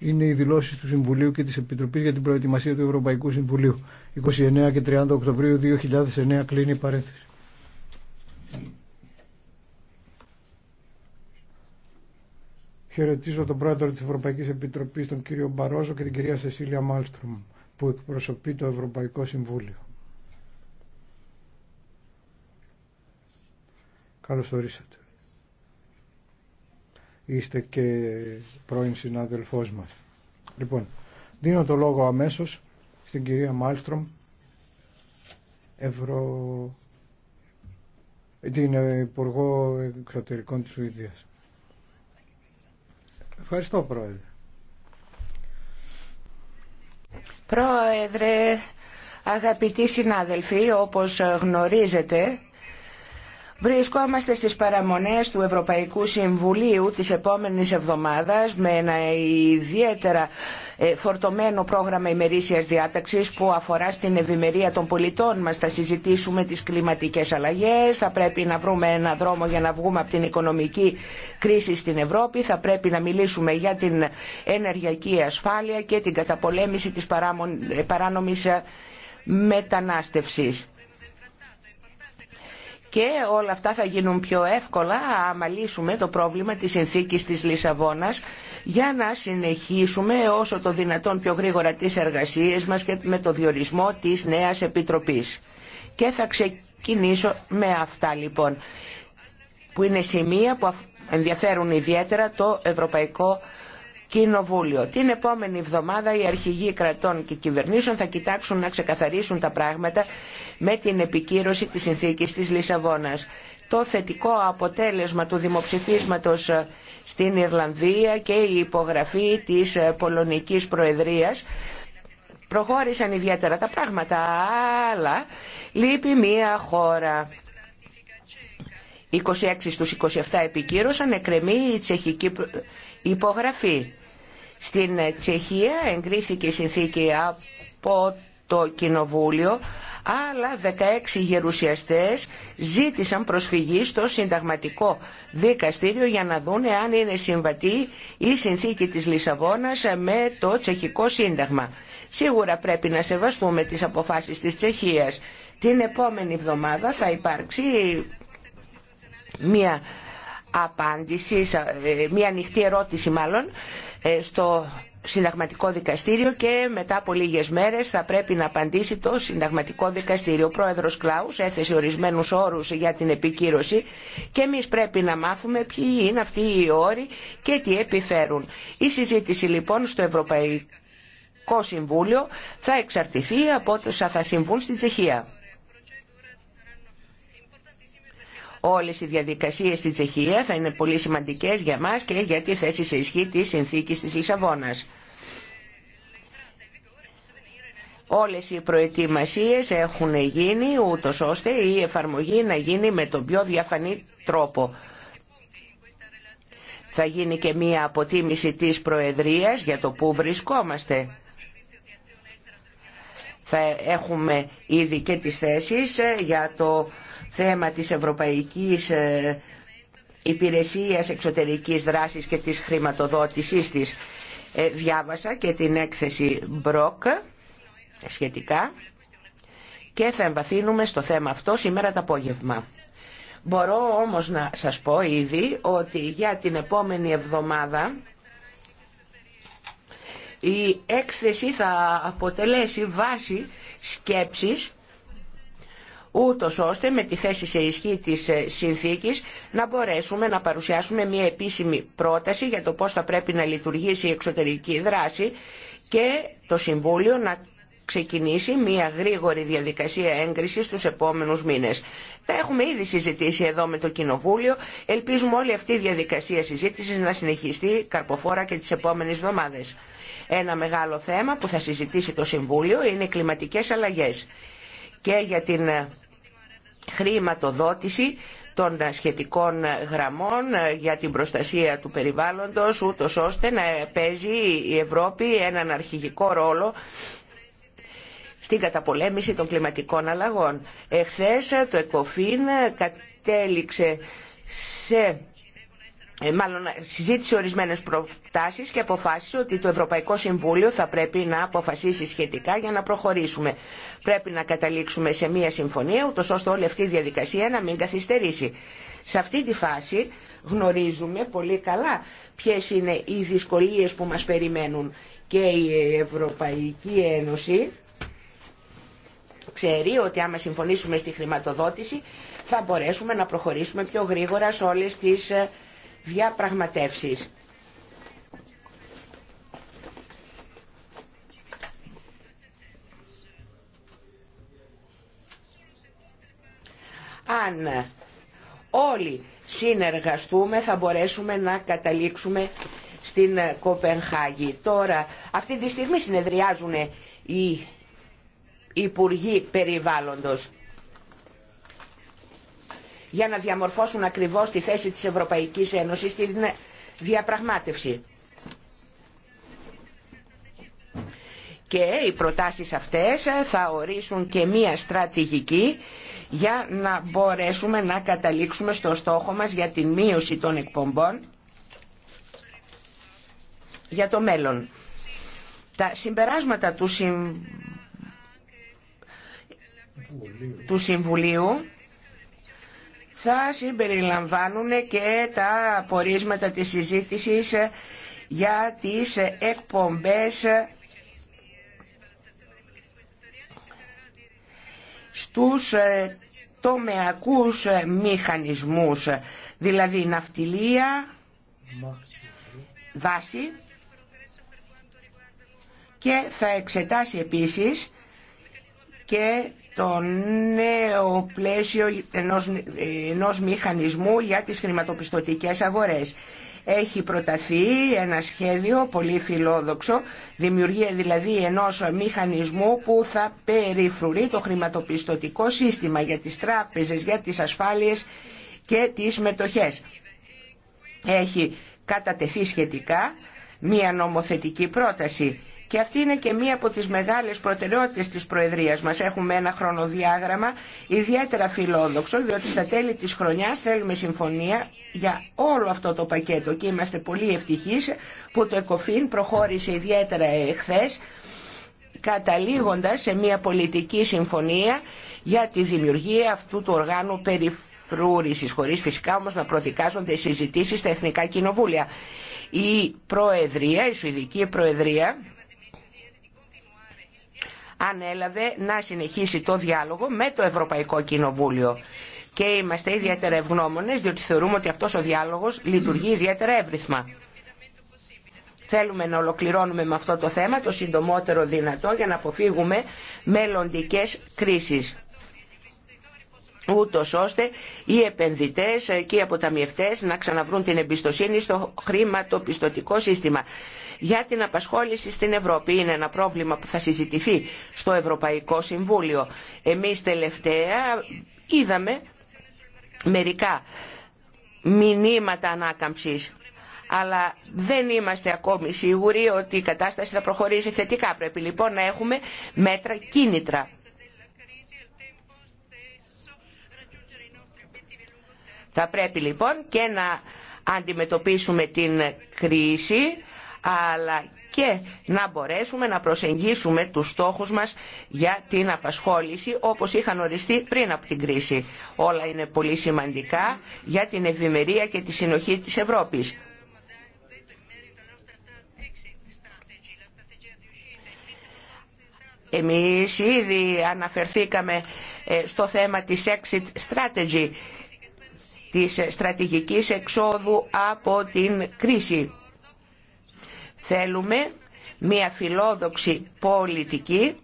είναι οι δηλώσει του Συμβουλίου και τη Επιτροπή για την προετοιμασία του Ευρωπαϊκού Συμβουλίου. 29 και 30 Οκτωβρίου 2009 κλείνει η παρένθεση. Χαιρετίζω τον πρόεδρο της Ευρωπαϊκής Επιτροπής, τον κύριο Μπαρόζο και την κυρία Σεσίλια Μάλστρομ, που εκπροσωπεί το Ευρωπαϊκό Συμβούλιο. Καλώς ορίσατε είστε και πρώην συνάδελφός μας. Λοιπόν, δίνω το λόγο αμέσως στην κυρία Μάλστρομ, Ευρω... την Υπουργό Εξωτερικών της Σουηδίας. Ευχαριστώ, Πρόεδρε. Πρόεδρε, αγαπητοί συνάδελφοι, όπως γνωρίζετε, Βρισκόμαστε στις παραμονές του Ευρωπαϊκού Συμβουλίου της επόμενης εβδομάδας με ένα ιδιαίτερα ε, φορτωμένο πρόγραμμα ημερήσιας διάταξης που αφορά στην ευημερία των πολιτών μας. Θα συζητήσουμε τις κλιματικές αλλαγές, θα πρέπει να βρούμε ένα δρόμο για να βγούμε από την οικονομική κρίση στην Ευρώπη, θα πρέπει να μιλήσουμε για την ενεργειακή ασφάλεια και την καταπολέμηση της ε, παράνομης ε, μετανάστευσης και όλα αυτά θα γίνουν πιο εύκολα άμα λύσουμε το πρόβλημα της συνθήκης της Λισαβόνας για να συνεχίσουμε όσο το δυνατόν πιο γρήγορα τις εργασίες μας και με το διορισμό της νέας Επιτροπής. Και θα ξεκινήσω με αυτά λοιπόν, που είναι σημεία που ενδιαφέρουν ιδιαίτερα το Ευρωπαϊκό Κοινοβούλιο. Την επόμενη εβδομάδα οι αρχηγοί κρατών και κυβερνήσεων θα κοιτάξουν να ξεκαθαρίσουν τα πράγματα με την επικύρωση της συνθήκης της Λισαβόνας. Το θετικό αποτέλεσμα του δημοψηφίσματος ε, στην Ιρλανδία και η υπογραφή της ε, Πολωνικής Προεδρίας προχώρησαν ιδιαίτερα τα πράγματα, αλλά λείπει μία χώρα. 26 στους 27 επικύρωσαν, εκκρεμεί η τσεχική υπογραφή. Στην Τσεχία εγκρίθηκε η συνθήκη από το Κοινοβούλιο, αλλά 16 γερουσιαστές ζήτησαν προσφυγή στο συνταγματικό δικαστήριο για να δουν αν είναι συμβατή η συνθήκη της Λισαβόνας με το τσεχικό σύνταγμα. Σίγουρα πρέπει να σεβαστούμε τις αποφάσεις της Τσεχίας. Την επόμενη εβδομάδα θα υπάρξει μια απάντηση, ε, μια ανοιχτή ερώτηση μάλλον, ε, στο συνταγματικό δικαστήριο και μετά από λίγες μέρες θα πρέπει να απαντήσει το συνταγματικό δικαστήριο. Ο πρόεδρος Κλάους έθεσε ορισμένους όρους για την επικύρωση και εμείς πρέπει να μάθουμε ποιοι είναι αυτοί οι όροι και τι επιφέρουν. Η συζήτηση λοιπόν στο Ευρωπαϊκό Συμβούλιο θα εξαρτηθεί από όσα θα συμβούν στην Τσεχία. Όλες οι διαδικασίες στη Τσεχία θα είναι πολύ σημαντικές για μας και για τη θέση σε ισχύ της συνθήκης της Λισαβόνας. Όλες οι προετοιμασίες έχουν γίνει ούτως ώστε η εφαρμογή να γίνει με τον πιο διαφανή τρόπο. Θα γίνει και μία αποτίμηση της Προεδρίας για το πού βρισκόμαστε. Θα έχουμε ήδη και τις θέσεις ε, για το θέμα της Ευρωπαϊκής ε, Υπηρεσίας Εξωτερικής Δράσης και της χρηματοδότησής της. Ε, διάβασα και την έκθεση Μπροκ σχετικά και θα εμβαθύνουμε στο θέμα αυτό σήμερα το απόγευμα. Μπορώ όμως να σας πω ήδη ότι για την επόμενη εβδομάδα η έκθεση θα αποτελέσει βάση σκέψης ούτως ώστε με τη θέση σε ισχύ της ε, συνθήκης να μπορέσουμε να παρουσιάσουμε μια επίσημη πρόταση για το πώς θα πρέπει να λειτουργήσει η εξωτερική δράση και το Συμβούλιο να ξεκινήσει μια γρήγορη διαδικασία έγκρισης τους επόμενους μήνες. Τα έχουμε ήδη συζητήσει εδώ με το Κοινοβούλιο. Ελπίζουμε όλη αυτή η διαδικασία συζήτησης να συνεχιστεί καρποφόρα και τις επόμενες εβδομάδε. Ένα μεγάλο θέμα που θα συζητήσει το Συμβούλιο είναι οι κλιματικές αλλαγές και για την ε, χρηματοδότηση των ε, σχετικών ε, γραμμών για την προστασία του περιβάλλοντος, ούτως ώστε να παίζει η Ευρώπη έναν αρχηγικό ρόλο στην καταπολέμηση των κλιματικών αλλαγών. Εχθές το ΕΚΟΦΗΝ κατέληξε σε ε, μάλλον ε, συζήτησε ορισμένες προτάσεις και αποφάσισε ότι το Ευρωπαϊκό Συμβούλιο θα πρέπει να αποφασίσει σχετικά για να προχωρήσουμε. Πρέπει να καταλήξουμε σε μια συμφωνία ούτως ώστε όλη αυτή η διαδικασία να μην καθυστερήσει. Σε αυτή τη φάση γνωρίζουμε πολύ καλά ποιες είναι οι δυσκολίες που μας περιμένουν και η Ευρωπαϊκή Ένωση ξέρει ότι άμα συμφωνήσουμε στη χρηματοδότηση θα μπορέσουμε να προχωρήσουμε πιο γρήγορα σε όλες τις ε, διαπραγματεύσεις. Αν όλοι συνεργαστούμε θα μπορέσουμε να καταλήξουμε στην Κοπενχάγη. Τώρα, αυτή τη στιγμή συνεδριάζουν οι Υπουργοί Περιβάλλοντος για να διαμορφώσουν ακριβώς τη θέση της Ευρωπαϊκής Ένωσης στην διαπραγμάτευση. Και οι προτάσεις αυτές θα ορίσουν και μία στρατηγική για να μπορέσουμε να καταλήξουμε στο στόχο μας για την μείωση των εκπομπών για το μέλλον. Τα συμπεράσματα του, του Συμβουλίου θα συμπεριλαμβάνουν και τα απορίσματα της συζήτησης για τις εκπομπές στους ε, τομεακούς μηχανισμούς, δηλαδή ναυτιλία, δάση και θα εξετάσει επίσης και το νέο πλαίσιο ενός, μηχανισμού για τις χρηματοπιστωτικές αγορές. Έχει προταθεί ένα σχέδιο πολύ φιλόδοξο, δημιουργία δηλαδή ενός μηχανισμού που θα περιφρουρεί το χρηματοπιστωτικό σύστημα για τις τράπεζες, για τις ασφάλειες και τις μετοχές. Έχει κατατεθεί σχετικά μία νομοθετική πρόταση και αυτή είναι και μία από τις μεγάλες προτεραιότητες της Προεδρίας μας. Έχουμε ένα χρονοδιάγραμμα ιδιαίτερα φιλόδοξο, διότι στα τέλη της χρονιάς θέλουμε συμφωνία για όλο αυτό το πακέτο και είμαστε πολύ ευτυχείς που το ΕΚΟΦΗΝ προχώρησε ιδιαίτερα εχθές καταλήγοντας σε μια πολιτική συμφωνία για τη δημιουργία αυτού του οργάνου περιφρούρησης, χωρίς φυσικά όμως να προδικάζονται οι συζητήσεις στα Εθνικά Κοινοβούλια. Η Προεδρία, η Σουηδική Προεδρία, ανέλαβε να συνεχίσει το διάλογο με το Ευρωπαϊκό Κοινοβούλιο. Και είμαστε ιδιαίτερα ευγνώμονε, διότι θεωρούμε ότι αυτό ο διάλογο λειτουργεί ιδιαίτερα εύρυθμα. Θέλουμε να ολοκληρώνουμε με αυτό το θέμα το συντομότερο δυνατό για να αποφύγουμε μελλοντικέ κρίσει ούτω ώστε οι επενδυτές και οι αποταμιευτέ να ξαναβρούν την εμπιστοσύνη στο χρηματοπιστωτικό σύστημα. Για την απασχόληση στην Ευρώπη είναι ένα πρόβλημα που θα συζητηθεί στο Ευρωπαϊκό Συμβούλιο. Εμείς τελευταία είδαμε μερικά μηνύματα ανάκαμψης αλλά δεν είμαστε ακόμη σίγουροι ότι η κατάσταση θα προχωρήσει θετικά. Πρέπει λοιπόν να έχουμε μέτρα κίνητρα. Θα πρέπει λοιπόν και να αντιμετωπίσουμε την κρίση αλλά και να μπορέσουμε να προσεγγίσουμε τους στόχους μας για την απασχόληση όπως είχαν οριστεί πριν από την κρίση. Όλα είναι πολύ σημαντικά για την ευημερία και τη συνοχή της Ευρώπης. Εμείς ήδη αναφερθήκαμε ε, στο θέμα της exit strategy της στρατηγικής εξόδου από την κρίση. Θέλουμε μια φιλόδοξη πολιτική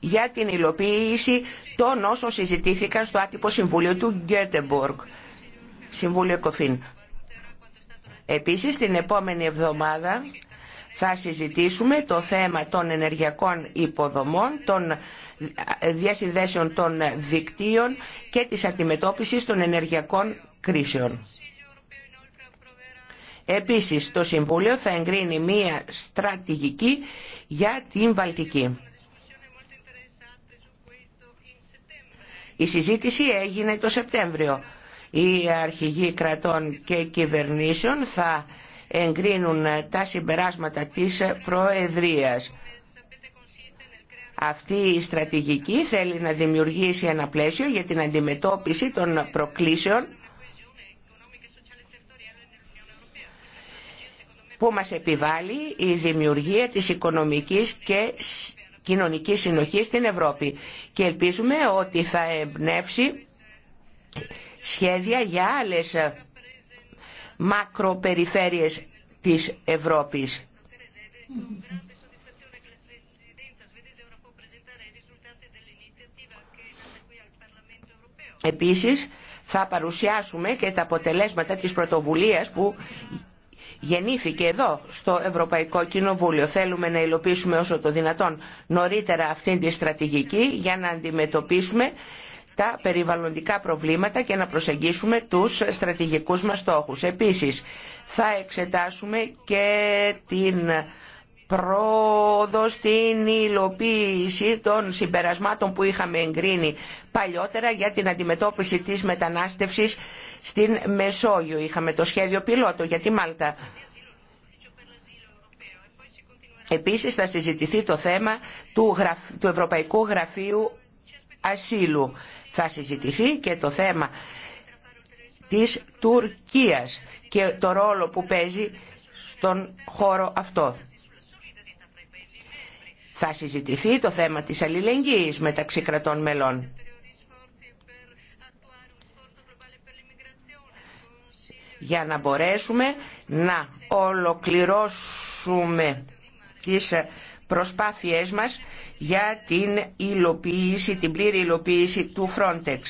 για την υλοποίηση των όσων συζητήθηκαν στο άτυπο Συμβούλιο του Γκέτεμπορκ, Συμβούλιο Κοφίν. Επίσης, την επόμενη εβδομάδα θα συζητήσουμε το θέμα των ενεργειακών υποδομών, των διασυνδέσεων των δικτύων και της αντιμετώπισης των ενεργειακών κρίσεων. Επίσης, το Συμβούλιο θα εγκρίνει μία στρατηγική για την Βαλτική. Η συζήτηση έγινε το Σεπτέμβριο. Οι αρχηγοί κρατών και κυβερνήσεων θα εγκρίνουν τα συμπεράσματα της Προεδρίας. Αυτή η στρατηγική θέλει να δημιουργήσει ένα πλαίσιο για την αντιμετώπιση των προκλήσεων που μας επιβάλλει η δημιουργία της οικονομικής και κοινωνικής συνοχής στην Ευρώπη και ελπίζουμε ότι θα εμπνεύσει σχέδια για άλλες μακροπεριφέρειες της Ευρώπης. Επίσης θα παρουσιάσουμε και τα αποτελέσματα της πρωτοβουλίας που γεννήθηκε εδώ στο Ευρωπαϊκό Κοινοβούλιο. Θέλουμε να υλοποιήσουμε όσο το δυνατόν νωρίτερα αυτήν τη στρατηγική για να αντιμετωπίσουμε τα περιβαλλοντικά προβλήματα και να προσεγγίσουμε τους στρατηγικούς μας στόχους. Επίσης θα εξετάσουμε και την πρόοδο στην υλοποίηση των συμπερασμάτων που είχαμε εγκρίνει παλιότερα για την αντιμετώπιση της μετανάστευσης στην Μεσόγειο. Είχαμε το σχέδιο πιλότο για τη Μάλτα. Επίσης θα συζητηθεί το θέμα του, του Ευρωπαϊκού Γραφείου Ασύλου. Θα συζητηθεί και το θέμα της Τουρκίας και το ρόλο που παίζει στον χώρο αυτό. Θα συζητηθεί το θέμα της αλληλεγγύης μεταξύ κρατών μελών. για να μπορέσουμε να ολοκληρώσουμε τις προσπάθειές μας για την υλοποίηση, την πλήρη υλοποίηση του Frontex.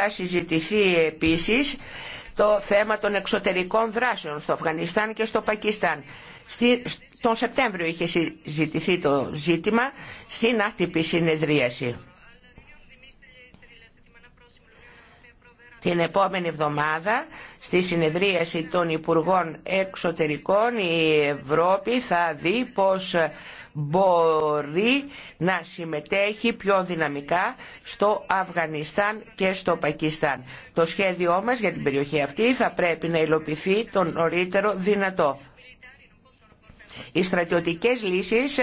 θα συζητηθεί επίσης το θέμα των εξωτερικών δράσεων στο Αφγανιστάν και στο Πακιστάν. τον Σεπτέμβριο είχε συζητηθεί το ζήτημα στην άτυπη συνεδρίαση. Την επόμενη εβδομάδα στη συνεδρίαση των Υπουργών Εξωτερικών η Ευρώπη θα δει πως μπορεί να συμμετέχει πιο δυναμικά στο Αφγανιστάν και στο Πακιστάν. Το σχέδιό μας για την περιοχή αυτή θα πρέπει να υλοποιηθεί τον νωρίτερο δυνατό. Οι στρατιωτικές λύσεις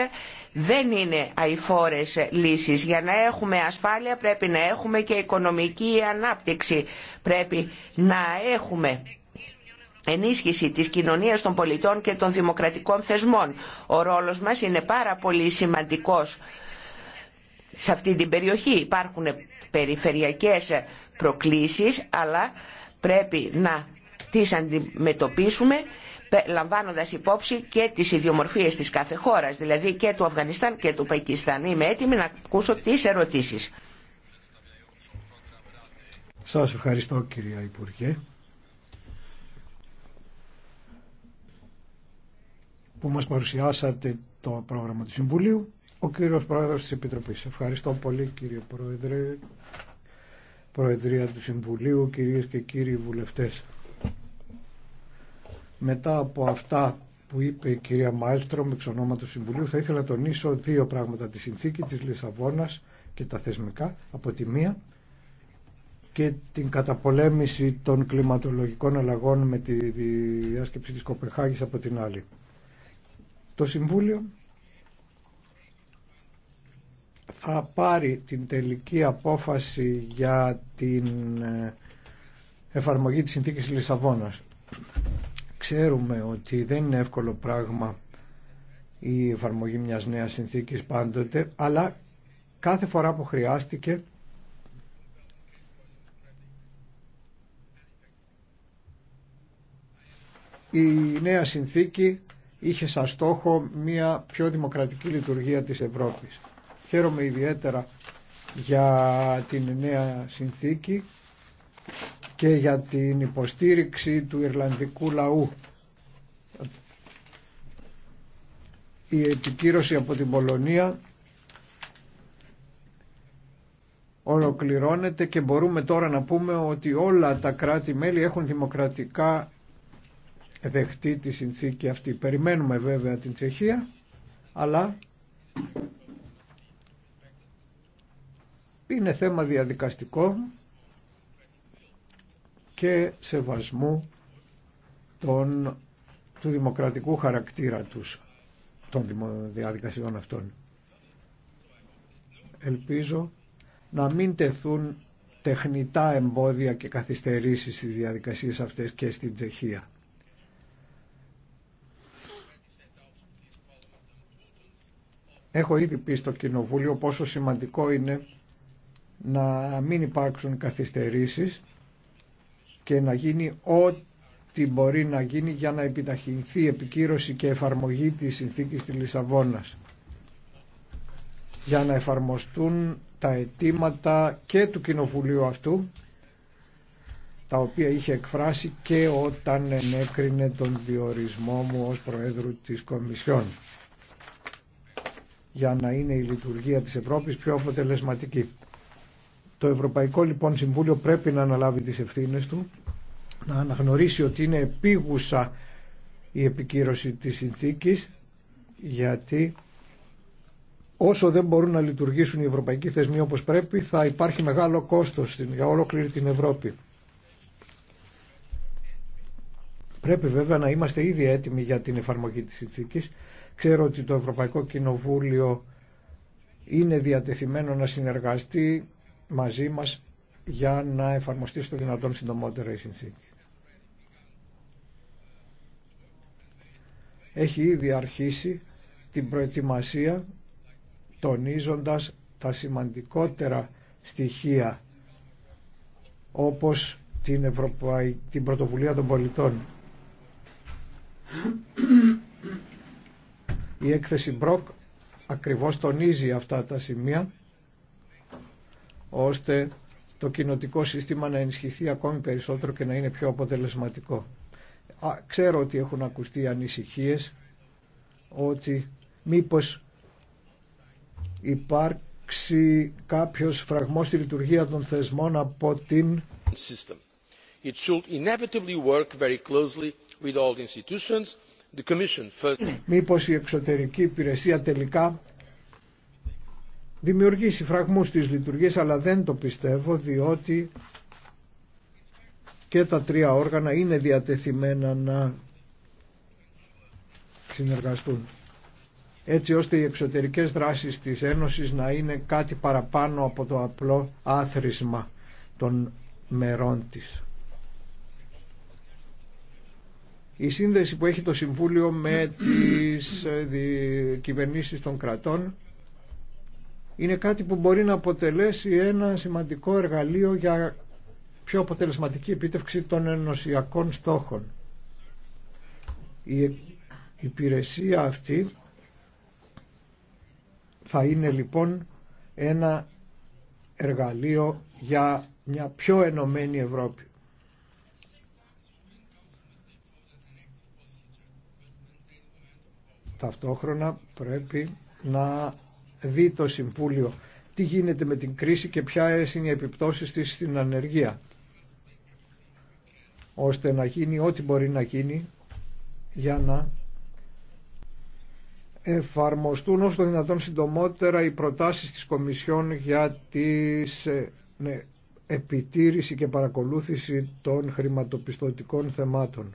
δεν είναι αηφόρες λύσεις. Για να έχουμε ασφάλεια πρέπει να έχουμε και οικονομική ανάπτυξη. Πρέπει να έχουμε ενίσχυση της κοινωνίας των πολιτών και των δημοκρατικών θεσμών. Ο ρόλος μας είναι πάρα πολύ σημαντικός σε αυτή την περιοχή. Υπάρχουν περιφερειακές προκλήσεις, αλλά πρέπει να τις αντιμετωπίσουμε λαμβάνοντας υπόψη και τις ιδιομορφίες της κάθε χώρας, δηλαδή και του Αφγανιστάν και του Πακιστάν. Είμαι έτοιμη να ακούσω τις ερωτήσεις. Σας ευχαριστώ κυρία Υπουργέ. που μας παρουσιάσατε το πρόγραμμα του Συμβουλίου, ο κύριος Πρόεδρος της Επιτροπής. Ευχαριστώ πολύ κύριε Πρόεδρε, Προεδρία του Συμβουλίου, κυρίες και κύριοι βουλευτές. Μετά από αυτά που είπε η κυρία Μάλστρομ εξ ονόματος Συμβουλίου, θα ήθελα να τονίσω δύο πράγματα, τη συνθήκη της Λισαβόνας και τα θεσμικά, από τη μία, και την καταπολέμηση των κλιματολογικών αλλαγών με τη διάσκεψη της Κοπεχάγης από την άλλη. Το Συμβούλιο θα πάρει την τελική απόφαση για την ε, εφαρμογή της συνθήκης Λισαβόνας. Ξέρουμε ότι δεν είναι εύκολο πράγμα η εφαρμογή μιας νέας συνθήκης πάντοτε, αλλά κάθε φορά που χρειάστηκε η νέα συνθήκη είχε σαν στόχο μια πιο δημοκρατική λειτουργία της Ευρώπης. Χαίρομαι ιδιαίτερα για την νέα συνθήκη και για την υποστήριξη του Ιρλανδικού λαού. Η επικύρωση από την Πολωνία ολοκληρώνεται και μπορούμε τώρα να πούμε ότι όλα τα κράτη-μέλη έχουν δημοκρατικά δεχτεί τη συνθήκη αυτή. Περιμένουμε βέβαια την Τσεχία, αλλά είναι θέμα διαδικαστικό και σεβασμού των, του δημοκρατικού χαρακτήρα τους των διαδικασιών αυτών. Ελπίζω να μην τεθούν τεχνητά εμπόδια και καθυστερήσεις στις διαδικασίες αυτές και στην Τσεχία. Έχω ήδη πει στο Κοινοβούλιο πόσο σημαντικό είναι να μην υπάρξουν καθυστερήσεις και να γίνει ό,τι μπορεί να γίνει για να επιταχυνθεί η επικύρωση και εφαρμογή της συνθήκης της Λισαβόνας για να εφαρμοστούν τα αιτήματα και του Κοινοβουλίου αυτού τα οποία είχε εκφράσει και όταν ενέκρινε τον διορισμό μου ως Προέδρου της Κομισιόν για να είναι η λειτουργία της Ευρώπης πιο αποτελεσματική. Το Ευρωπαϊκό λοιπόν Συμβούλιο πρέπει να αναλάβει τις ευθύνες του, να αναγνωρίσει ότι είναι επίγουσα η επικύρωση της συνθήκης, γιατί όσο δεν μπορούν να λειτουργήσουν οι ευρωπαϊκοί θεσμοί όπως πρέπει, θα υπάρχει μεγάλο κόστος για ολόκληρη την Ευρώπη. Πρέπει βέβαια να είμαστε ήδη έτοιμοι για την εφαρμογή της συνθήκης, Ξέρω ότι το Ευρωπαϊκό Κοινοβούλιο είναι διατεθειμένο να συνεργαστεί μαζί μας για να εφαρμοστεί στο δυνατόν συντομότερα η συνθήκη. Έχει ήδη αρχίσει την προετοιμασία τονίζοντας τα σημαντικότερα στοιχεία όπως την, Ευρωπαϊ... την πρωτοβουλία των πολιτών η έκθεση Μπροκ ακριβώς τονίζει αυτά τα σημεία ώστε το κοινοτικό σύστημα να ενισχυθεί ακόμη περισσότερο και να είναι πιο αποτελεσματικό. ξέρω ότι έχουν ακουστεί ανησυχίες ότι μήπως υπάρξει κάποιος φραγμός στη λειτουργία των θεσμών από την work closely with all institutions ναι. η εξωτερική υπηρεσία τελικά δημιουργήσει φραγμούς της λειτουργίες, αλλά δεν το πιστεύω, διότι και τα τρία όργανα είναι διατεθειμένα να συνεργαστούν έτσι ώστε οι εξωτερικές δράσεις της Ένωσης να είναι κάτι παραπάνω από το απλό άθροισμα των μερών της. η σύνδεση που έχει το Συμβούλιο με τις ε, κυβερνήσεις των κρατών είναι κάτι που μπορεί να αποτελέσει ένα σημαντικό εργαλείο για πιο αποτελεσματική επίτευξη των ενωσιακών στόχων. Η ε, υπηρεσία αυτή θα είναι λοιπόν ένα εργαλείο για μια πιο ενωμένη Ευρώπη. Ταυτόχρονα πρέπει να δει το Συμβούλιο τι γίνεται με την κρίση και ποια είναι οι επιπτώσεις της στην ανεργία ώστε να γίνει ό,τι μπορεί να γίνει για να εφαρμοστούν όσο το δυνατόν συντομότερα οι προτάσεις της Κομισιόν για τη ε, ναι, επιτήρηση και παρακολούθηση των χρηματοπιστωτικών θεμάτων.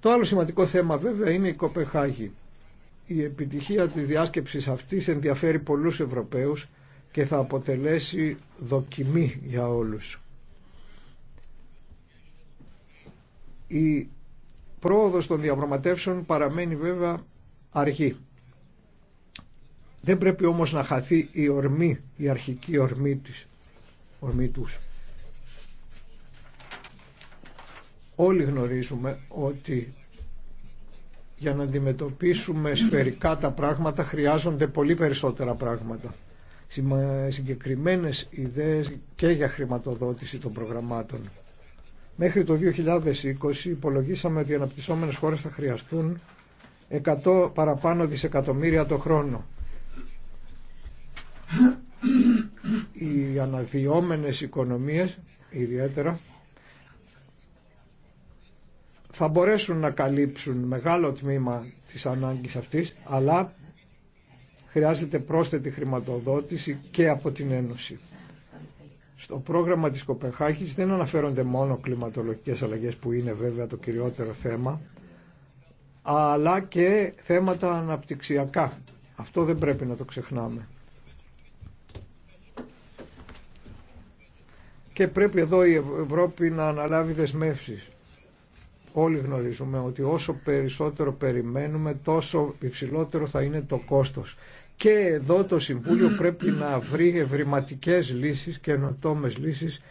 Το άλλο σημαντικό θέμα βέβαια είναι η Κοπεχάγη. Η επιτυχία της διάσκεψης αυτής ενδιαφέρει πολλούς Ευρωπαίους και θα αποτελέσει δοκιμή για όλους. Η πρόοδος των διαπραγματεύσεων παραμένει βέβαια αργή. Δεν πρέπει όμως να χαθεί η ορμή, η αρχική ορμή, της, ορμή τους. Όλοι γνωρίζουμε ότι για να αντιμετωπίσουμε σφαιρικά τα πράγματα χρειάζονται πολύ περισσότερα πράγματα. Συγκεκριμένες ιδέες και για χρηματοδότηση των προγραμμάτων. Μέχρι το 2020 υπολογίσαμε ότι οι αναπτυσσόμενες χώρες θα χρειαστούν 100 παραπάνω δισεκατομμύρια το χρόνο. Οι αναδυόμενες οικονομίες ιδιαίτερα θα μπορέσουν να καλύψουν μεγάλο τμήμα της ανάγκης αυτής, αλλά χρειάζεται πρόσθετη χρηματοδότηση και από την Ένωση. Στο πρόγραμμα της Κοπεχάγης δεν αναφέρονται μόνο κλιματολογικές αλλαγές που είναι βέβαια το κυριότερο θέμα, αλλά και θέματα αναπτυξιακά. Αυτό δεν πρέπει να το ξεχνάμε. Και πρέπει εδώ η Ευρώπη να αναλάβει δεσμεύσεις όλοι γνωρίζουμε ότι όσο περισσότερο περιμένουμε τόσο υψηλότερο θα είναι το κόστος. Και εδώ το Συμβούλιο πρέπει να βρει ευρηματικές λύσεις και ενωτόμες λύσεις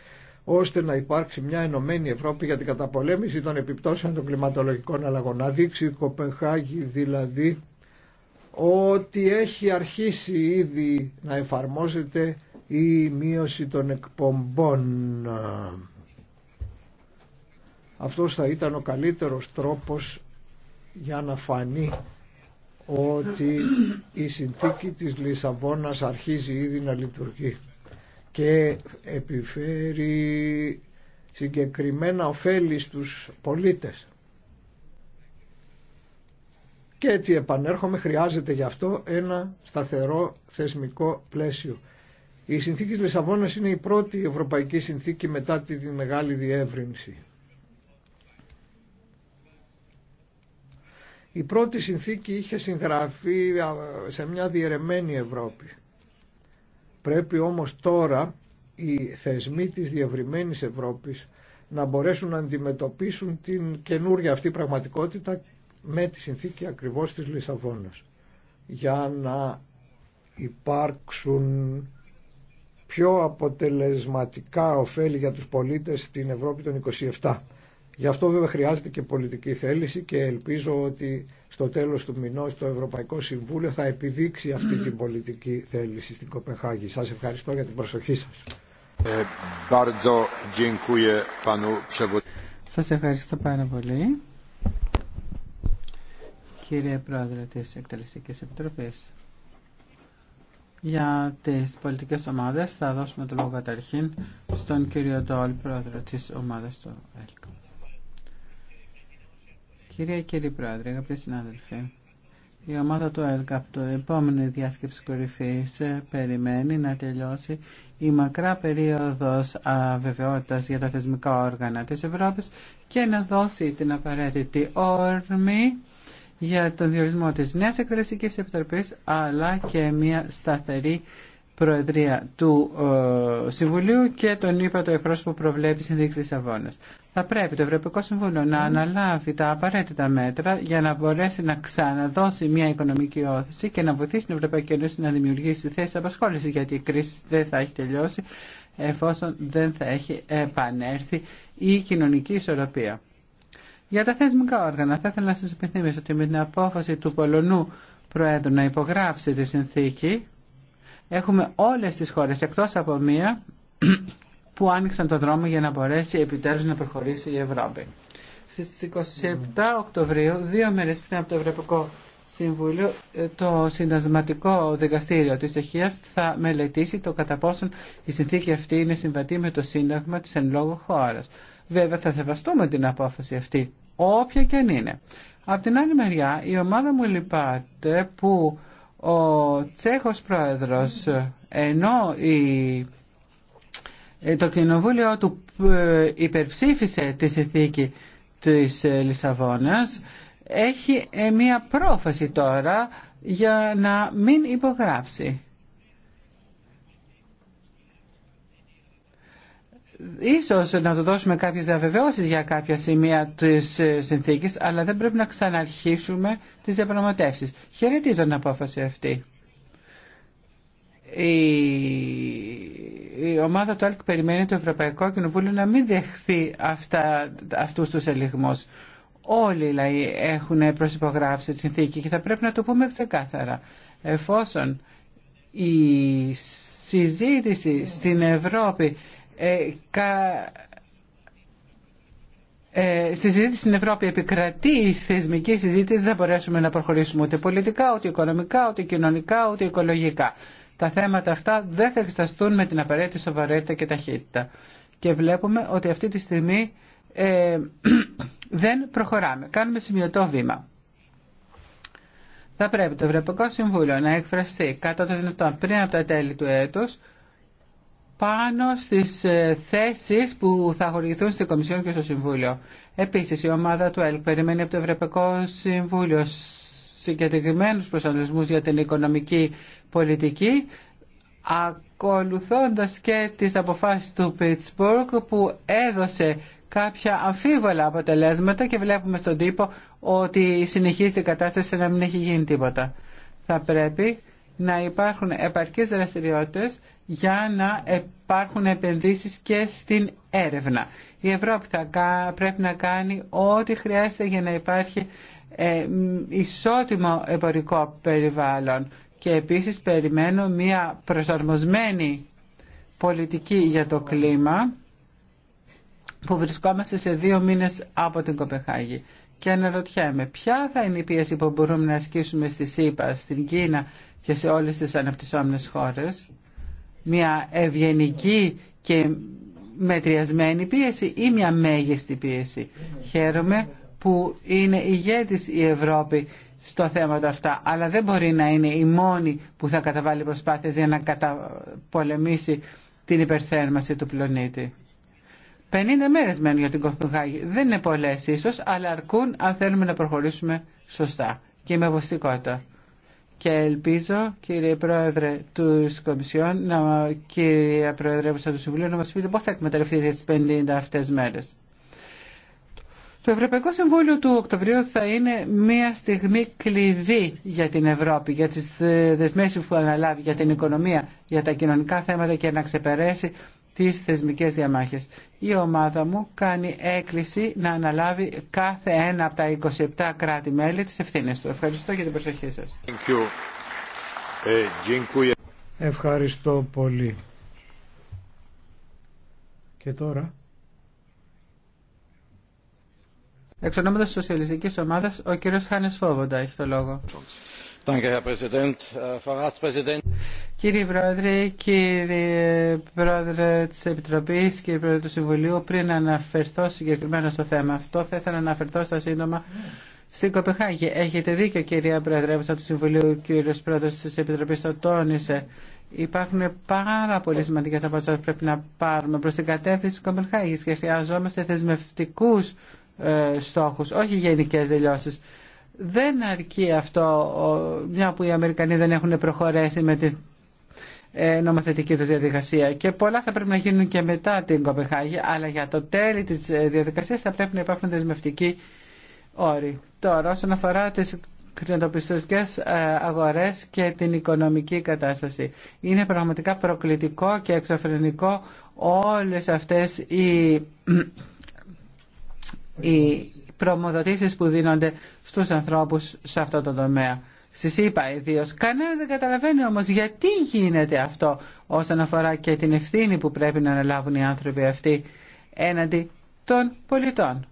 ώστε να υπάρξει μια ενωμένη Ευρώπη για την καταπολέμηση των επιπτώσεων των κλιματολογικών αλλαγών. Να δείξει η Κοπεχάγη δηλαδή ότι έχει αρχίσει ήδη να εφαρμόζεται η μείωση των εκπομπών. Αυτό θα ήταν ο καλύτερος τρόπος για να φανεί ότι η συνθήκη της Λισαβόνας αρχίζει ήδη να λειτουργεί και επιφέρει συγκεκριμένα ωφέλη στους πολίτες. Και έτσι επανέρχομαι, χρειάζεται γι' αυτό ένα σταθερό θεσμικό πλαίσιο. Η συνθήκη της Λισαβόνας είναι η πρώτη ευρωπαϊκή συνθήκη μετά τη μεγάλη διεύρυνση. Η πρώτη συνθήκη είχε συγγραφεί σε μια διαιρεμένη Ευρώπη. Πρέπει όμως τώρα οι θεσμοί της διευρυμένης Ευρώπης να μπορέσουν να αντιμετωπίσουν την καινούργια αυτή πραγματικότητα με τη συνθήκη ακριβώς της Λισαβόνας για να υπάρξουν πιο αποτελεσματικά ωφέλη για τους πολίτες στην Ευρώπη των 27. Γι' αυτό βέβαια χρειάζεται και πολιτική θέληση και ελπίζω ότι στο τέλος του μηνός το Ευρωπαϊκό Συμβούλιο θα επιδείξει αυτή την πολιτική θέληση στην Κοπεχάγη. Σας ευχαριστώ για την προσοχή σας. Ε, σας ευχαριστώ πάρα πολύ. Κύριε Πρόεδρε της Εκτελεστικής Επιτροπής, για τις πολιτικές ομάδες θα δώσουμε το λόγο καταρχήν στον κύριο Ντόλ, Πρόεδρο της ομάδας του ΕΛΚΟΜ. Κυρία κύριε Πρόεδρε, αγαπητοί συνάδελφοι, η ομάδα του ΕΛΚΑ από το επόμενο διάσκεψη κορυφής περιμένει να τελειώσει η μακρά περίοδος αβεβαιότητας για τα θεσμικά όργανα της Ευρώπης και να δώσει την απαραίτητη όρμη για τον διορισμό της Νέας εκπαιδευτική Επιτροπής αλλά και μια σταθερή Προεδρία του ε, Συμβουλίου και τον είπα το εκπρόσωπο προβλέπει συνδείξη Λισαβόνα θα πρέπει το Ευρωπαϊκό Συμβούλιο να ναι. αναλάβει τα απαραίτητα μέτρα για να μπορέσει να ξαναδώσει μια οικονομική όθηση και να βοηθήσει την Ευρωπαϊκή Ένωση να δημιουργήσει θέσει απασχόληση. Γιατί η κρίση δεν θα έχει τελειώσει εφόσον δεν θα έχει επανέρθει η κοινωνική ισορροπία. Για τα θεσμικά όργανα, θα ήθελα να σα υπενθυμίσω ότι με την απόφαση του Πολωνού Προέδρου να υπογράψει τη συνθήκη, έχουμε όλε τι χώρε εκτό από μία που άνοιξαν το δρόμο για να μπορέσει επιτέλους να προχωρήσει η Ευρώπη. Στις 27 Οκτωβρίου, δύο μέρες πριν από το Ευρωπαϊκό Συμβούλιο, ε, το Συντασματικό Δικαστήριο της Τσεχίας θα μελετήσει το κατά πόσον η συνθήκη αυτή είναι συμβατή με το Σύνταγμα της εν λόγω χώρας. Βέβαια θα σεβαστούμε την απόφαση αυτή, όποια και αν είναι. Απ' την άλλη μεριά, η ομάδα μου λυπάται που ο Τσέχος Πρόεδρος, ενώ η ε, το κοινοβούλιο του ε, υπερψήφισε τη συνθήκη της ε, Λισαβόνας έχει μία πρόφαση τώρα για να μην υπογράψει. Ίσως να του δώσουμε κάποιες διαβεβαιώσεις για κάποια σημεία της συνθήκης, αλλά δεν πρέπει να ξαναρχίσουμε τις διαπραγματεύσεις. Χαιρετίζω την απόφαση αυτή η ομάδα του ΑΛΚ περιμένει το Ευρωπαϊκό Κοινοβούλιο να μην δεχθεί αυτά, αυτούς τους ελιγμούς. Όλοι οι λαοί έχουν προσυπογράψει τη συνθήκη και θα πρέπει να το πούμε ξεκάθαρα. Εφόσον η συζήτηση στην Ευρώπη ε, κα, ε, στη συζήτηση στην Ευρώπη επικρατεί η θεσμική συζήτηση, δεν θα μπορέσουμε να προχωρήσουμε ούτε πολιτικά, ούτε οικονομικά, ούτε κοινωνικά, ούτε οικολογικά τα θέματα αυτά δεν θα εξεταστούν με την απαραίτητη σοβαρότητα και ταχύτητα. Και βλέπουμε ότι αυτή τη στιγμή ε, δεν προχωράμε. Κάνουμε σημειωτό βήμα. Θα πρέπει το Ευρωπαϊκό Συμβούλιο να εκφραστεί κατά το δυνατόν πριν από τα τέλη του έτους πάνω στις ε, θέσεις που θα χορηγηθούν στην Κομισιόν και στο Συμβούλιο. Επίσης, η ομάδα του ΕΛΚ περιμένει από το Ευρωπαϊκό Συμβούλιο Συγκεκριμένου προσανατολισμού για την οικονομική πολιτική ακολουθώντας και τις αποφάσεις του Πιτσμπουργκ που έδωσε κάποια αμφίβολα αποτελέσματα και βλέπουμε στον τύπο ότι συνεχίζεται η κατάσταση να μην έχει γίνει τίποτα. Θα πρέπει να υπάρχουν επαρκείς δραστηριότητες για να υπάρχουν επενδύσεις και στην έρευνα. Η Ευρώπη θα πρέπει να κάνει ό,τι χρειάζεται για να υπάρχει ε, ισότιμο εμπορικό περιβάλλον και επίσης περιμένω μια προσαρμοσμένη πολιτική για το κλίμα που βρισκόμαστε σε δύο μήνες από την Κοπεχάγη. Και αναρωτιέμαι ποια θα είναι η πίεση που μπορούμε να ασκήσουμε στη ΣΥΠΑ, στην Κίνα και σε όλες τις αναπτυσσόμενες χώρες. Μια ευγενική και μετριασμένη πίεση ή μια μέγιστη πίεση. Χαίρομαι που είναι ηγέτης η Ευρώπη στο θέμα αυτά, αλλά δεν μπορεί να είναι η μόνη που θα καταβάλει προσπάθειες για να καταπολεμήσει την υπερθέρμανση του πλανήτη. 50 μέρες μένουν για την Κοπενχάγη. Δεν είναι πολλέ ίσως, αλλά αρκούν αν θέλουμε να προχωρήσουμε σωστά και με βοστικότητα. Και ελπίζω, κύριε Πρόεδρε του Κομισιόν, να, κύριε Προεδρεύουσα του Συμβουλίου, να μας πείτε πώς θα εκμεταλλευτείτε τις 50 αυτές μέρες. Το Ευρωπαϊκό Συμβούλιο του Οκτωβρίου θα είναι μια στιγμή κλειδί για την Ευρώπη, για τις ε, δεσμεύσεις που αναλάβει, για την οικονομία, για τα κοινωνικά θέματα και να ξεπερέσει τις θεσμικές διαμάχες. Η ομάδα μου κάνει έκκληση να αναλάβει κάθε ένα από τα 27 κράτη-μέλη τις ευθύνες του. Ευχαριστώ για την προσοχή σας. Ε, Ευχαριστώ πολύ. Και τώρα Εξ ονόματο τη Σοσιαλιστική Ομάδα, ο κύριο Χάνε Φόβοντα έχει το λόγο. Äh, κύριε Πρόεδρε, κύριε Πρόεδρε τη Επιτροπή, κύριε Πρόεδρε του Συμβουλίου, πριν αναφερθώ συγκεκριμένα στο θέμα αυτό, θα ήθελα να αναφερθώ στα σύντομα στην Κοπεχάγη. Έχετε δίκιο, κυρία Πρόεδρε του Συμβουλίου, κύριο Πρόεδρο τη Επιτροπή, το τόνισε. Υπάρχουν πάρα πολύ σημαντικέ αποφάσει που πρέπει να πάρουμε προ την κατεύθυνση τη Κοπεχάγη και χρειαζόμαστε θεσμευτικού ε, στόχους, όχι γενικές δηλώσεις. Δεν αρκεί αυτό, μια που οι Αμερικανοί δεν έχουν προχωρέσει με την ε, νομοθετική τους διαδικασία και πολλά θα πρέπει να γίνουν και μετά την Κοπεχάγη, αλλά για το τέλη της ε, διαδικασίας θα πρέπει να υπάρχουν δεσμευτικοί όροι. Τώρα, όσον αφορά τις ε, αγορές και την οικονομική κατάσταση. Είναι πραγματικά προκλητικό και εξωφρενικό όλες αυτές οι οι προμοδοτήσεις που δίνονται στους ανθρώπους σε αυτό το τομέα. Στη ΣΥΠΑ ιδίω. Κανένα δεν καταλαβαίνει όμω γιατί γίνεται αυτό όσον αφορά και την ευθύνη που πρέπει να αναλάβουν οι άνθρωποι αυτοί έναντι των πολιτών.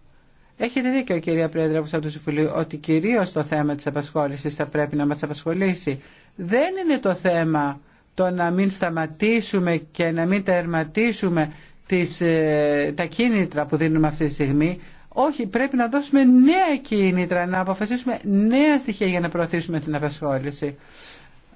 Έχετε δίκιο, κυρία Πρόεδρε, από του Συμφουλίου, ότι κυρίω το θέμα τη απασχόληση θα πρέπει να μα απασχολήσει. Δεν είναι το θέμα το να μην σταματήσουμε και να μην τερματίσουμε τις, ε, τα κίνητρα που δίνουμε αυτή τη στιγμή. Όχι, πρέπει να δώσουμε νέα κίνητρα, να αποφασίσουμε νέα στοιχεία για να προωθήσουμε την απασχόληση.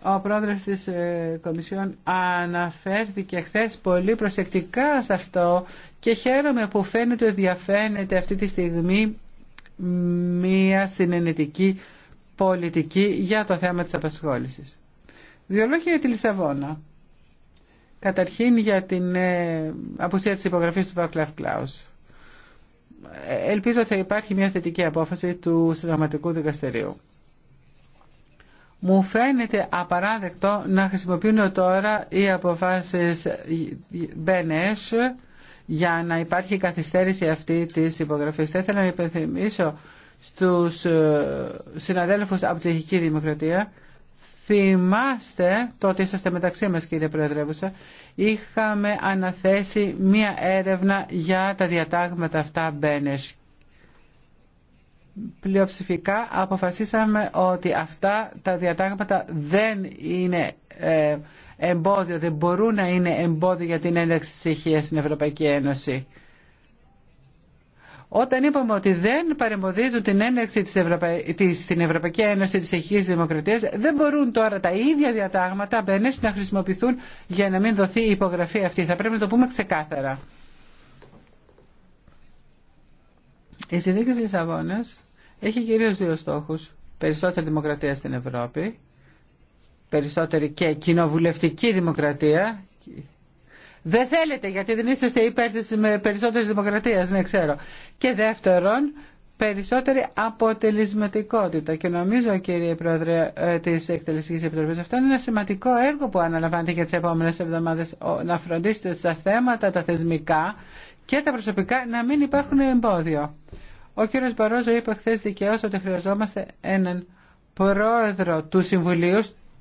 Ο πρόεδρος της ε, Κομισιόν αναφέρθηκε χθε πολύ προσεκτικά σε αυτό και χαίρομαι που φαίνεται ότι διαφαίνεται αυτή τη στιγμή μία συνενετική πολιτική για το θέμα της απασχόλησης. Δύο λόγια για τη Λισαβόνα. Καταρχήν για την ε, απουσία της υπογραφής του Βακλαφ Κλάους ελπίζω θα υπάρχει μια θετική απόφαση του συνταγματικού δικαστηρίου. Μου φαίνεται απαράδεκτο να χρησιμοποιούν τώρα οι αποφάσεις μπενές για να υπάρχει καθυστέρηση αυτή της υπογραφής. Θα ήθελα να υπενθυμίσω στους συναδέλφους από τη Δημοκρατία Θυμάστε, τότε είσαστε μεταξύ μας κύριε Προεδρεύουσα, είχαμε αναθέσει μία έρευνα για τα διατάγματα αυτά Μπένεσ. Πλειοψηφικά αποφασίσαμε ότι αυτά τα διατάγματα δεν είναι ε, εμπόδιο, δεν μπορούν να είναι εμπόδιο για την ένταξη της ηχείας στην Ευρωπαϊκή Ένωση. Όταν είπαμε ότι δεν παρεμποδίζουν την έναρξη της Ευρωπα... της... στην Ευρωπαϊκή Ένωση της Αιχικής Δημοκρατίας, δεν μπορούν τώρα τα ίδια διατάγματα μπαίνες να χρησιμοποιηθούν για να μην δοθεί η υπογραφή αυτή. Θα πρέπει να το πούμε ξεκάθαρα. Η συνδίκη της Λισαβόνας έχει κυρίως δύο στόχους. Περισσότερη δημοκρατία στην Ευρώπη, περισσότερη και κοινοβουλευτική δημοκρατία δεν θέλετε γιατί δεν είστε υπέρ της περισσότερης δημοκρατίας, δεν ναι, ξέρω. Και δεύτερον, περισσότερη αποτελεσματικότητα. Και νομίζω, κύριε Πρόεδρε ε, τη Εκτελεστικής Επιτροπής, αυτό είναι ένα σημαντικό έργο που αναλαμβάνεται για τι επόμενε εβδομάδε. Να φροντίσετε τα θέματα τα θεσμικά και τα προσωπικά να μην υπάρχουν εμπόδιο. Ο κύριος Μπαρόζο είπε χθε δικαίω ότι χρειαζόμαστε έναν πρόεδρο του Συμβουλίου,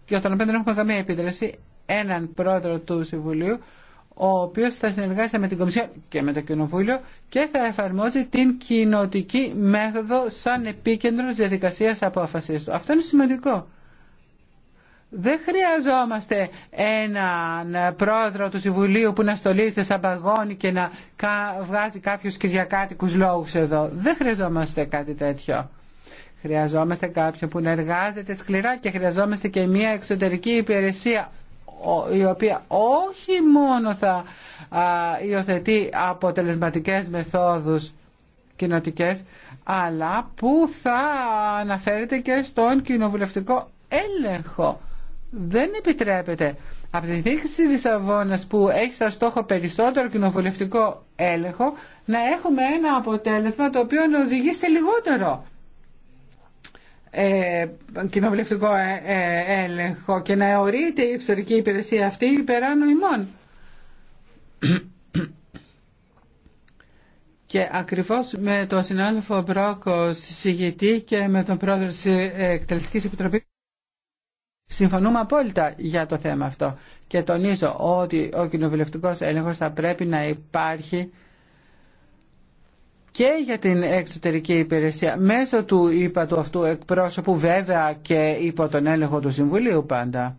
για τον οποίο δεν έχουμε καμία επίδραση, έναν πρόεδρο του Συμβουλίου, ο οποίος θα συνεργάζεται με την Κομισιόν και με το Κοινοβούλιο και θα εφαρμόζει την κοινοτική μέθοδο σαν επίκεντρο της διαδικασίας απόφασης του. Αυτό είναι σημαντικό. Δεν χρειαζόμαστε έναν πρόεδρο του Συμβουλίου που να στολίζεται σαν παγόνι και να βγάζει κάποιους κυριακάτικους λόγους εδώ. Δεν χρειαζόμαστε κάτι τέτοιο. Χρειαζόμαστε κάποιον που να εργάζεται σκληρά και χρειαζόμαστε και μια εξωτερική υπηρεσία η οποία όχι μόνο θα υιοθετεί αποτελεσματικές μεθόδους κοινοτικές, αλλά που θα αναφέρεται και στον κοινοβουλευτικό έλεγχο. Δεν επιτρέπεται. Από τη δίκηση της Λισαβόνας που έχει σαν στόχο περισσότερο κοινοβουλευτικό έλεγχο, να έχουμε ένα αποτέλεσμα το οποίο να οδηγεί σε λιγότερο ε, κοινοβουλευτικό ε, ε, έλεγχο και να εωρείται η εξωτερική υπηρεσία αυτή υπεράνω ημών. Και ακριβώς με τον συνάδελφο Μπρόκο συζητητή και με τον πρόεδρο της ε, Εκτελεστικής Επιτροπής συμφωνούμε απόλυτα για το θέμα αυτό. Και τονίζω ότι ο κοινοβουλευτικός έλεγχος θα πρέπει να υπάρχει και για την εξωτερική υπηρεσία μέσω του είπα του αυτού εκπρόσωπου βέβαια και υπό τον έλεγχο του Συμβουλίου πάντα.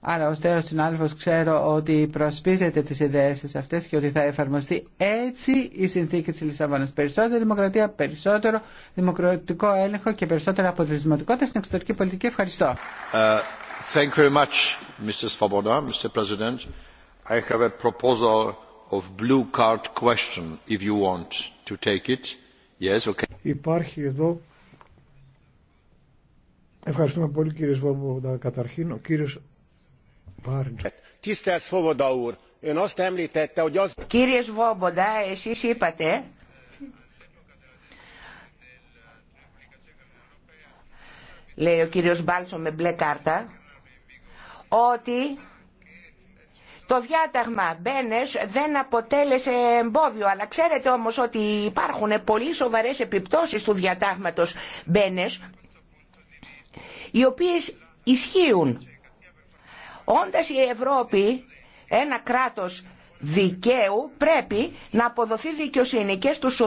Άρα ο Στέος Συνάλφος ξέρω ότι προσπίζεται τις ιδέες σας αυτές και ότι θα εφαρμοστεί έτσι η συνθήκη της Λισαβόνας. Περισσότερη δημοκρατία, περισσότερο δημοκρατικό έλεγχο και περισσότερα αποτελεσματικότητα στην εξωτερική πολιτική. Ευχαριστώ of blue card question if you want to take it. Yes, okay. Υπάρχει εδώ Ευχαριστούμε πολύ κύριε Σβόμποντα καταρχήν ο κύριος Βάρντς. Tisztelt Svoboda úr, ön azt említette, hogy Κύριε Σβόμποντα, εσείς είπατε λέει ο κύριος Μπάλσο με μπλε κάρτα ότι το διάταγμα Μπένες δεν αποτέλεσε εμπόδιο, αλλά ξέρετε όμως ότι υπάρχουν πολύ σοβαρές επιπτώσεις του διατάγματος Μπένες, οι οποίες ισχύουν. Όντας η Ευρώπη ένα κράτος δικαίου πρέπει να αποδοθεί δικαιοσύνη και στους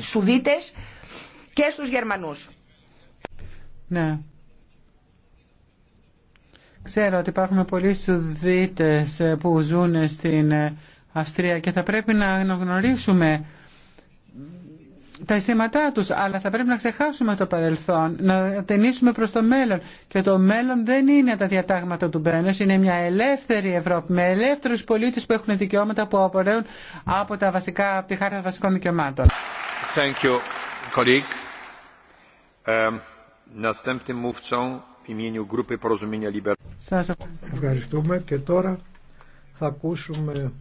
Σουδίτες και στους Γερμανούς. Ναι, Ξέρω ότι υπάρχουν πολλοί Σουδίτες που ζουν στην Αυστρία και θα πρέπει να γνωρίσουμε τα αισθήματά τους, αλλά θα πρέπει να ξεχάσουμε το παρελθόν, να ταινίσουμε προς το μέλλον. Και το μέλλον δεν είναι τα διατάγματα του Μπένος, είναι μια ελεύθερη Ευρώπη, με ελεύθερους πολίτες που έχουν δικαιώματα που απορρέουν από, τη χάρτα βασικών δικαιωμάτων. Thank you, σας ευχαριστούμε και τώρα θα ακούσουμε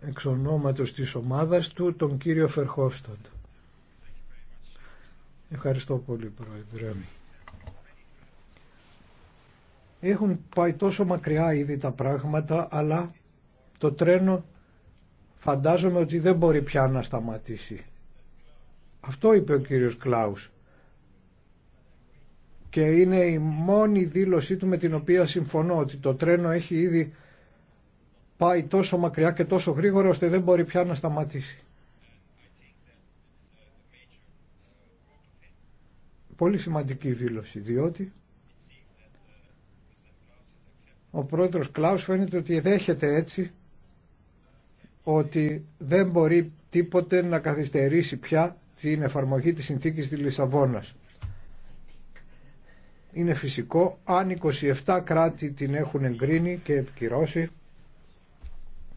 εξ ονόματος της ομάδας του τον κύριο Φερχόφσταντ. Ευχαριστώ πολύ Πρόεδρε. Έχουν πάει τόσο μακριά ήδη τα πράγματα αλλά το τρένο φαντάζομαι ότι δεν μπορεί πια να σταματήσει. Αυτό είπε ο κύριος Κλάους και είναι η μόνη δήλωσή του με την οποία συμφωνώ ότι το τρένο έχει ήδη πάει τόσο μακριά και τόσο γρήγορα ώστε δεν μπορεί πια να σταματήσει. Πολύ σημαντική δήλωση διότι ο πρόεδρος Κλάους φαίνεται ότι δέχεται έτσι ότι δεν μπορεί τίποτε να καθυστερήσει πια την εφαρμογή της συνθήκης της Λισαβόνας είναι φυσικό αν 27 κράτη την έχουν εγκρίνει και επικυρώσει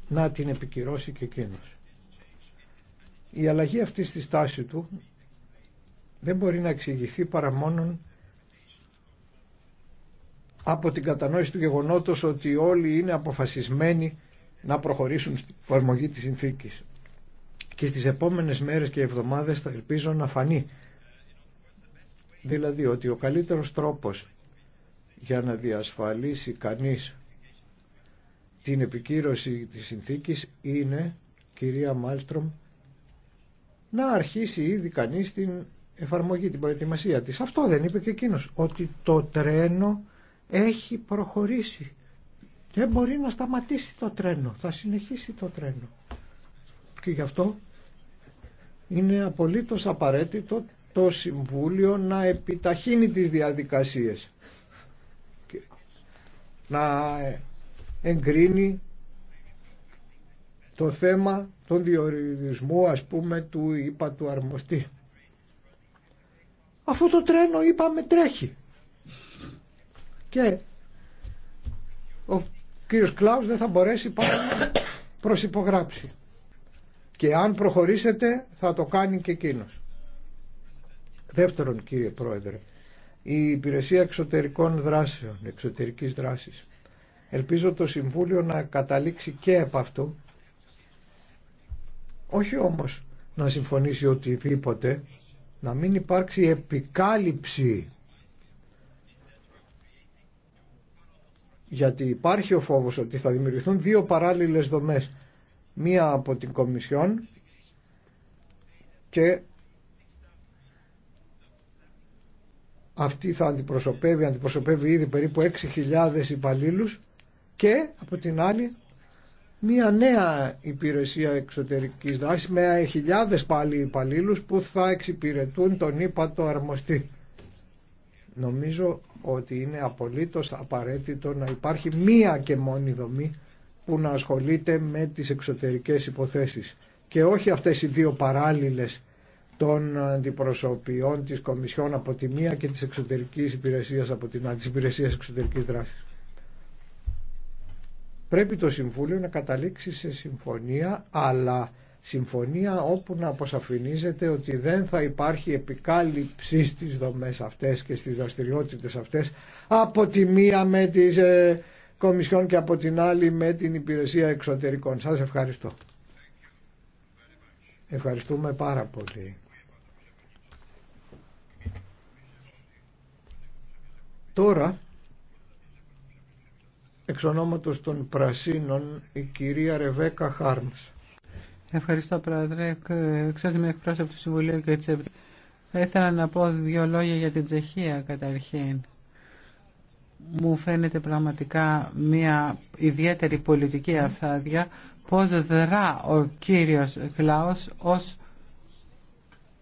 να την επικυρώσει και εκείνο. Η αλλαγή αυτή στη στάση του δεν μπορεί να εξηγηθεί παρά μόνο από την κατανόηση του γεγονότος ότι όλοι είναι αποφασισμένοι να προχωρήσουν στην εφαρμογή της συνθήκης. Και στις επόμενες μέρες και εβδομάδες θα ελπίζω να φανεί Δηλαδή ότι ο καλύτερος τρόπος για να διασφαλίσει κανείς την επικύρωση της συνθήκης είναι, κυρία Μάλστρομ, να αρχίσει ήδη κανείς την εφαρμογή, την προετοιμασία της. Αυτό δεν είπε και εκείνος, ότι το τρένο έχει προχωρήσει. Δεν μπορεί να σταματήσει το τρένο, θα συνεχίσει το τρένο. Και γι' αυτό είναι απολύτως απαραίτητο το Συμβούλιο να επιταχύνει τις διαδικασίες να εγκρίνει το θέμα των διορισμού ας πούμε του είπα του αρμοστή αφού το τρένο είπαμε τρέχει και ο κύριος Κλάους δεν θα μπορέσει πάνω να προσυπογράψει και αν προχωρήσετε θα το κάνει και εκείνος Δεύτερον, κύριε Πρόεδρε, η Υπηρεσία Εξωτερικών Δράσεων, Εξωτερικής Δράσης. Ελπίζω το Συμβούλιο να καταλήξει και από αυτό όχι όμως να συμφωνήσει οτιδήποτε, να μην υπάρξει επικάλυψη γιατί υπάρχει ο φόβος ότι θα δημιουργηθούν δύο παράλληλες δομές μία από την Κομισιόν και αυτή θα αντιπροσωπεύει, αντιπροσωπεύει ήδη περίπου 6.000 υπαλλήλους και από την άλλη μια νέα υπηρεσία εξωτερικής δράσης με χιλιάδες πάλι υπαλλήλου που θα εξυπηρετούν τον ύπατο αρμοστή. Νομίζω ότι είναι απολύτως απαραίτητο να υπάρχει μία και μόνη δομή που να ασχολείται με τις εξωτερικές υποθέσεις και όχι αυτές οι δύο παράλληλες των αντιπροσωπιών της Κομισιόν από τη μία και της εξωτερικής υπηρεσίας από την άλλη, της υπηρεσίας εξωτερικής δράσης. Πρέπει το Συμβούλιο να καταλήξει σε συμφωνία, αλλά συμφωνία όπου να αποσαφηνίζεται ότι δεν θα υπάρχει επικάλυψη στις δομές αυτές και στις δραστηριότητες αυτές από τη μία με τις ε, Κομισιόν και από την άλλη με την Υπηρεσία Εξωτερικών. Σας ευχαριστώ. Ευχαριστούμε πάρα πολύ. Τώρα, εξ ονόματος των Πρασίνων, η κυρία Ρεβέκα Χάρμς. Ευχαριστώ, Πρόεδρε. Εξότιμη εκπρόσωπο του Συμβουλίου και της Θα ήθελα να πω δύο λόγια για την Τσεχία, καταρχήν. Μου φαίνεται πραγματικά μια ιδιαίτερη πολιτική αυθάδια πώς δρά ο κύριος Κλάος ως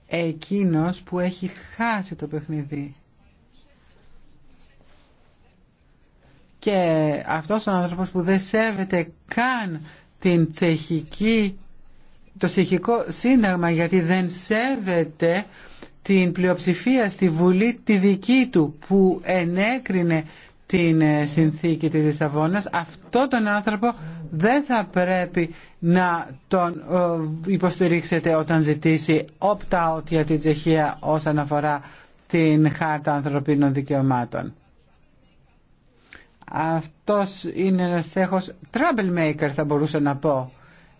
εκείνος που έχει χάσει το παιχνίδι Και αυτός ο άνθρωπος που δεν σέβεται καν την το τσεχικό σύνταγμα γιατί δεν σέβεται την πλειοψηφία στη Βουλή τη δική του που ενέκρινε την ε, συνθήκη της Λισαβόνα, αυτό τον άνθρωπο δεν θα πρέπει να τον ε, υποστηρίξετε όταν ζητήσει opt-out για την Τσεχία όσον αφορά την Χάρτα Ανθρωπίνων Δικαιωμάτων. Αυτός είναι ένας έχος troublemaker θα μπορούσα να πω.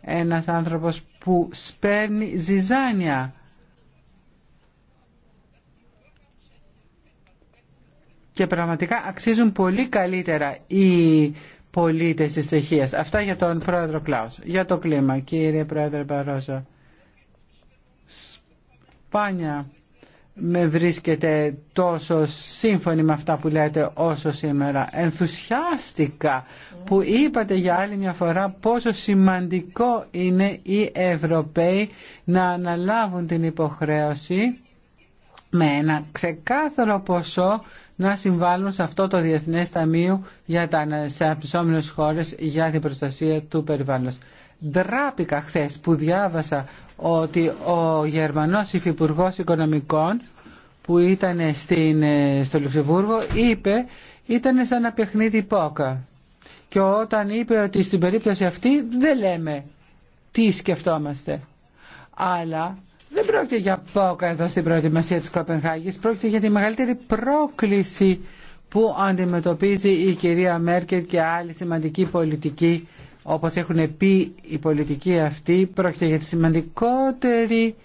Ένας άνθρωπος που σπέρνει ζυζάνια. Και πραγματικά αξίζουν πολύ καλύτερα οι πολίτες της Τσεχίας. Αυτά για τον πρόεδρο Κλάους. Για το κλίμα, κύριε πρόεδρε Παρόσο. Σπάνια με βρίσκεται τόσο σύμφωνη με αυτά που λέτε όσο σήμερα. Ενθουσιάστηκα που είπατε για άλλη μια φορά πόσο σημαντικό είναι οι Ευρωπαίοι να αναλάβουν την υποχρέωση με ένα ξεκάθαρο ποσό να συμβάλλουν σε αυτό το Διεθνές Ταμείο για τα αναπτυσσόμενες χώρες για την προστασία του περιβάλλοντος. Δράπηκα χθε που διάβασα ότι ο Γερμανός υφυπουργό Οικονομικών που ήταν στην, ε, στο Λουξεμβούργο είπε ήταν σαν ένα παιχνίδι πόκα. Και όταν είπε ότι στην περίπτωση αυτή δεν λέμε τι σκεφτόμαστε. Αλλά δεν πρόκειται για πόκα εδώ στην προετοιμασία της Κοπενχάγης, πρόκειται για τη μεγαλύτερη πρόκληση που αντιμετωπίζει η κυρία Μέρκετ και άλλοι σημαντικοί πολιτικοί όπως έχουν πει οι πολιτικοί αυτοί, πρόκειται για τη σημαντικότερη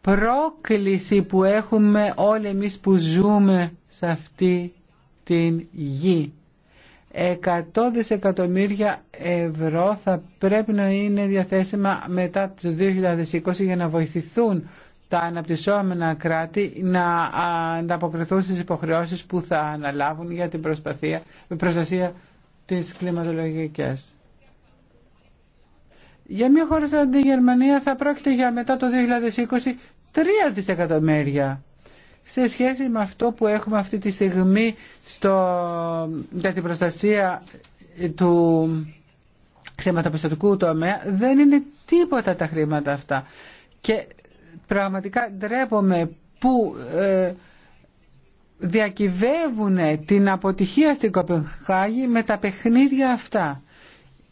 πρόκληση που έχουμε όλοι εμείς που ζούμε σε αυτή την γη. Εκατό δισεκατομμύρια ευρώ θα πρέπει να είναι διαθέσιμα μετά το 2020 για να βοηθηθούν τα αναπτυσσόμενα κράτη να ανταποκριθούν στις υποχρεώσεις που θα αναλάβουν για την προστασία της κλιματολογικής. Για μια χώρα σαν τη Γερμανία θα πρόκειται για μετά το 2020 3 δισεκατομμύρια σε σχέση με αυτό που έχουμε αυτή τη στιγμή στο, για την προστασία του χρηματοπιστωτικού τομέα δεν είναι τίποτα τα χρήματα αυτά και πραγματικά ντρέπομαι που ε, διακυβεύουν την αποτυχία στην Κοπενχάγη με τα παιχνίδια αυτά.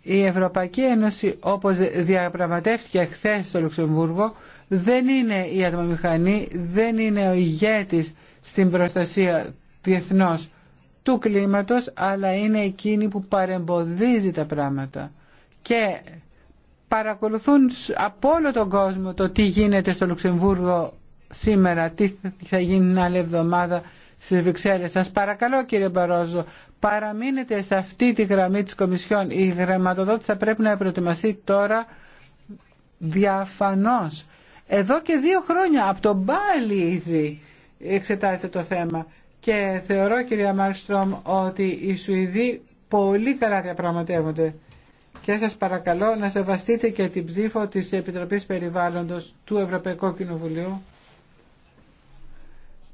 Η Ευρωπαϊκή Ένωση όπως διαπραγματεύτηκε χθε στο Λουξεμβούργο δεν είναι η ατμομηχανή, δεν είναι ο ηγέτης στην προστασία διεθνώς του κλίματος αλλά είναι εκείνη που παρεμποδίζει τα πράγματα και παρακολουθούν από όλο τον κόσμο το τι γίνεται στο Λουξεμβούργο σήμερα, τι θα γίνει την άλλη εβδομάδα στις Βρυξέλλες. Σας παρακαλώ κύριε Μπαρόζο, παραμείνετε σε αυτή τη γραμμή της Κομισιόν. Η γραμματοδότηση θα πρέπει να προετοιμαστεί τώρα διαφανώς. Εδώ και δύο χρόνια από τον Πάλι ήδη εξετάζεται το θέμα και θεωρώ κύριε Μάρστρομ ότι οι Σουηδοί πολύ καλά διαπραγματεύονται και σας παρακαλώ να σεβαστείτε και την ψήφο της Επιτροπής Περιβάλλοντος του Ευρωπαϊκού Κοινοβουλίου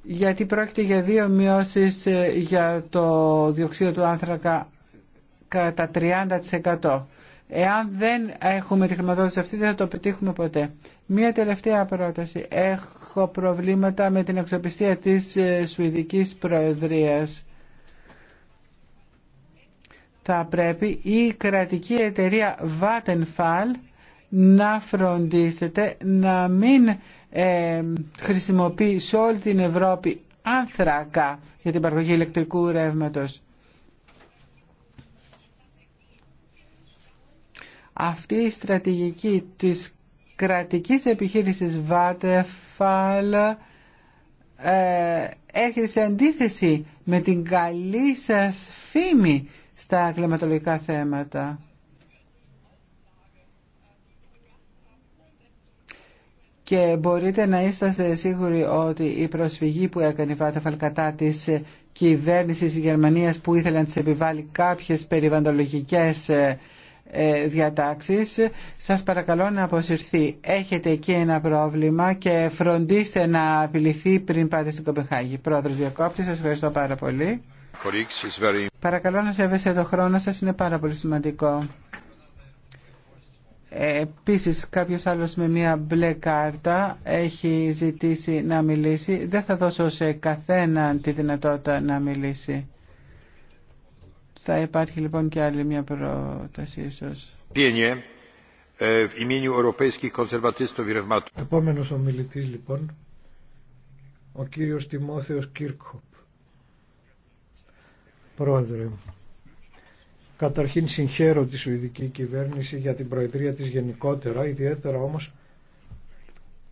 γιατί πρόκειται για δύο μειώσεις ε, για το διοξείδιο του άνθρακα κατά 30%. Εάν δεν έχουμε τη χρηματοδότηση αυτή δεν θα το πετύχουμε ποτέ. Μία τελευταία πρόταση. Έχω προβλήματα με την αξιοπιστία της ε, Σουηδικής Προεδρίας. Θα πρέπει η κρατική εταιρεία Vattenfall να φροντίσετε να μην χρησιμοποιεί σε όλη την Ευρώπη άνθρακα για την παραγωγή ηλεκτρικού ρεύματος. Αυτή η στρατηγική της κρατικής επιχείρησης Βάτεφαλ έχει σε αντίθεση με την καλή σας φήμη στα κλιματολογικά θέματα. και μπορείτε να είστε σίγουροι ότι η προσφυγή που έκανε η Βάτα κατά της κυβέρνησης της Γερμανίας που ήθελε να της επιβάλλει κάποιες περιβαντολογικές ε, ε, διατάξεις σας παρακαλώ να αποσυρθεί έχετε εκεί ένα πρόβλημα και φροντίστε να απειληθεί πριν πάτε στην Κοπεχάγη Πρόεδρος Διακόπτη σας ευχαριστώ πάρα πολύ Παρακαλώ να σέβεστε το χρόνο σας, είναι πάρα πολύ σημαντικό. Επίση, κάποιος άλλος με μια μπλε κάρτα έχει ζητήσει να μιλήσει. Δεν θα δώσω σε καθέναν τη δυνατότητα να μιλήσει. Θα υπάρχει λοιπόν και άλλη μια πρόταση ίσως. Ε, Επόμενος μιλητή λοιπόν, ο κύριο Τιμόθεος Κίρκοπ. Πρόεδρε, Καταρχήν συγχαίρω τη Σουηδική κυβέρνηση για την προεδρία της γενικότερα, ιδιαίτερα όμως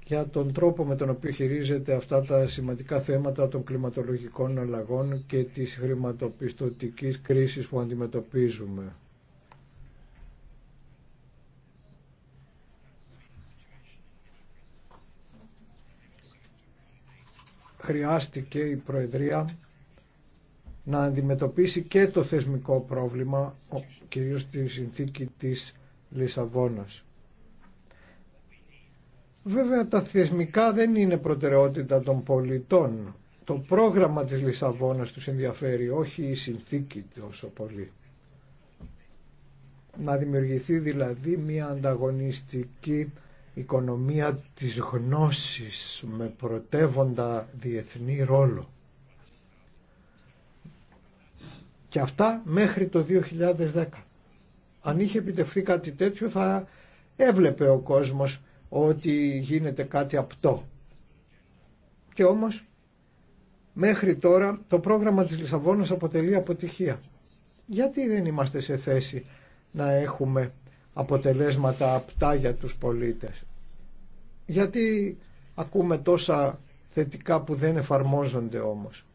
για τον τρόπο με τον οποίο χειρίζεται αυτά τα σημαντικά θέματα των κλιματολογικών αλλαγών και της χρηματοπιστωτικής κρίσης που αντιμετωπίζουμε. Χρειάστηκε η Προεδρία να αντιμετωπίσει και το θεσμικό πρόβλημα, κυρίως τη συνθήκη της Λισαβόνας. Βέβαια τα θεσμικά δεν είναι προτεραιότητα των πολιτών. Το πρόγραμμα της Λισαβόνας τους ενδιαφέρει, όχι η συνθήκη τόσο πολύ. Να δημιουργηθεί δηλαδή μια ανταγωνιστική οικονομία της γνώσης με πρωτεύοντα διεθνή ρόλο. Και αυτά μέχρι το 2010. Αν είχε επιτευχθεί κάτι τέτοιο θα έβλεπε ο κόσμος ότι γίνεται κάτι απτό. Και όμως μέχρι τώρα το πρόγραμμα της Λισαβόνας αποτελεί αποτυχία. Γιατί δεν είμαστε σε θέση να έχουμε αποτελέσματα απτά για τους πολίτες. Γιατί ακούμε τόσα θετικά που δεν εφαρμόζονται όμως.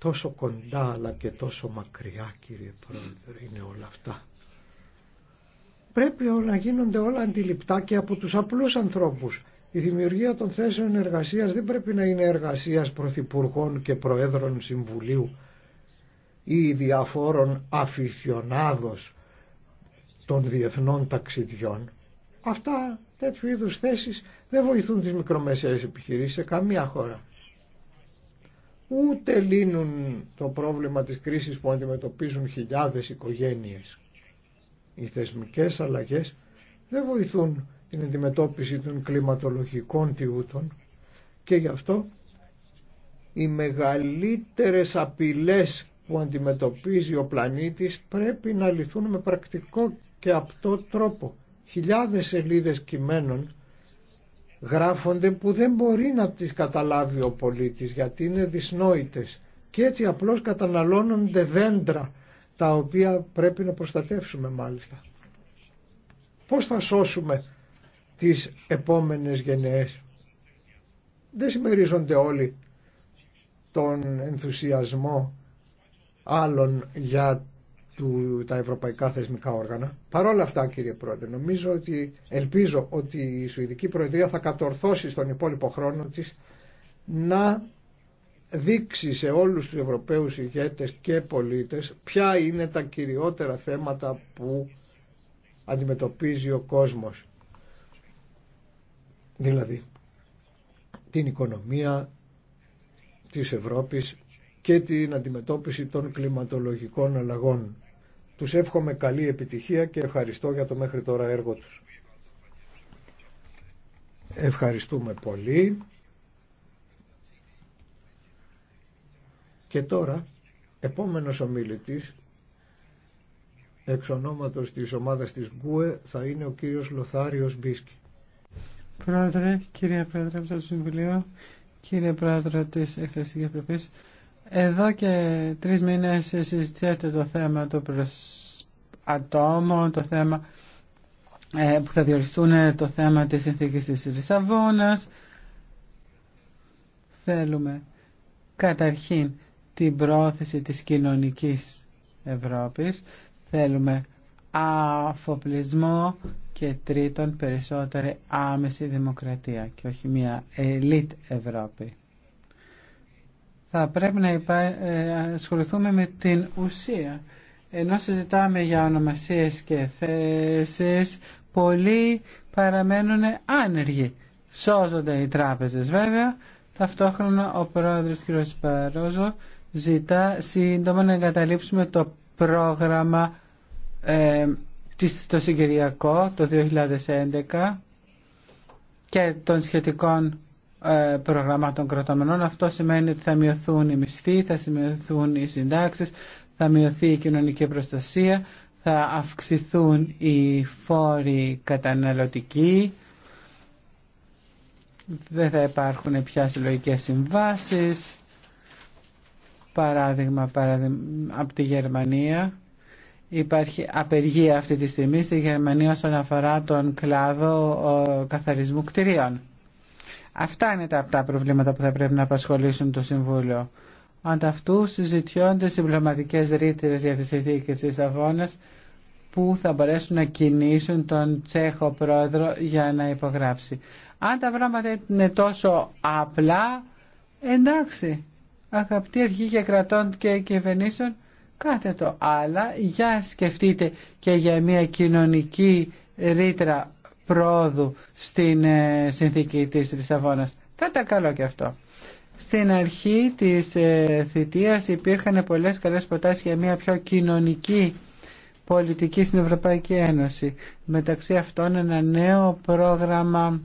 Τόσο κοντά αλλά και τόσο μακριά κύριε Πρόεδρε είναι όλα αυτά. Πρέπει να γίνονται όλα αντιληπτά και από τους απλούς ανθρώπους. Η δημιουργία των θέσεων εργασίας δεν πρέπει να είναι εργασίας πρωθυπουργών και προέδρων συμβουλίου ή διαφόρων αφιθιονάδος των διεθνών ταξιδιών. Αυτά τέτοιου είδους θέσεις δεν βοηθούν τις μικρομεσαίες επιχειρήσεις σε καμία χώρα ούτε λύνουν το πρόβλημα της κρίσης που αντιμετωπίζουν χιλιάδες οικογένειες. Οι θεσμικές αλλαγές δεν βοηθούν την αντιμετώπιση των κλιματολογικών τιούτων και γι' αυτό οι μεγαλύτερες απειλές που αντιμετωπίζει ο πλανήτης πρέπει να λυθούν με πρακτικό και απτό τρόπο. Χιλιάδες σελίδες κειμένων γράφονται που δεν μπορεί να τις καταλάβει ο πολίτης γιατί είναι δυσνόητες και έτσι απλώς καταναλώνονται δέντρα τα οποία πρέπει να προστατεύσουμε μάλιστα. Πώς θα σώσουμε τις επόμενες γενναίες. Δεν συμμερίζονται όλοι τον ενθουσιασμό άλλων για του, τα ευρωπαϊκά θεσμικά όργανα. όλα αυτά κύριε Πρόεδρε, νομίζω ότι ελπίζω ότι η Σουηδική Προεδρία θα κατορθώσει στον υπόλοιπο χρόνο της να δείξει σε όλους τους Ευρωπαίους ηγέτες και πολίτες ποια είναι τα κυριότερα θέματα που αντιμετωπίζει ο κόσμος. Δηλαδή, την οικονομία της Ευρώπης και την αντιμετώπιση των κλιματολογικών αλλαγών. Τους εύχομαι καλή επιτυχία και ευχαριστώ για το μέχρι τώρα έργο τους. Ευχαριστούμε πολύ. Και τώρα, επόμενος ομιλητής, εξ ονόματος της ομάδας της ΓΚΟΕ, θα είναι ο κύριος Λοθάριος Μπίσκι. Πρόεδρε, κύριε Πρόεδρε από το Συμβουλίο, κύριε Πρόεδρε της Εκθεστικής Επιτροπής, εδώ και τρεις μήνες συζητιέται το θέμα του ατόμων, το θέμα ε, που θα διοριστούν ε, το θέμα της συνθήκης της Ρισαβόνας. Θέλουμε καταρχήν την πρόθεση της κοινωνικής Ευρώπης. Θέλουμε αφοπλισμό και τρίτον περισσότερη άμεση δημοκρατία και όχι μια ελίτ Ευρώπη θα πρέπει να υπά... Ε, ασχοληθούμε με την ουσία. Ενώ συζητάμε για ονομασίες και θέσεις, πολλοί παραμένουν άνεργοι. Σώζονται οι τράπεζες βέβαια. Ταυτόχρονα ο πρόεδρος κ. Παρόζο ζητά σύντομα να εγκαταλείψουμε το πρόγραμμα ε, το συγκυριακό το 2011 και των σχετικών ε, προγραμμάτων κρατομενών. Αυτό σημαίνει ότι θα μειωθούν οι μισθοί, θα σημειωθούν οι συντάξεις, θα μειωθεί η κοινωνική προστασία, θα αυξηθούν οι φόροι καταναλωτικοί, δεν θα υπάρχουν πια συλλογικέ συμβάσει, Παράδειγμα, παράδειγμα από τη Γερμανία. Υπάρχει απεργία αυτή τη στιγμή στη Γερμανία όσον αφορά τον κλάδο καθαρισμού κτηρίων. Αυτά είναι τα τα προβλήματα που θα πρέπει να απασχολήσουν το Συμβούλιο. Ανταυτού συζητιώνται συμπληρωματικέ ρήτρε για τις συνθήκη τη Αβώνα που θα μπορέσουν να κινήσουν τον Τσέχο πρόεδρο για να υπογράψει. Αν τα πράγματα είναι τόσο απλά, εντάξει, Αγαπητή αρχή και κρατών και κυβερνήσεων, κάθε το. Αλλά για σκεφτείτε και για μια κοινωνική ρήτρα πρόοδου στην ε, συνθήκη της Λισαβόνας. Θα ήταν καλό και αυτό. Στην αρχή της ε, θητείας υπήρχαν πολλές καλές προτάσεις για μια πιο κοινωνική πολιτική στην Ευρωπαϊκή Ένωση. Μεταξύ αυτών ένα νέο πρόγραμμα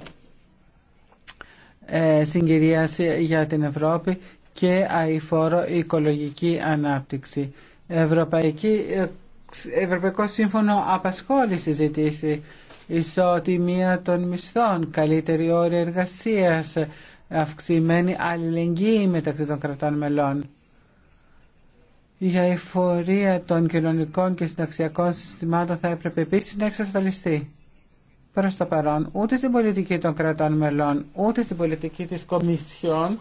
ε, συγκυρίας για την Ευρώπη και αηφόρο οικολογική ανάπτυξη. Ευρωπαϊκή, Ευρωπαϊκό Σύμφωνο Απασχόληση ζητήθη ισότιμια των μισθών, καλύτερη όρια εργασίας, αυξημένη αλληλεγγύη μεταξύ των κρατών μελών. Η αηφορία των κοινωνικών και συνταξιακών συστημάτων θα έπρεπε επίση να εξασφαλιστεί. Προ το παρόν, ούτε στην πολιτική των κρατών μελών, ούτε στην πολιτική της Κομισιόν,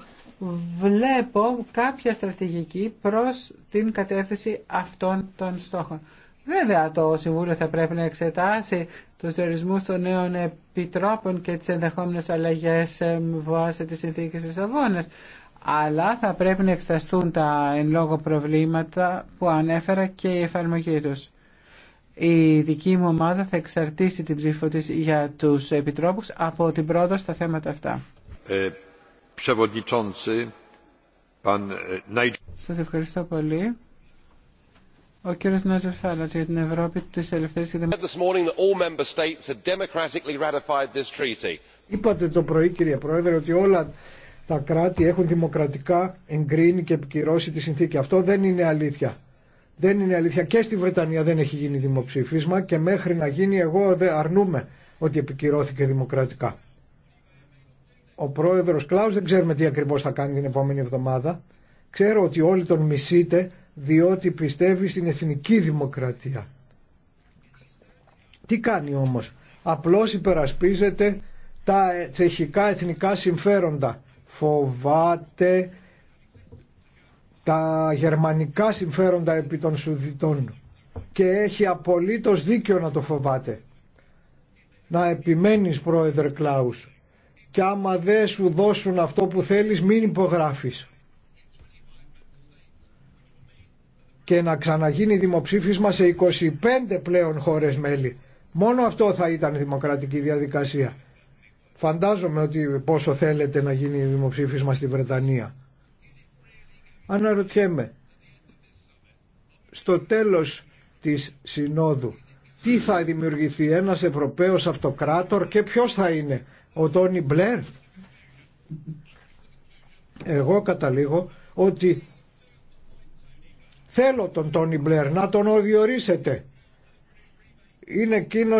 βλέπω κάποια στρατηγική προ την κατεύθυνση αυτών των στόχων. Βέβαια το Συμβούλιο θα πρέπει να εξετάσει τους διορισμούς των νέων επιτρόπων και τις ενδεχόμενες αλλαγές ε, βάσει τη συνθήκη της Αβώνας. Αλλά θα πρέπει να εξεταστούν τα εν λόγω προβλήματα που ανέφερα και η εφαρμογή τους. Η δική μου ομάδα θα εξαρτήσει την ψήφο της για τους επιτρόπους από την πρόοδο στα θέματα αυτά. Ε, ε, Σα ευχαριστώ πολύ. Ο κύριος Φάλατ για την Ευρώπη της Ελευθερίας και Δημοκρατίας. Είπατε το πρωί κύριε Πρόεδρε ότι όλα τα κράτη έχουν δημοκρατικά εγκρίνει και επικυρώσει τη συνθήκη. Αυτό δεν είναι αλήθεια. Δεν είναι αλήθεια. Και στη Βρετανία δεν έχει γίνει δημοψήφισμα και μέχρι να γίνει εγώ δεν αρνούμε ότι επικυρώθηκε δημοκρατικά. Ο πρόεδρος Κλάους δεν ξέρουμε τι ακριβώς θα κάνει την επόμενη εβδομάδα. Ξέρω ότι όλοι τον μισείτε διότι πιστεύει στην εθνική δημοκρατία. Τι κάνει όμως, απλώς υπερασπίζεται τα ε, τσεχικά εθνικά συμφέροντα. Φοβάται τα γερμανικά συμφέροντα επί των Σουδητών και έχει απολύτως δίκιο να το φοβάται. Να επιμένεις πρόεδρε Κλάους και άμα δεν σου δώσουν αυτό που θέλεις μην υπογράφεις. και να ξαναγίνει δημοψήφισμα σε 25 πλέον χώρες μέλη. Μόνο αυτό θα ήταν δημοκρατική διαδικασία. Φαντάζομαι ότι πόσο θέλετε να γίνει δημοψήφισμα στη Βρετανία. Αναρωτιέμαι, στο τέλος της Συνόδου, τι θα δημιουργηθεί ένας Ευρωπαίος αυτοκράτορ και ποιος θα είναι, ο Τόνι Μπλερ. Εγώ καταλήγω ότι Θέλω τον Τόνι Μπλερ να τον οδιορίσετε. Είναι εκείνο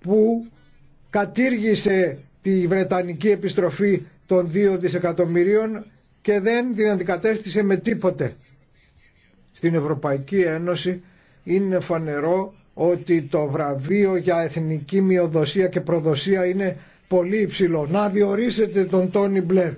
που κατήργησε τη Βρετανική επιστροφή των 2 δισεκατομμυρίων και δεν την αντικατέστησε με τίποτε. Στην Ευρωπαϊκή Ένωση είναι φανερό ότι το βραβείο για εθνική μειοδοσία και προδοσία είναι πολύ υψηλό. Να διορίσετε τον Τόνι Μπλερ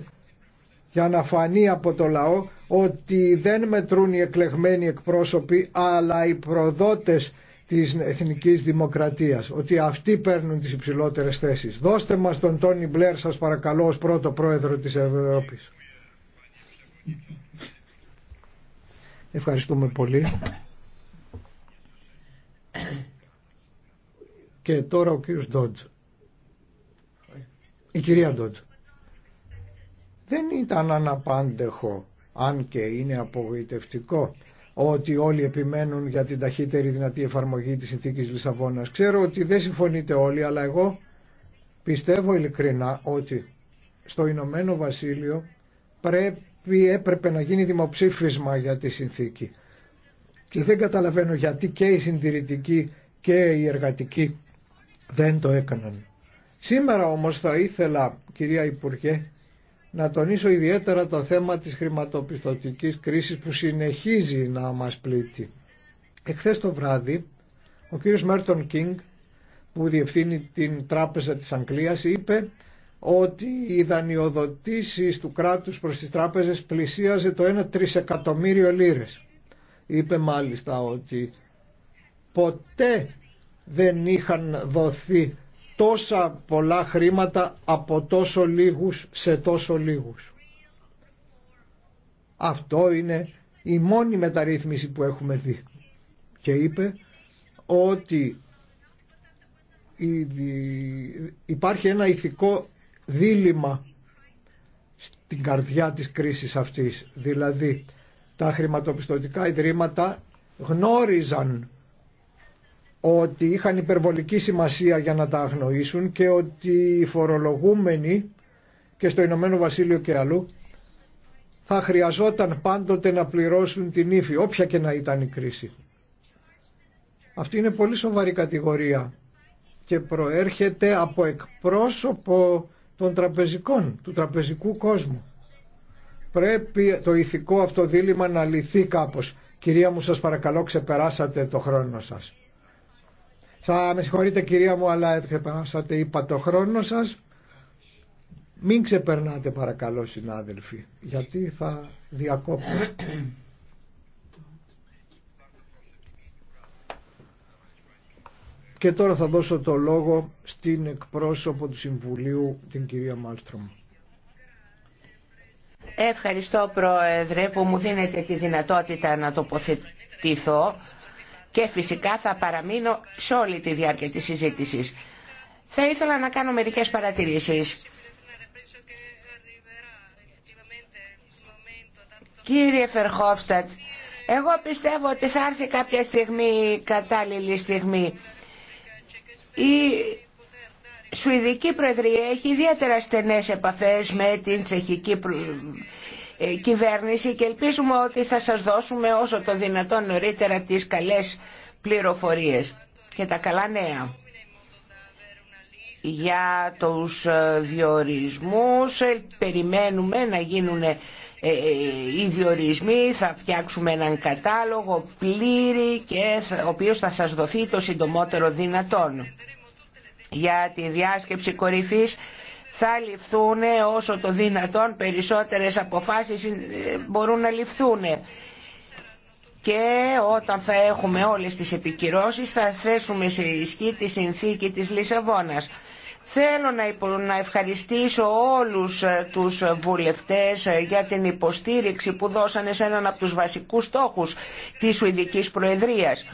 για να φανεί από το λαό ότι δεν μετρούν οι εκλεγμένοι εκπρόσωποι αλλά οι προδότες της εθνικής δημοκρατίας ότι αυτοί παίρνουν τις υψηλότερες θέσεις δώστε μας τον Τόνι Μπλερ σας παρακαλώ ως πρώτο πρόεδρο της Ευρώπης ευχαριστούμε πολύ και τώρα ο κύριος Ντότζ η κυρία Ντότζ δεν ήταν αναπάντεχο, αν και είναι απογοητευτικό, ότι όλοι επιμένουν για την ταχύτερη δυνατή εφαρμογή της συνθήκης Λισαβόνας. Ξέρω ότι δεν συμφωνείτε όλοι, αλλά εγώ πιστεύω ειλικρινά ότι στο Ηνωμένο Βασίλειο πρέπει, έπρεπε να γίνει δημοψήφισμα για τη συνθήκη. Και δεν καταλαβαίνω γιατί και οι συντηρητικοί και οι εργατικοί δεν το έκαναν. Σήμερα όμως θα ήθελα, κυρία Υπουργέ, να τονίσω ιδιαίτερα το θέμα της χρηματοπιστωτικής κρίσης που συνεχίζει να μας πλήττει. Εχθές το βράδυ ο κύριος Μέρτον Κίνγκ που διευθύνει την τράπεζα της Αγγλίας είπε ότι οι δανειοδοτήσεις του κράτους προς τις τράπεζες πλησίαζε το 1 τρισεκατομμύριο λίρες. Είπε μάλιστα ότι ποτέ δεν είχαν δοθεί τόσα πολλά χρήματα από τόσο λίγους σε τόσο λίγους. Αυτό είναι η μόνη μεταρρύθμιση που έχουμε δει. Και είπε ότι υπάρχει ένα ηθικό δίλημα στην καρδιά της κρίσης αυτής. Δηλαδή τα χρηματοπιστωτικά ιδρύματα γνώριζαν ότι είχαν υπερβολική σημασία για να τα αγνοήσουν και ότι οι φορολογούμενοι και στο Ηνωμένο Βασίλειο και αλλού θα χρειαζόταν πάντοτε να πληρώσουν την ύφη, όποια και να ήταν η κρίση. Αυτή είναι πολύ σοβαρή κατηγορία και προέρχεται από εκπρόσωπο των τραπεζικών, του τραπεζικού κόσμου. Πρέπει το ηθικό αυτό δίλημα να λυθεί κάπως. Κυρία μου σας παρακαλώ ξεπεράσατε το χρόνο σας. Θα με συγχωρείτε κυρία μου αλλά ξεπεράσατε είπα το χρόνο σας. Μην ξεπερνάτε παρακαλώ συνάδελφοι γιατί θα διακόπτω. Και τώρα θα δώσω το λόγο στην εκπρόσωπο του Συμβουλίου, την κυρία Μάλστρομ. Ευχαριστώ Πρόεδρε που μου δίνετε τη δυνατότητα να τοποθετηθώ και φυσικά θα παραμείνω σε όλη τη διάρκεια της συζήτησης. Θα ήθελα να κάνω μερικές παρατηρήσεις. Κύριε Φερχόφστατ, εγώ πιστεύω ότι θα έρθει κάποια στιγμή η κατάλληλη στιγμή. Η Σουηδική Προεδρία έχει ιδιαίτερα στενές επαφές με την Τσεχική ε, κυβέρνηση και ελπίζουμε ότι θα σας δώσουμε όσο το δυνατόν νωρίτερα τις καλές πληροφορίες και τα καλά νέα. Για τους ε, διορισμούς ε, περιμένουμε να γίνουν οι διορισμοί, θα φτιάξουμε έναν κατάλογο πλήρη και ο οποίος θα σας δοθεί το συντομότερο δυνατόν. Για τη διάσκεψη κορυφής θα ληφθούν όσο το δυνατόν περισσότερες αποφάσεις ε, μπορούν να ληφθούν και όταν θα έχουμε όλες τις επικυρώσεις θα θέσουμε σε ισχύ τη συνθήκη της Λισαβόνας. Θέλω να ευχαριστήσω όλους ε, τους βουλευτές ε, για την υποστήριξη που δώσανε σε έναν από τους βασικούς στόχους της Σουηδικής Προεδρίας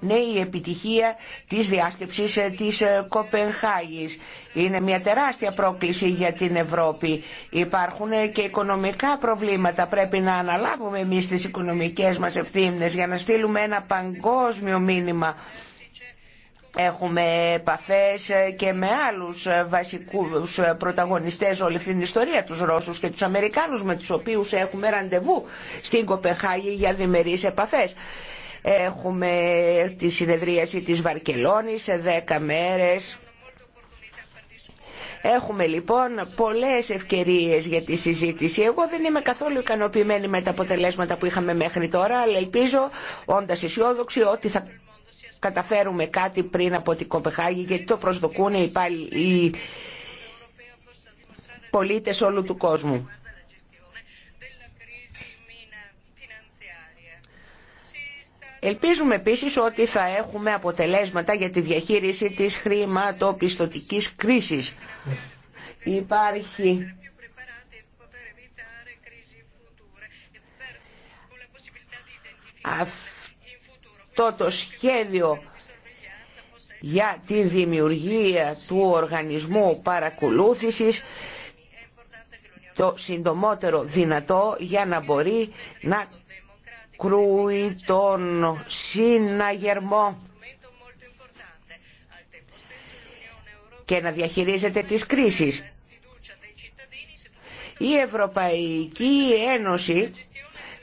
ναι, η επιτυχία της διάσκεψης ε, της ε, Κοπενχάγης. Είναι μια τεράστια πρόκληση για την Ευρώπη. Υπάρχουν ε, και οικονομικά προβλήματα. Πρέπει να αναλάβουμε εμείς τις οικονομικές μας ευθύνες για να στείλουμε ένα παγκόσμιο μήνυμα. Έχουμε επαφές και με άλλους βασικούς πρωταγωνιστές όλη την ιστορία, τους Ρώσους και τους Αμερικάνους με τους οποίους έχουμε ραντεβού στην Κοπεχάγη για διμερείς επαφές. Έχουμε τη συνεδρίαση της Βαρκελόνης σε 10 μέρες. Έχουμε λοιπόν πολλές ευκαιρίες για τη συζήτηση. Εγώ δεν είμαι καθόλου ικανοποιημένη με τα αποτελέσματα που είχαμε μέχρι τώρα, αλλά ελπίζω, όντας αισιόδοξη, ότι θα καταφέρουμε κάτι πριν από την Κοπεχάγη, γιατί το προσδοκούν οι, πάλι, οι πολίτες όλου του κόσμου. Ελπίζουμε επίσης ότι θα έχουμε αποτελέσματα για τη διαχείριση της χρηματοπιστωτικής κρίσης. Υπάρχει αυτό το σχέδιο για τη δημιουργία του οργανισμού παρακολούθησης το συντομότερο δυνατό για να μπορεί να κρούει τον συναγερμό και να διαχειρίζεται τις κρίσεις. Η Ευρωπαϊκή Ένωση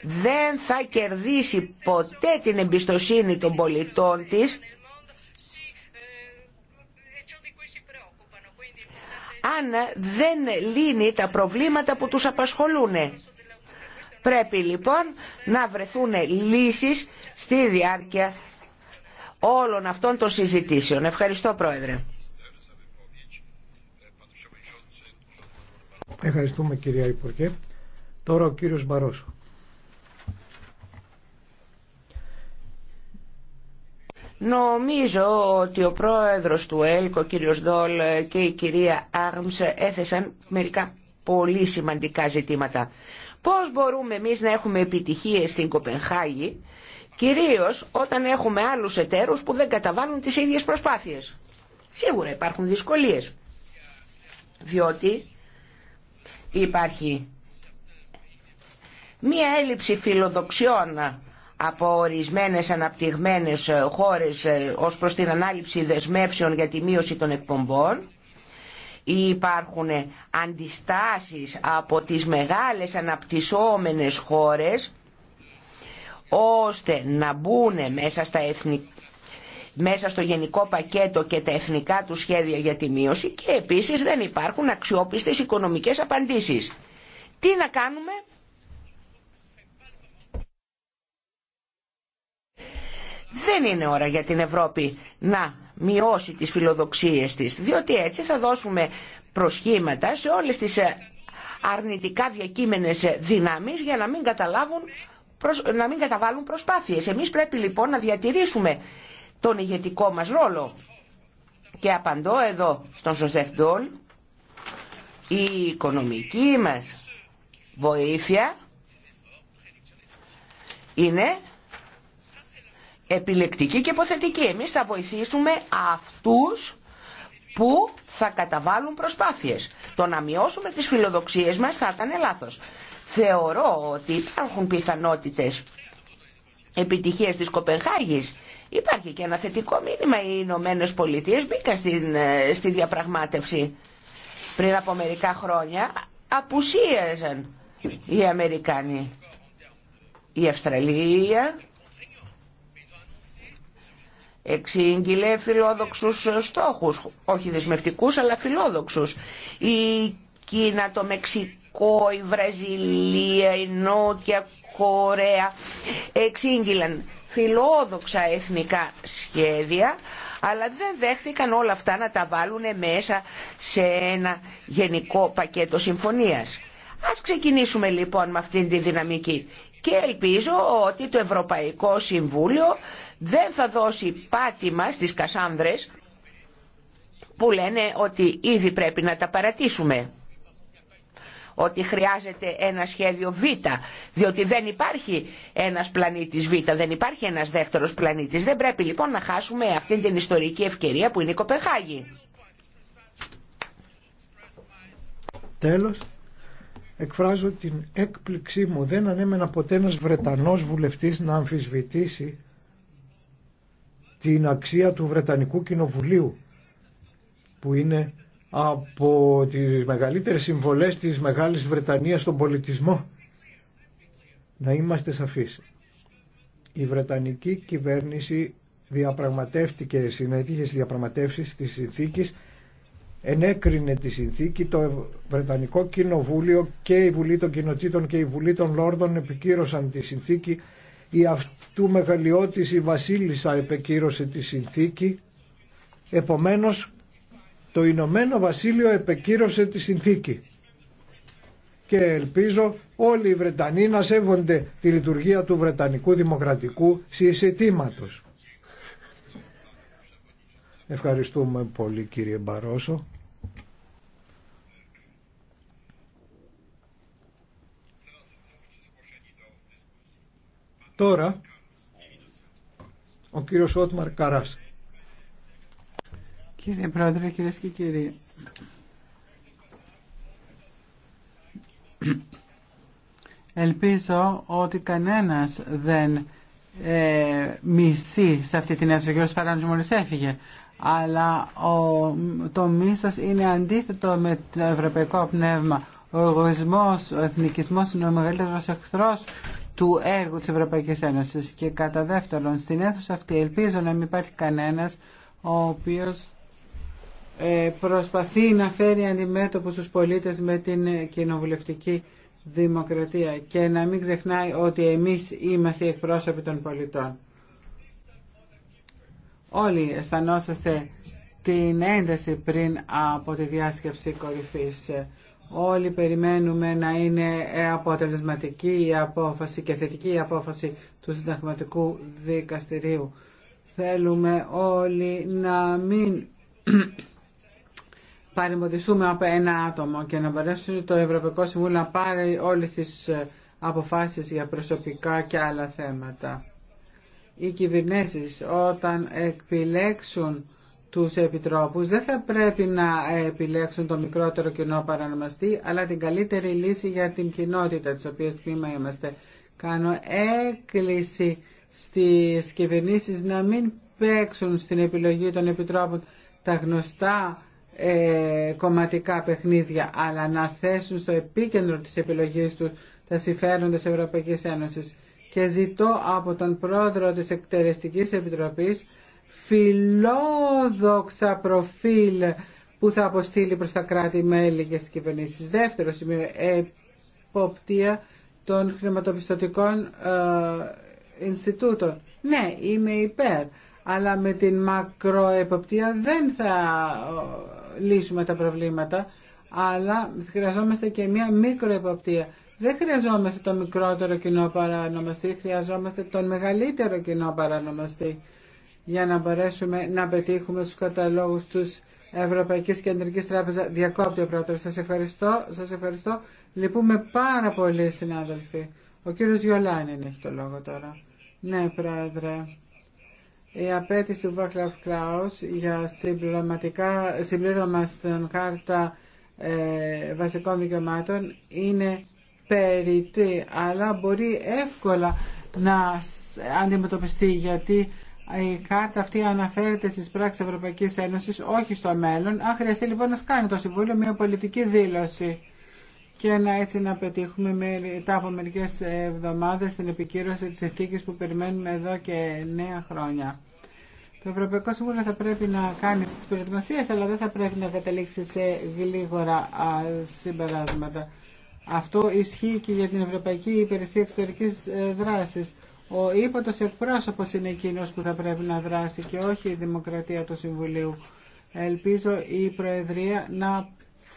δεν θα κερδίσει ποτέ την εμπιστοσύνη των πολιτών της αν δεν λύνει τα προβλήματα που τους απασχολούν. Πρέπει λοιπόν να βρεθούν λύσεις στη διάρκεια όλων αυτών των συζητήσεων. Ευχαριστώ Πρόεδρε. Ευχαριστούμε κυρία Υπουργέ. Τώρα ο κύριος Μπαρόσο. Νομίζω ότι ο πρόεδρος του Ελκο, ο κύριος Δόλ και η κυρία Άρμς έθεσαν μερικά πολύ σημαντικά ζητήματα. Πώς μπορούμε εμείς να έχουμε επιτυχίες στην Κοπενχάγη, κυρίως όταν έχουμε άλλους εταίρους που δεν καταβάλουν τις ίδιες προσπάθειες. Σίγουρα υπάρχουν δυσκολίες, διότι υπάρχει μία έλλειψη φιλοδοξιών από ορισμένες αναπτυγμένες χώρες ε, ως προς την ανάληψη δεσμεύσεων για τη μείωση των εκπομπών Υπάρχουν αντιστάσεις από τις μεγάλες αναπτυσσόμενες χώρες ώστε να μπουν μέσα, στα μέσα στο γενικό πακέτο και τα εθνικά του σχέδια για τη μείωση και επίσης δεν υπάρχουν αξιόπιστες οικονομικές απαντήσεις. Τι να κάνουμε... Δεν είναι ώρα για την Ευρώπη να μειώσει τις φιλοδοξίες της, διότι έτσι θα δώσουμε προσχήματα σε όλες τις ε, αρνητικά διακείμενες ε, δυνάμεις για να μην, καταλάβουν, να μην καταβάλουν προσπάθειες. Εμείς πρέπει λοιπόν να διατηρήσουμε τον ηγετικό μας ρόλο. Και απαντώ εδώ στον Σοζεφ Ντόλ, η οικονομική μας βοήθεια είναι επιλεκτική και υποθετική. Εμείς θα βοηθήσουμε αυτούς που θα καταβάλουν προσπάθειες. Το να μειώσουμε τις φιλοδοξίες μας θα ήταν λάθος. Θεωρώ ότι υπάρχουν πιθανότητες επιτυχίες της Κοπενχάγης. Υπάρχει και ένα θετικό μήνυμα. Οι Ηνωμένε Πολιτείε μπήκαν στην, ε, στη διαπραγμάτευση πριν από μερικά χρόνια. Απουσίαζαν οι Αμερικάνοι. Η Αυστραλία εξήγηλε φιλόδοξους στόχους, όχι δεσμευτικούς αλλά φιλόδοξους. Η Κίνα, το Μεξικό, η Βραζιλία, η Νότια Κορέα εξήγηλαν φιλόδοξα εθνικά σχέδια αλλά δεν δέχθηκαν όλα αυτά να τα βάλουν μέσα σε ένα γενικό πακέτο συμφωνίας. Ας ξεκινήσουμε λοιπόν με αυτήν τη δυναμική και ελπίζω ότι το Ευρωπαϊκό Συμβούλιο δεν θα δώσει πάτημα στις Κασάνδρες που λένε ότι ήδη πρέπει να τα παρατήσουμε ότι χρειάζεται ένα σχέδιο Β, διότι δεν υπάρχει ένας πλανήτης Β, δεν υπάρχει ένας δεύτερος πλανήτης. Δεν πρέπει λοιπόν να χάσουμε αυτή την ιστορική ευκαιρία που είναι η Κοπεχάγη. Τέλος, εκφράζω την έκπληξή μου. Δεν ανέμενα ποτέ ένας Βρετανός βουλευτής να αμφισβητήσει την αξία του Βρετανικού Κοινοβουλίου που είναι από τις μεγαλύτερες συμβολές της Μεγάλης Βρετανίας στον πολιτισμό. Να είμαστε σαφείς. Η Βρετανική κυβέρνηση διαπραγματεύτηκε, συνέτυχε στις διαπραγματεύσεις της συνθήκης, ενέκρινε τη συνθήκη, το Βρετανικό Κοινοβούλιο και η Βουλή των Κοινοτήτων και η Βουλή των Λόρδων επικύρωσαν τη συνθήκη η αυτού μεγαλειώτης η βασίλισσα επεκύρωσε τη συνθήκη επομένως το Ηνωμένο Βασίλειο επεκύρωσε τη συνθήκη και ελπίζω όλοι οι Βρετανοί να σέβονται τη λειτουργία του Βρετανικού Δημοκρατικού Συεισετήματος. Ευχαριστούμε πολύ κύριε Μπαρόσο. Τώρα, ο κύριος Ότμαρ Καράς. Κύριε Πρόεδρε, κυρίε και κύριοι. Ελπίζω ότι κανένας δεν ε, μισεί σε αυτή την αίθουσα. Ο κύριος Φαράνος μόλις έφυγε. Αλλά ο, το μίσος είναι αντίθετο με το ευρωπαϊκό πνεύμα. Ο εγωισμός, ο εθνικισμός είναι ο μεγαλύτερος εχθρός του έργου της Ευρωπαϊκής Ένωσης και κατά δεύτερον στην αίθουσα αυτή ελπίζω να μην υπάρχει κανένας ο οποίος ε, προσπαθεί να φέρει αντιμέτωπο στους πολίτες με την κοινοβουλευτική δημοκρατία και να μην ξεχνάει ότι εμείς είμαστε οι εκπρόσωποι των πολιτών. Όλοι αισθανόσαστε την ένταση πριν από τη διάσκεψη κορυφής. Όλοι περιμένουμε να είναι ε, αποτελεσματική η απόφαση και θετική η απόφαση του Συνταγματικού Δικαστηρίου. Θέλουμε όλοι να μην παρεμποδιστούμε από ένα άτομο και να μπορέσει το Ευρωπαϊκό Συμβούλιο να πάρει όλες τις ε, αποφάσεις για προσωπικά και άλλα θέματα. Οι κυβερνήσεις όταν επιλέξουν τους επιτρόπους δεν θα πρέπει να επιλέξουν το μικρότερο κοινό παρανομαστή αλλά την καλύτερη λύση για την κοινότητα της οποίας τμήμα είμαστε. Κάνω έκκληση στις κυβερνήσεις να μην παίξουν στην επιλογή των επιτρόπων τα γνωστά ε, κομματικά παιχνίδια αλλά να θέσουν στο επίκεντρο της επιλογής τους τα συμφέροντα της Ευρωπαϊκής Ένωσης και ζητώ από τον πρόεδρο της Εκτελεστικής Επιτροπής φιλόδοξα προφίλ που θα αποστείλει προς τα κράτη-μέλη και στις κυβερνήσεις. Δεύτερο σημείο, εποπτεία των χρηματοπιστωτικών ε, Ινστιτούτων. Ναι, είμαι υπέρ, αλλά με την μακροεποπτεία δεν θα ε, λύσουμε τα προβλήματα, αλλά χρειαζόμαστε και μια μικροεποπτεία. Δεν χρειαζόμαστε τον μικρότερο κοινό παρανομαστή, χρειαζόμαστε τον μεγαλύτερο κοινό παρανομαστή για να μπορέσουμε να πετύχουμε στους καταλόγους τους Ευρωπαϊκής Κεντρικής Τράπεζα. Διακόπτει ο πρόεδρος. Σας ευχαριστώ. Σας ευχαριστώ. Λυπούμε πάρα πολύ, συνάδελφοι. Ο κύριος Γιολάνιν έχει το λόγο τώρα. Ναι, πρόεδρε. Η απέτηση του Βάκλαφ Κλάους για συμπληρωματικά, συμπλήρωμα στην κάρτα ε, βασικών δικαιωμάτων είναι περιττή, αλλά μπορεί εύκολα να αντιμετωπιστεί γιατί η κάρτα αυτή αναφέρεται στις πράξεις Ευρωπαϊκής Ένωσης, όχι στο μέλλον. Αν χρειαστεί λοιπόν να σκάνει το Συμβούλιο μια πολιτική δήλωση και να έτσι να πετύχουμε μετά από μερικές εβδομάδες την επικύρωση της ηθίκη που περιμένουμε εδώ και νέα χρόνια. Το Ευρωπαϊκό Συμβούλιο θα πρέπει να κάνει τις προετοιμασίες, αλλά δεν θα πρέπει να καταλήξει σε γλίγορα συμπεράσματα. Αυτό ισχύει και για την Ευρωπαϊκή Υπηρεσία Εξωτερικής ε, δράση. Ο ύποτος εκπρόσωπος είναι εκείνο που θα πρέπει να δράσει και όχι η δημοκρατία του Συμβουλίου. Ελπίζω η Προεδρία να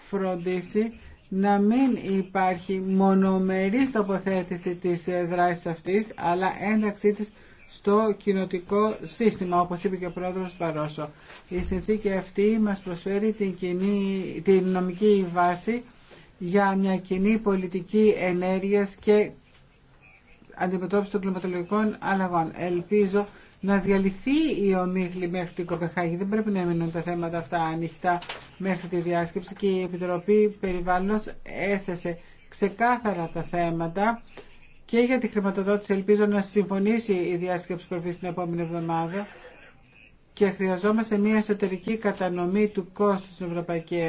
φροντίσει να μην υπάρχει μονομερή τοποθέτηση της δράσης αυτής, αλλά ένταξή της στο κοινοτικό σύστημα, όπως είπε και ο πρόεδρος παρόσο. Η συνθήκη αυτή μας προσφέρει την, κοινή, την νομική βάση για μια κοινή πολιτική ενέργειας και αντιμετώπιση των κλιματολογικών αλλαγών. Ελπίζω να διαλυθεί η ομίχλη μέχρι την Κοπεχάγη. Δεν πρέπει να μείνουν τα θέματα αυτά ανοιχτά μέχρι τη διάσκεψη και η Επιτροπή περιβάλλον έθεσε ξεκάθαρα τα θέματα και για τη χρηματοδότηση ελπίζω να συμφωνήσει η διάσκεψη προφή την επόμενη εβδομάδα και χρειαζόμαστε μια εσωτερική κατανομή του κόστου στην Ευρωπαϊκή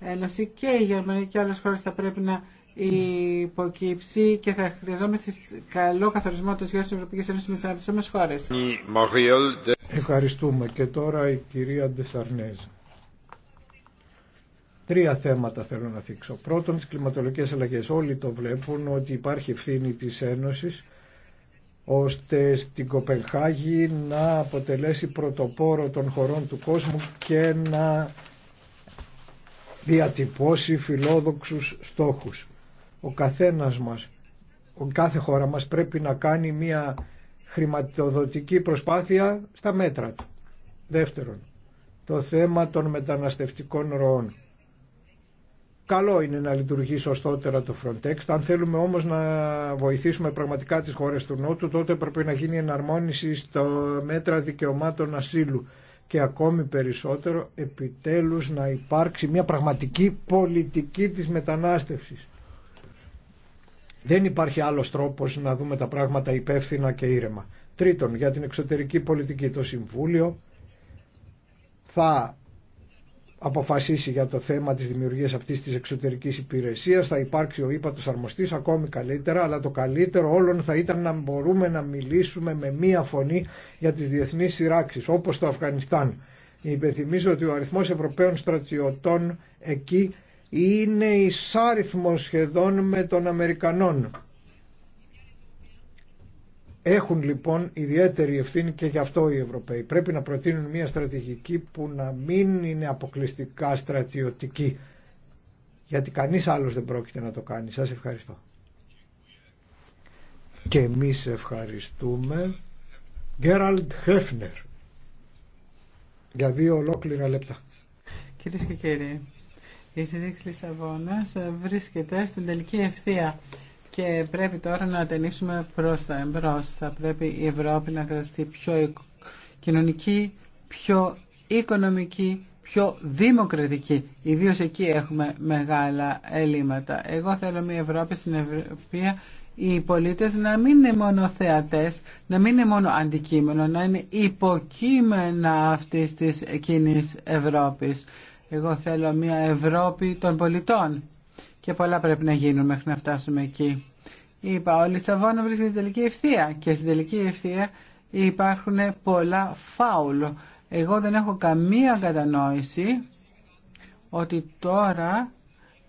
Ένωση και η Γερμανία και άλλες χώρε θα πρέπει να υποκύψει και θα χρειαζόμαστε καλό καθορισμό των σχέσεων της Ευρωπαϊκής Ένωσης με τις αναπτυσσόμενε χώρες. Ευχαριστούμε. Και τώρα η κυρία Ντεσαρνέζ. Τρία θέματα θέλω να θίξω. Πρώτον, τι κλιματολογικές αλλαγές. Όλοι το βλέπουν ότι υπάρχει ευθύνη τη Ένωσης ώστε στην Κοπενχάγη να αποτελέσει πρωτοπόρο των χωρών του κόσμου και να διατυπώσει φιλόδοξους στόχους. Ο καθένας μας, ο κάθε χώρα μας πρέπει να κάνει μια χρηματοδοτική προσπάθεια στα μέτρα του. Δεύτερον, το θέμα των μεταναστευτικών ροών. Καλό είναι να λειτουργεί σωστότερα το Frontex. Αν θέλουμε όμως να βοηθήσουμε πραγματικά τις χώρες του Νότου, τότε πρέπει να γίνει εναρμόνιση στο μέτρα δικαιωμάτων ασύλου και ακόμη περισσότερο επιτέλους να υπάρξει μια πραγματική πολιτική της μετανάστευσης. Δεν υπάρχει άλλος τρόπος να δούμε τα πράγματα υπεύθυνα και ήρεμα. Τρίτον, για την εξωτερική πολιτική το Συμβούλιο θα αποφασίσει για το θέμα της δημιουργίας αυτής της εξωτερικής υπηρεσίας, θα υπάρξει ο ύπατος αρμοστής ακόμη καλύτερα, αλλά το καλύτερο όλων θα ήταν να μπορούμε να μιλήσουμε με μία φωνή για τις διεθνείς σειράξεις, όπως το Αφγανιστάν. Υπενθυμίζω ότι ο αριθμός Ευρωπαίων στρατιωτών εκεί είναι ισάριθμο σχεδόν με τον Αμερικανών. Έχουν λοιπόν ιδιαίτερη ευθύνη και γι' αυτό οι Ευρωπαίοι. Πρέπει να προτείνουν μια στρατηγική που να μην είναι αποκλειστικά στρατιωτική. Γιατί κανείς άλλος δεν πρόκειται να το κάνει. Σας ευχαριστώ. Και εμείς ευχαριστούμε. Γκέραλντ Χέφνερ. Για δύο ολόκληρα λεπτά. Κυρίε και η τη Λισαβόνα ε, βρίσκεται στην τελική ευθεία και πρέπει τώρα να ταινίσουμε προ τα εμπρό. Θα πρέπει η Ευρώπη να καταστεί πιο κοινωνική, πιο οικονομική, πιο δημοκρατική. ιδίω εκεί έχουμε μεγάλα ελλείμματα. Εγώ θέλω μια Ευρώπη στην οποία οι πολίτε να μην είναι μόνο θεατέ, να μην είναι μόνο αντικείμενο, να είναι υποκείμενα αυτή τη κοινή Ευρώπη. Εγώ θέλω μια Ευρώπη των πολιτών. Και πολλά πρέπει να γίνουν μέχρι να φτάσουμε εκεί. Είπα, ο Λισαβόνα βρίσκεται στην τελική ευθεία και στην τελική ευθεία υπάρχουν πολλά φάουλ. Εγώ δεν έχω καμία κατανόηση ότι τώρα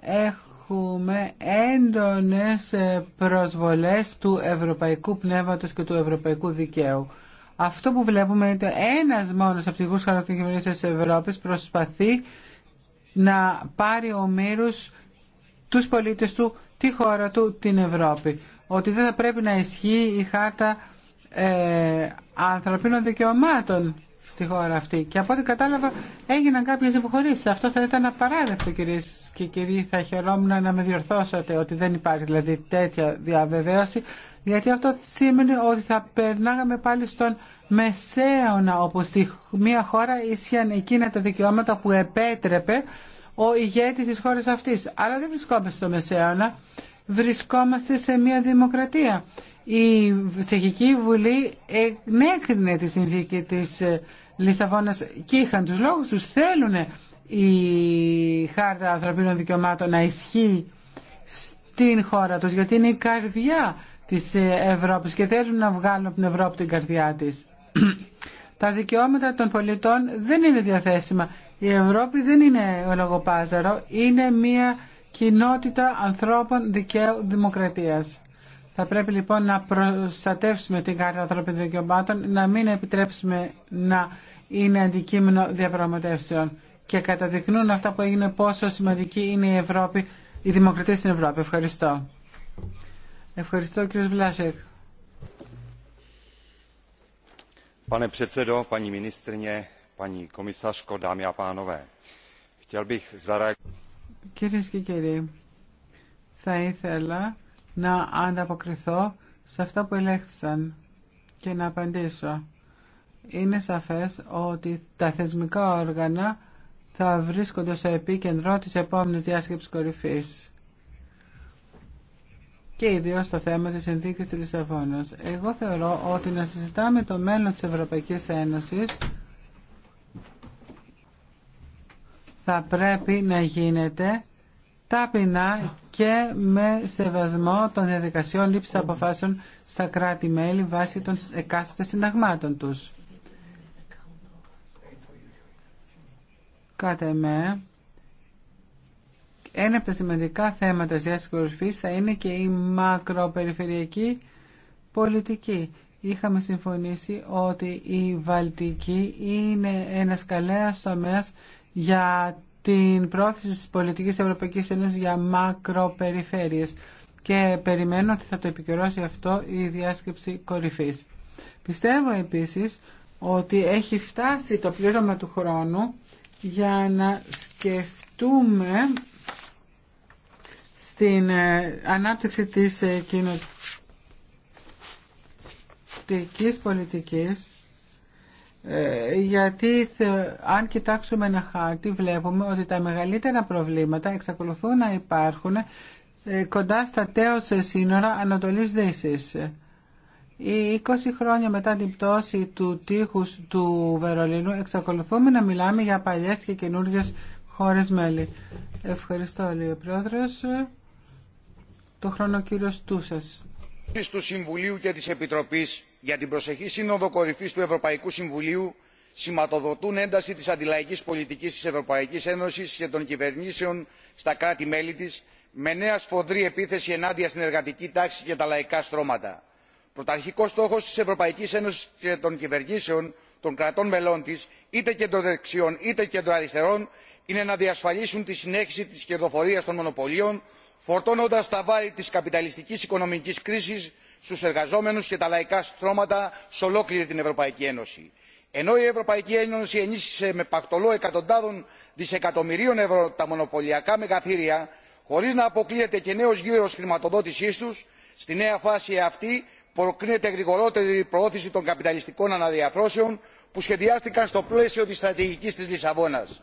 έχουμε έντονες προσβολές του ευρωπαϊκού πνεύματος και του ευρωπαϊκού δικαίου. Αυτό που βλέπουμε είναι ότι ένας μόνος από τη της Ευρώπης προσπαθεί να πάρει ο μέρος τους πολίτες του, τη χώρα του, την Ευρώπη. Ότι δεν θα πρέπει να ισχύει η χάρτα ε, ανθρωπίνων δικαιωμάτων στη χώρα αυτή. Και από ό,τι κατάλαβα έγιναν κάποιες υποχωρήσεις. Αυτό θα ήταν απαράδεκτο κυρίες και κύριοι. Θα χαιρόμουν να με διορθώσατε ότι δεν υπάρχει δηλαδή τέτοια διαβεβαίωση γιατί αυτό σήμαινε ότι θα περνάγαμε πάλι στον μεσαίωνα όπου στη μία χώρα ίσχυαν εκείνα τα δικαιώματα που επέτρεπε ο ηγέτης της χώρας αυτής. Αλλά δεν βρισκόμαστε στο μεσαίωνα, βρισκόμαστε σε μία δημοκρατία. Η Τσεχική Βουλή ενέκρινε τη συνθήκη της ε, Λισαβόνας και είχαν τους λόγους τους, θέλουν η Χάρτα Ανθρωπίνων Δικαιωμάτων να ισχύει στην χώρα τους, γιατί είναι η καρδιά της ε, Ευρώπης και θέλουν να βγάλουν από την Ευρώπη την καρδιά της. Τα δικαιώματα των πολιτών δεν είναι διαθέσιμα. Η Ευρώπη δεν είναι ο λογοπάζαρο, είναι μια κοινότητα ανθρώπων δικαίου δημοκρατίας. Θα πρέπει λοιπόν να προστατεύσουμε την Κάρτα Ανθρώπινων Δικαιωμάτων, να μην επιτρέψουμε να είναι αντικείμενο διαπραγματεύσεων και καταδεικνούν αυτά που έγινε πόσο σημαντική είναι η Ευρώπη, η δημοκρατία στην Ευρώπη. Ευχαριστώ. Ευχαριστώ κύριε Βλάσεκ. Κυρίες και κύριοι, θα ήθελα να ανταποκριθώ σε αυτά που ελέγχθησαν και να απαντήσω. Είναι σαφές ότι τα θεσμικά όργανα θα βρίσκονται στο επίκεντρο της επόμενης διάσκεψης κορυφής και ιδίω στο θέμα της συνθήκη της Λισαβόνα. Εγώ θεωρώ ότι να συζητάμε το μέλλον τη Ευρωπαϊκή Ένωση, θα πρέπει να γίνεται ταπεινά και με σεβασμό των διαδικασιών λήψης αποφάσεων στα κράτη-μέλη βάσει των εκάστοτε συνταγμάτων τους. Κάτε με, ένα από τα σημαντικά θέματα της Ιάσης κορυφής θα είναι και η μακροπεριφερειακή πολιτική. Είχαμε συμφωνήσει ότι η Βαλτική είναι ένας καλέας τομέας για την πρόθεση της πολιτικής Ευρωπαϊκής Ένωσης για μακροπεριφέρειες και περιμένω ότι θα το επικαιρώσει αυτό η διάσκεψη κορυφής. Πιστεύω επίσης ότι έχει φτάσει το πλήρωμα του χρόνου για να σκεφτούμε στην ε, ανάπτυξη της ε, κοινωτικής πολιτικής ε, γιατί αν κοιτάξουμε ένα χάρτη βλέπουμε ότι τα μεγαλύτερα προβλήματα εξακολουθούν να υπάρχουν κοντά στα τέως σύνορα Ανατολής Δύσης. Οι 20 χρόνια μετά την πτώση του τείχους του Βερολίνου εξακολουθούμε να μιλάμε για παλιές και καινούργιες χώρες μέλη. Ευχαριστώ, Λίγο Πρόεδρος. Το χρόνο κύριο Τούσας. ...του Συμβουλίου και της Επιτροπής για την προσεχή Σύνοδο Κορυφής του Ευρωπαϊκού Συμβουλίου σηματοδοτούν ένταση της αντιλαϊκής πολιτικής της Ευρωπαϊκής Ένωσης και των κυβερνήσεων στα κράτη-μέλη της με νέα σφοδρή επίθεση ενάντια στην εργατική τάξη και τα λαϊκά στρώματα. Πρωταρχικό στόχο τη Ευρωπαϊκή Ένωση και των κυβερνήσεων των κρατών μελών τη, είτε κεντροδεξιών είτε κεντροαριστερών είναι να διασφαλίσουν τη συνέχιση της κερδοφορίας των μονοπωλίων φορτώνοντας τα βάρη της καπιταλιστικής οικονομικής κρίσης στους εργαζόμενους και τα λαϊκά στρώματα σε ολόκληρη την ευρωπαϊκή ένωση. ενώ η ευρωπαϊκή ένωση ενίσχυσε με πακτολό εκατοντάδων δισεκατομμυρίων ευρώ τα μονοπωλιακά μεγαθύρια χωρίς να αποκλείεται και νέος γύρος χρηματοδότησής τους στη νέα φάση αυτή προκρίνεται γρηγορότερη προώθηση των καπιταλιστικών αναδιαρθρώσεων που σχεδιάστηκαν στο πλαίσιο της στρατηγικής της λισαβόνας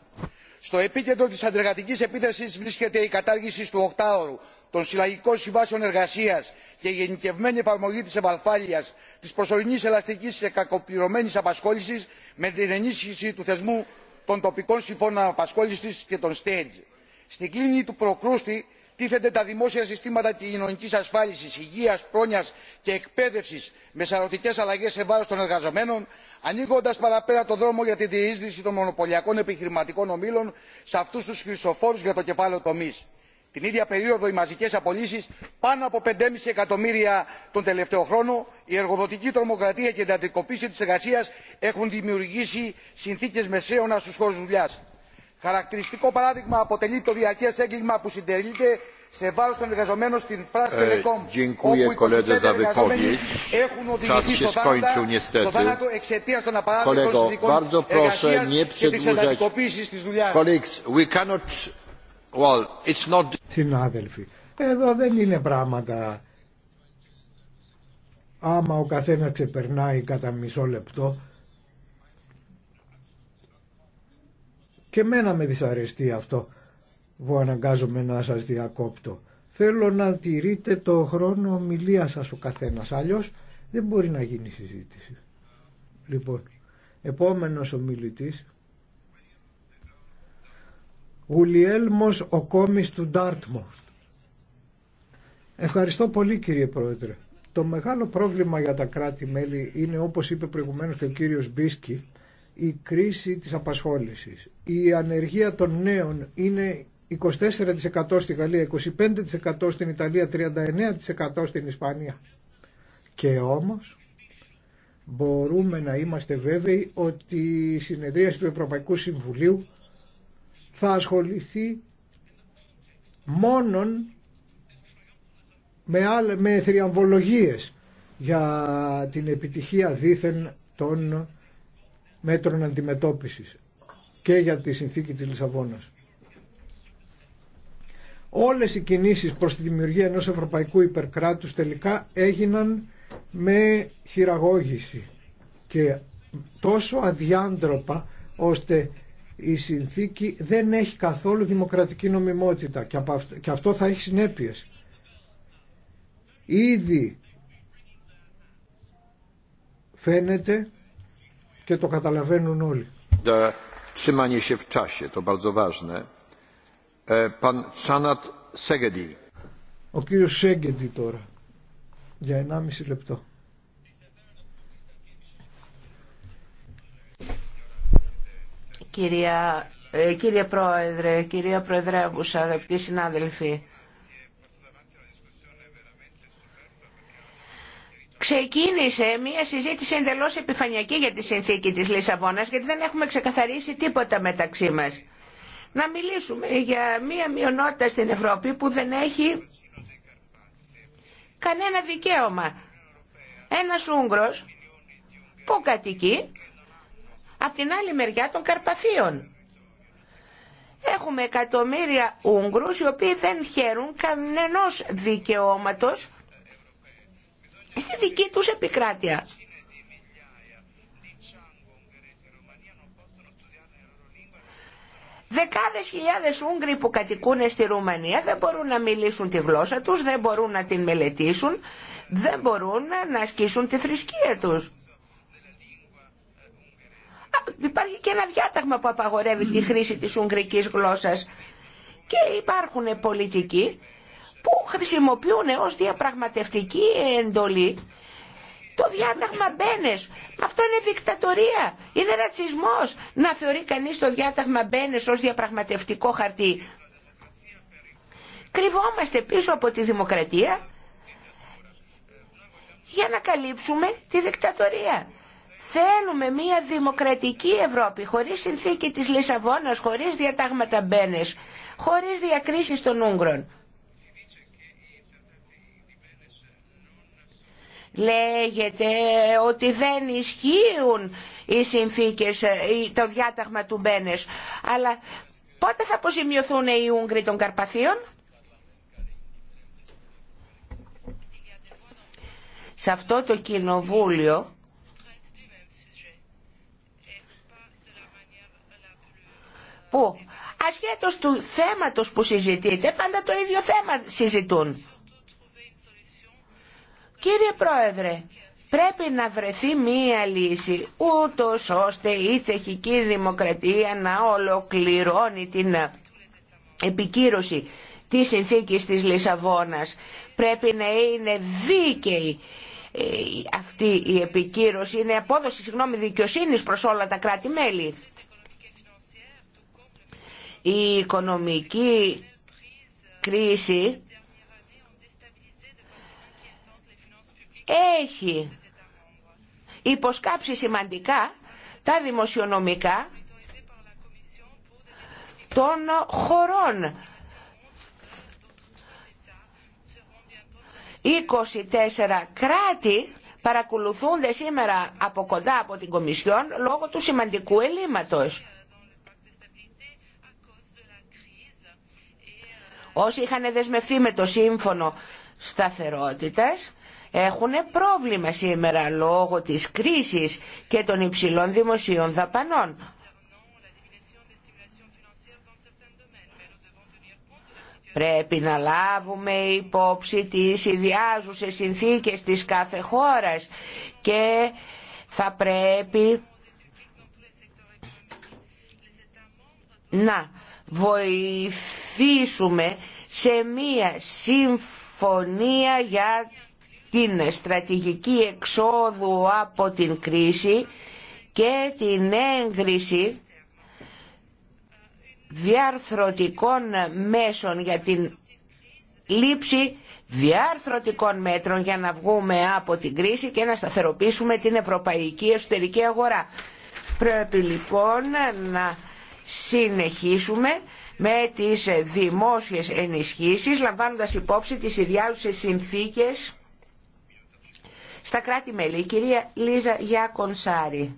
στο επίκεντρο της αντεργατικής επίθεσης βρίσκεται η κατάργηση του οκτάωρου των συλλαγικών συμβάσεων εργασίας και η γενικευμένη εφαρμογή της ευαλφάλειας της προσωρινής ελαστικής και κακοπληρωμένης απασχόλησης με την ενίσχυση του θεσμού των τοπικών συμφώνων απασχόλησης και των stage. στην κλίνη του προκρούστη τίθενται τα δημόσια συστήματα κοινωνική ασφάλισης, υγεία πρόνοιας και εκπαίδευση με σαρωτικέ αλλαγέ σε βάρος των εργαζομένων ανοίγοντας παραπέρα το δρόμο για τη διείσδυση των μονοπωλιακών επιχειρηματικών ομίλων σε αυτούς τους χρυσοφόρους για το κεφάλαιο τομείς. την ίδια περίοδο οι μαζικές απολύσεις πάνω από 5,5 εκατομμύρια τον τελευταίο χρόνο η εργοδοτική τρομοκρατία και η εντατικοποίηση της εργασίας έχουν δημιουργήσει συνθήκες μεσαίωνα στους χώρους δουλειάς χαρακτηριστικό παράδειγμα αποτελεί το διαρκέ έγκλημα που συντελείται σε βάρο των εργαζομένων στην France ε, Telecom, όπου 25 εργαζομένοι έχουν οδηγηθεί στο θάνατο, εξαιτία θάνατο εξαιτία των απαράδεκτων συνδικών εργασίας και τη εντατικοποίησης τη δουλειά Συνάδελφοι, εδώ δεν είναι πράγματα άμα ο καθένας ξεπερνάει κατά μισό λεπτό Και μένα με δυσαρεστεί αυτό που αναγκάζομαι να σας διακόπτω. Θέλω να τηρείτε το χρόνο ομιλία σας ο καθένας, αλλιώς δεν μπορεί να γίνει συζήτηση. Λοιπόν, επόμενος ομιλητής, Γουλιέλμος ο κόμις του Ντάρτμο. Ευχαριστώ πολύ κύριε Πρόεδρε. Το μεγάλο πρόβλημα για τα κράτη-μέλη είναι όπως είπε προηγουμένως και ο κύριος Μπίσκι η κρίση της απασχόλησης. Η ανεργία των νέων είναι 24% στη Γαλλία, 25% στην Ιταλία, 39% στην Ισπανία. Και όμως μπορούμε να είμαστε βέβαιοι ότι η συνεδρίαση του Ευρωπαϊκού Συμβουλίου θα ασχοληθεί μόνον με, άλλες, με θριαμβολογίες για την επιτυχία δήθεν των μέτρων αντιμετώπισης και για τη συνθήκη της Λισαβόνας. Όλες οι κινήσεις προς τη δημιουργία ενός ευρωπαϊκού υπερκράτους τελικά έγιναν με χειραγώγηση και τόσο αδιάντροπα ώστε η συνθήκη δεν έχει καθόλου δημοκρατική νομιμότητα και αυτό θα έχει συνέπειες. Ήδη φαίνεται και το καταλαβαίνουν όλοι. Trzymanie się w czasie, to bardzo ważne. E, pan Czanat Segedi. Ο κύριο Σέγγεντι τώρα, για 1,5 λεπτό. Κυρία, ε, κύριε Πρόεδρε, κυρία Προεδρεύουσα, αγαπητοί συνάδελφοι, ξεκίνησε μια συζήτηση εντελώς επιφανειακή για τη συνθήκη της Λισαβόνα γιατί δεν έχουμε ξεκαθαρίσει τίποτα μεταξύ μας. Να μιλήσουμε για μια μειονότητα στην Ευρώπη που δεν έχει κανένα δικαίωμα. Ένας Ούγγρος που κατοικεί από την άλλη μεριά των Καρπαθίων. Έχουμε εκατομμύρια Ούγγρους οι οποίοι δεν χαίρουν κανενός δικαιώματος στη δική τους επικράτεια. Δεκάδες χιλιάδες Ούγγροι που κατοικούν στη Ρουμανία δεν μπορούν να μιλήσουν τη γλώσσα τους, δεν μπορούν να την μελετήσουν, δεν μπορούν να ασκήσουν τη θρησκεία τους. Υπάρχει και ένα διάταγμα που απαγορεύει τη χρήση της Ουγγρικής γλώσσας και υπάρχουν πολιτικοί που χρησιμοποιούν ω διαπραγματευτική εντολή το διάταγμα Μπένες. Αυτό είναι δικτατορία, είναι ρατσισμό να θεωρεί κανείς το διάταγμα Μπένες ω διαπραγματευτικό χαρτί. Κρυβόμαστε πίσω από τη δημοκρατία για να καλύψουμε τη δικτατορία. Θέλουμε μια δημοκρατική Ευρώπη, χωρίς συνθήκη της Λισαβόνας, χωρίς διατάγματα Μπένες, χωρίς διακρίσεις των Ούγγρων. λέγεται ότι δεν ισχύουν οι συνθήκες, ε, το διάταγμα του Μπένες. Αλλά πότε θα αποζημιωθούν οι Ούγγροι των Καρπαθίων. Σε αυτό το κοινοβούλιο που ασχέτως του θέματος που συζητείτε πάντα το ίδιο θέμα συζητούν. Κύριε Πρόεδρε, πρέπει να βρεθεί μία λύση, ούτω ώστε η τσεχική δημοκρατία να ολοκληρώνει την επικύρωση της συνθήκης της Λισαβόνας. Πρέπει να είναι δίκαιη ε, αυτή η επικύρωση, είναι απόδοση συγγνώμη, δικαιοσύνης προς όλα τα κράτη-μέλη. Η οικονομική κρίση έχει υποσκάψει σημαντικά τα δημοσιονομικά των χωρών. 24 κράτη παρακολουθούνται σήμερα από κοντά από την Κομισιόν λόγω του σημαντικού ελλείμματος. Όσοι είχαν δεσμευτεί με το σύμφωνο σταθερότητας έχουν πρόβλημα σήμερα λόγω της κρίσης και των υψηλών δημοσίων δαπανών. Πρέπει να λάβουμε υπόψη τις ιδιάζουσες συνθήκες της κάθε χώρας και θα πρέπει να βοηθήσουμε σε μία συμφωνία για την στρατηγική εξόδου από την κρίση και την έγκριση διαρθρωτικών μέσων για την λήψη διαρθρωτικών μέτρων για να βγούμε από την κρίση και να σταθεροποιήσουμε την ευρωπαϊκή εσωτερική αγορά. Πρέπει λοιπόν να συνεχίσουμε με τις δημόσιες ενισχύσεις λαμβάνοντας υπόψη τις ιδιάλουσες συνθήκες στα κράτη-μέλη. Η κυρία Λίζα Γιάκονσάρη.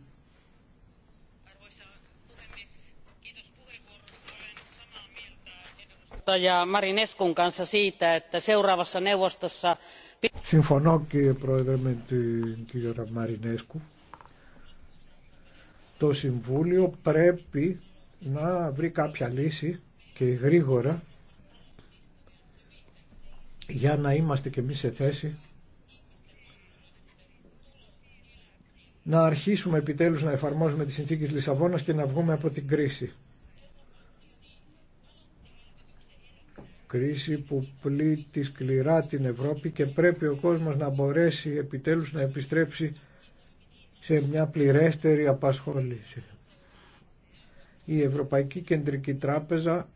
Συμφωνώ κύριε Πρόεδρε με την κυρία Μαρινέσκου. Το Συμβούλιο πρέπει να βρει κάποια λύση και γρήγορα για να είμαστε και εμείς σε θέση να αρχίσουμε επιτέλους να εφαρμόζουμε τις συνθήκες Λισαβόνας και να βγούμε από την κρίση. Κρίση που πλήττει σκληρά την Ευρώπη και πρέπει ο κόσμος να μπορέσει επιτέλους να επιστρέψει σε μια πληρέστερη απασχόληση. Η Ευρωπαϊκή Κεντρική Τράπεζα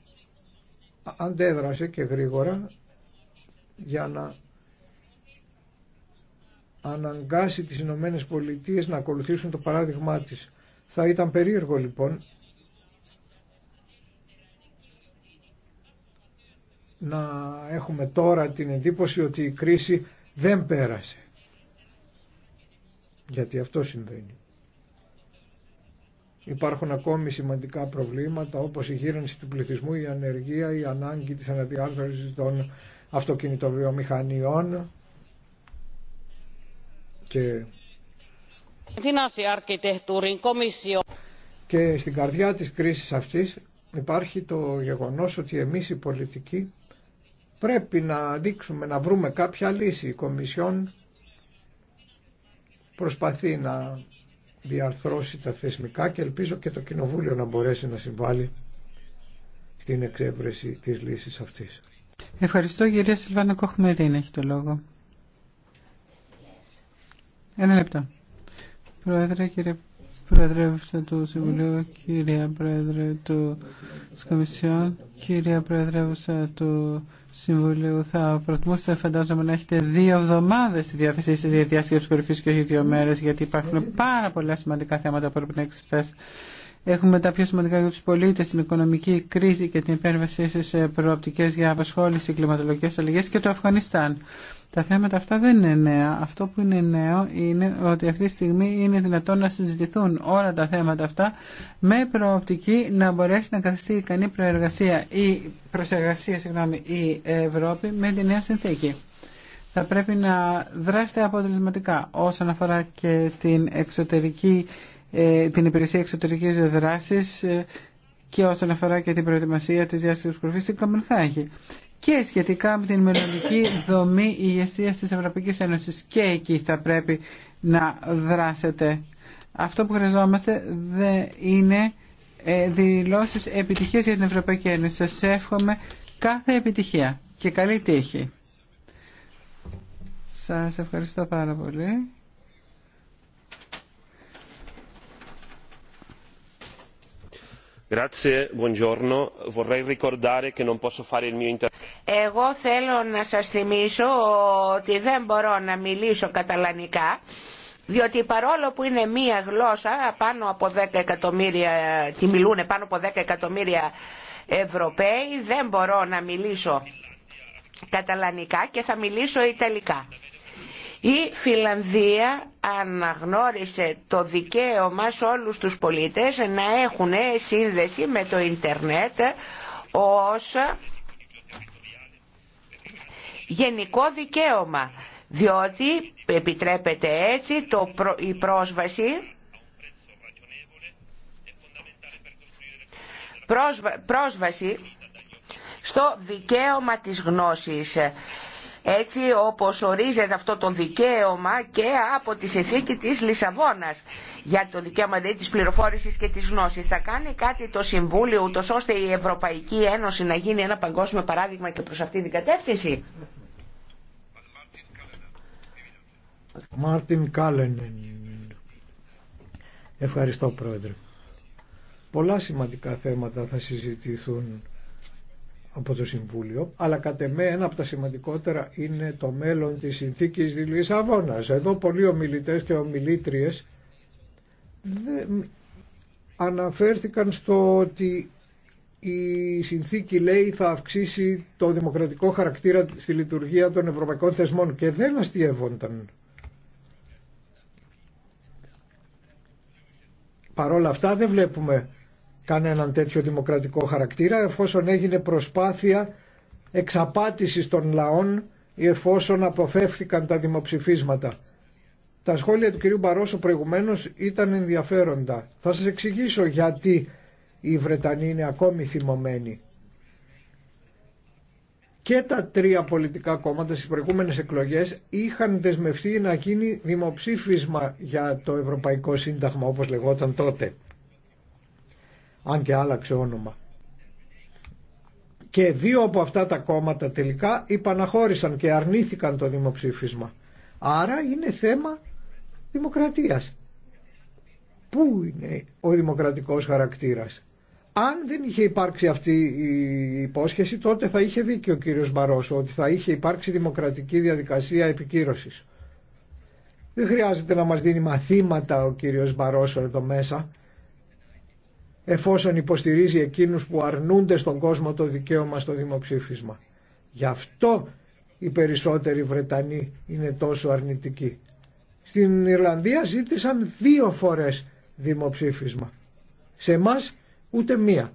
αντέδρασε και γρήγορα για να αναγκάσει τις Ηνωμένε Πολιτείες να ακολουθήσουν το παράδειγμά της. Θα ήταν περίεργο λοιπόν να έχουμε τώρα την εντύπωση ότι η κρίση δεν πέρασε. Γιατί αυτό συμβαίνει. Υπάρχουν ακόμη σημαντικά προβλήματα όπως η γύρανση του πληθυσμού, η ανεργία, η ανάγκη της αναδιάρθρωσης των αυτοκινητοβιομηχανιών και στην καρδιά της κρίσης αυτής υπάρχει το γεγονός ότι εμείς οι πολιτικοί πρέπει να δείξουμε, να βρούμε κάποια λύση. Η Κομισιόν προσπαθεί να διαρθρώσει τα θεσμικά και ελπίζω και το Κοινοβούλιο να μπορέσει να συμβάλλει στην εξέβρεση της λύσης αυτής. Ευχαριστώ κυρία Σιλβάνα Κοχμερίν έχει το λόγο. Ένα λεπτό. Πρόεδρε, κύριε Προεδρεύουσα του Συμβουλίου, κύριε Πρόεδρε του Κομισιόν, κύριε Προεδρεύουσα του Συμβουλίου, θα προτιμούσατε φαντάζομαι να έχετε δύο εβδομάδε στη διάθεσή σα για διάσκεψη κορυφή και όχι δύο μέρε, γιατί υπάρχουν πάρα πολλά σημαντικά θέματα που πρέπει να εξετάσετε. Έχουμε τα πιο σημαντικά για του πολίτε, την οικονομική κρίση και την υπέρβαση σε προοπτικέ για απασχόληση, κλιματολογικέ αλλαγέ και το Αφγανιστάν. Τα θέματα αυτά δεν είναι νέα. Αυτό που είναι νέο είναι ότι αυτή τη στιγμή είναι δυνατόν να συζητηθούν όλα τα θέματα αυτά με προοπτική να μπορέσει να καθιστεί ικανή προεργασία ή προσεργασία συγγνώμη, η Ευρώπη με τη νέα συνθήκη. Θα πρέπει να δράσετε αποτελεσματικά όσον αφορά και την, εξωτερική, ε, την υπηρεσία εξωτερικής δράσης ε, και όσον αφορά και την προετοιμασία της διάσκεψης προφήσης στην Καμενχάγη και σχετικά με την μελλοντική δομή ηγεσία τη Ευρωπαϊκή Ένωση. και εκεί θα πρέπει να δράσετε. Αυτό που χρειαζόμαστε δεν είναι ε, δηλώσει επιτυχίας για την Ευρωπαϊκή Ένωση. Σα εύχομαι κάθε επιτυχία και καλή τύχη. Σας ευχαριστώ πάρα πολύ. Εγώ θέλω να σας θυμίσω ότι δεν μπορώ να μιλήσω καταλανικά διότι παρόλο που είναι μία γλώσσα πάνω από 10 εκατομμύρια, τη μιλούν πάνω από 10 εκατομμύρια Ευρωπαίοι δεν μπορώ να μιλήσω καταλανικά και θα μιλήσω Ιταλικά. Η Φιλανδία αναγνώρισε το δικαίωμα σε όλους τους πολίτες να έχουν σύνδεση με το ίντερνετ ως γενικό δικαίωμα διότι επιτρέπεται έτσι το, η πρόσβαση πρόσβαση στο δικαίωμα της γνώσης έτσι όπως ορίζεται αυτό το δικαίωμα και από τη συνθήκη της Λισαβόνας για το δικαίωμα δηλαδή, της πληροφόρησης και της γνώσης. Θα κάνει κάτι το Συμβούλιο ούτως ώστε η Ευρωπαϊκή Ένωση να γίνει ένα παγκόσμιο παράδειγμα και προς αυτή την κατεύθυνση. Μάρτιν Κάλενεν. Ευχαριστώ πρόεδρε. Πολλά σημαντικά θέματα θα συζητηθούν από το Συμβούλιο, αλλά κατ' εμέ ένα από τα σημαντικότερα είναι το μέλλον της συνθήκης της Λισαβόνας. Εδώ πολλοί ομιλητές και ομιλήτριες αναφέρθηκαν στο ότι η συνθήκη λέει θα αυξήσει το δημοκρατικό χαρακτήρα στη λειτουργία των ευρωπαϊκών θεσμών και δεν αστείευονταν. Παρόλα αυτά δεν βλέπουμε κανέναν τέτοιο δημοκρατικό χαρακτήρα εφόσον έγινε προσπάθεια εξαπάτησης των λαών εφόσον αποφεύθηκαν τα δημοψηφίσματα. Τα σχόλια του κυρίου Μπαρόσου προηγουμένως ήταν ενδιαφέροντα. Θα σας εξηγήσω γιατί οι Βρετανοί είναι ακόμη θυμωμένοι. Και τα τρία πολιτικά κόμματα στις προηγούμενες εκλογές είχαν δεσμευτεί να γίνει δημοψήφισμα για το Ευρωπαϊκό Σύνταγμα όπως λεγόταν τότε αν και άλλαξε όνομα. Και δύο από αυτά τα κόμματα τελικά υπαναχώρησαν και αρνήθηκαν το δημοψήφισμα. Άρα είναι θέμα δημοκρατίας. Πού είναι ο δημοκρατικός χαρακτήρας. Αν δεν είχε υπάρξει αυτή η υπόσχεση τότε θα είχε δίκιο ο κύριος Μπαρόσο ότι θα είχε υπάρξει δημοκρατική διαδικασία επικύρωσης. Δεν χρειάζεται να μας δίνει μαθήματα ο κύριος Μπαρόσο εδώ μέσα εφόσον υποστηρίζει εκείνους που αρνούνται στον κόσμο το δικαίωμα στο δημοψήφισμα. Γι' αυτό οι περισσότεροι Βρετανοί είναι τόσο αρνητικοί. Στην Ιρλανδία ζήτησαν δύο φορές δημοψήφισμα. Σε εμά ούτε μία.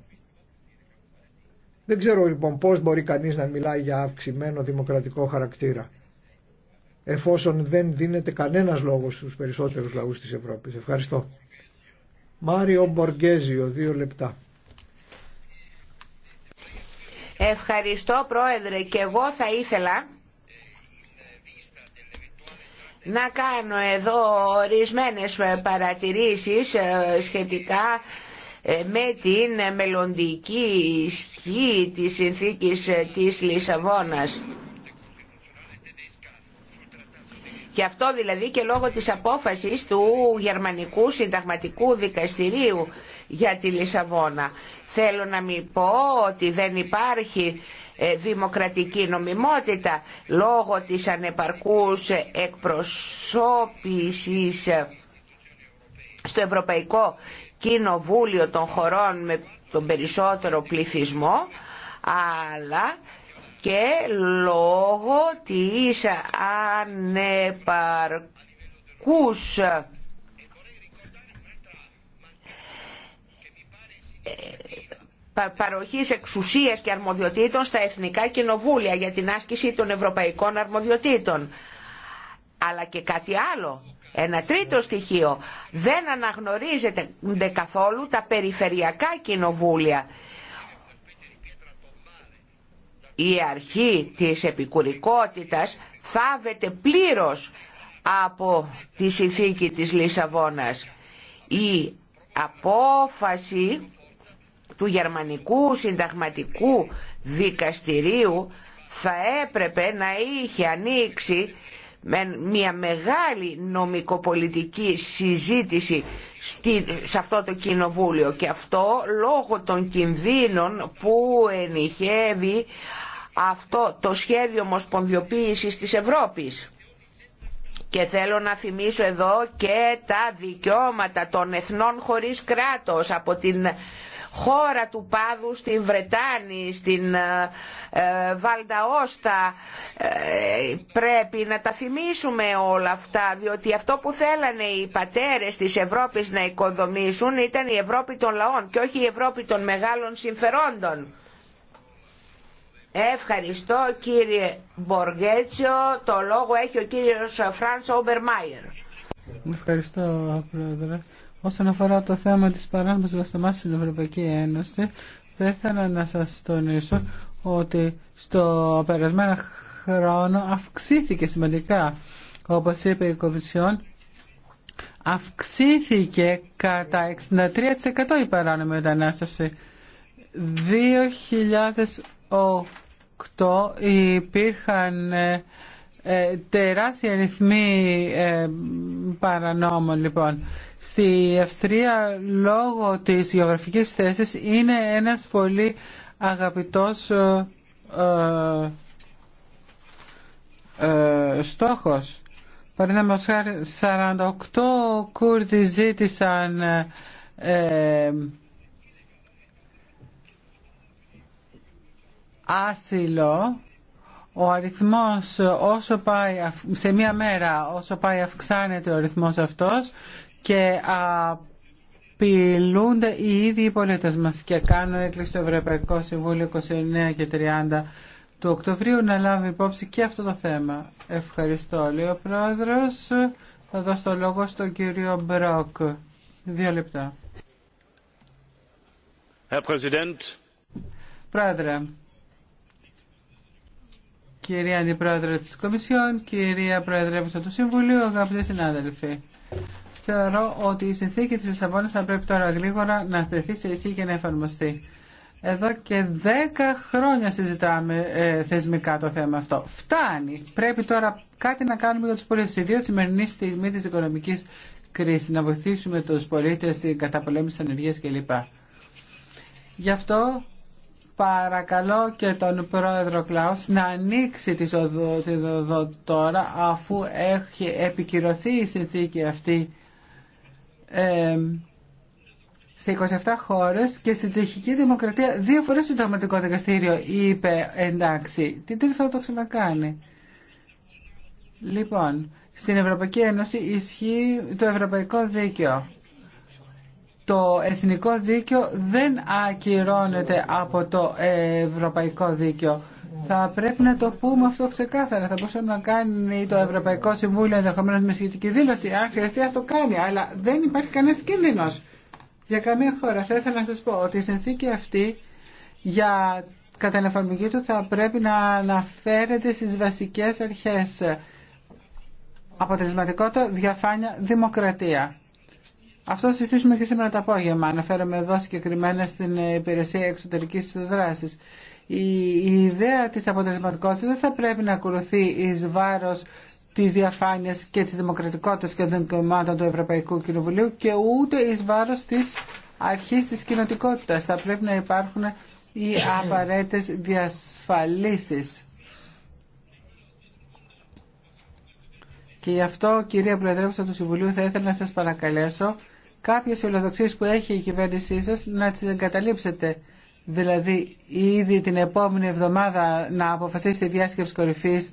Δεν ξέρω λοιπόν πώς μπορεί κανείς να μιλάει για αυξημένο δημοκρατικό χαρακτήρα εφόσον δεν δίνεται κανένας λόγος στους περισσότερους λαούς της Ευρώπης. Ευχαριστώ. Μάριο Μποργέζιο, δύο λεπτά. Ευχαριστώ Πρόεδρε και εγώ θα ήθελα να κάνω εδώ ορισμένες παρατηρήσεις ε, σχετικά ε, με την μελλοντική ισχύ της συνθήκης ε, της Λισαβόνας. Και αυτό δηλαδή και λόγω της απόφασης του Γερμανικού Συνταγματικού Δικαστηρίου για τη Λισαβόνα. Θέλω να μην πω ότι δεν υπάρχει ε, δημοκρατική νομιμότητα λόγω της ανεπαρκούς εκπροσώπησης ε, στο Ευρωπαϊκό Κοινοβούλιο των χωρών με τον περισσότερο πληθυσμό αλλά και λόγω της ανεπαρκούς ε, παροχής εξουσίας και αρμοδιοτήτων στα εθνικά κοινοβούλια για την άσκηση των ευρωπαϊκών αρμοδιοτήτων. Αλλά και κάτι άλλο, ένα τρίτο στοιχείο, δεν αναγνωρίζεται καθόλου τα περιφερειακά κοινοβούλια η αρχή της επικουρικότητας θάβεται πλήρως από τη συνθήκη της Λισαβόνας. Η απόφαση του Γερμανικού Συνταγματικού Δικαστηρίου θα έπρεπε να είχε ανοίξει με μια μεγάλη νομικοπολιτική συζήτηση σε αυτό το κοινοβούλιο και αυτό λόγω των κινδύνων που ενηχεύει αυτό το σχέδιο μοσπονδιοποίησης της Ευρώπης. Και θέλω να θυμίσω εδώ και τα δικαιώματα των εθνών χωρίς κράτος από την χώρα του Πάδου στην Βρετάνη, στην ε, ε, ε, πρέπει να τα θυμίσουμε όλα αυτά, διότι αυτό που θέλανε οι πατέρες της Ευρώπης να οικοδομήσουν ήταν η Ευρώπη των λαών και όχι η Ευρώπη των μεγάλων συμφερόντων. Ευχαριστώ κύριε Μποργέτσιο. Το λόγο έχει ο κύριος Φρανς Ομπερμάιερ. Ευχαριστώ πρόεδρε. Όσον αφορά το θέμα της παράνομης βασταμάς στην Ευρωπαϊκή Ένωση, θα ήθελα να σας τονίσω ότι στο περασμένο χρόνο αυξήθηκε σημαντικά. Όπως είπε η Κομισιόν, αυξήθηκε κατά 63% η παράνομη μετανάστευση. 2008 υπήρχαν ε, ε, τεράστια αριθμοί ε, παρανόμων λοιπόν. Στη Αυστρία λόγω της γεωγραφικής θέσης είναι ένας πολύ αγαπητός ε, ε, στόχος. Παραδείγματος χάρη 48 Κούρδοι ζήτησαν ε, άσυλο ο αριθμός όσο πάει σε μία μέρα όσο πάει αυξάνεται ο αριθμός αυτός και απειλούνται οι ίδιοι οι πολίτες μας και κάνω έκλειση στο Ευρωπαϊκό Συμβούλιο 29 και 30 του Οκτωβρίου να λάβει υπόψη και αυτό το θέμα. Ευχαριστώ, λέει ο Πρόεδρος. Θα δώσω το λόγο στον κύριο Μπρόκ. Δύο λεπτά. Πρόεδρε, Κυρία Αντιπρόεδρε της Κομισιόν, κυρία Προεδρεύουσα του Συμβουλίου, αγαπητοί συνάδελφοι. Θεωρώ ότι η συνθήκη της Λισαβόνα θα πρέπει τώρα γρήγορα να στρεφεί σε ισχύ και να εφαρμοστεί. Εδώ και δέκα χρόνια συζητάμε ε, θεσμικά το θέμα αυτό. Φτάνει. Πρέπει τώρα κάτι να κάνουμε για τους πολίτες, Ιδίω τη σημερινή στιγμή της οικονομικής κρίσης, να βοηθήσουμε τους πολίτες στην καταπολέμηση της ανεργίας κλπ. Γι' αυτό παρακαλώ και τον πρόεδρο Κλάους να ανοίξει τη οδό τώρα αφού έχει επικυρωθεί η συνθήκη αυτή ε, σε 27 χώρες και στην Τσεχική Δημοκρατία δύο φορές το δημοτικό Δικαστήριο είπε εντάξει. Τι τρίτη θα το ξανακάνει. Λοιπόν, στην Ευρωπαϊκή Ένωση ισχύει το Ευρωπαϊκό Δίκαιο το εθνικό δίκαιο δεν ακυρώνεται από το ευρωπαϊκό δίκαιο. Θα πρέπει να το πούμε αυτό ξεκάθαρα. Θα μπορούσε να κάνει το Ευρωπαϊκό Συμβούλιο ενδεχομένω με σχετική δήλωση, αν χρειαστεί, α το κάνει. Αλλά δεν υπάρχει κανένα κίνδυνο για καμία χώρα. Θα ήθελα να σα πω ότι η συνθήκη αυτή για κατά την εφαρμογή του θα πρέπει να αναφέρεται στι βασικέ αρχέ. Αποτελεσματικότητα, διαφάνεια, δημοκρατία. Αυτό θα συζητήσουμε και σήμερα το απόγευμα. Αναφέρομαι εδώ συγκεκριμένα στην υπηρεσία εξωτερική δράση. Η, ιδέα τη αποτελεσματικότητα δεν θα πρέπει να ακολουθεί ει βάρο της διαφάνειας και τη δημοκρατικότητα και των δικαιωμάτων του Ευρωπαϊκού Κοινοβουλίου και ούτε ει βάρο τη αρχή της κοινοτικότητα. Θα πρέπει να υπάρχουν οι απαραίτητε διασφαλίσει. Και γι' αυτό, κυρία Προεδρεύουσα του Συμβουλίου, θα ήθελα να σας παρακαλέσω κάποιες ολοδοξίες που έχει η κυβέρνησή σας να τις εγκαταλείψετε. Δηλαδή ήδη την επόμενη εβδομάδα να αποφασίσετε η διάσκεψη κορυφής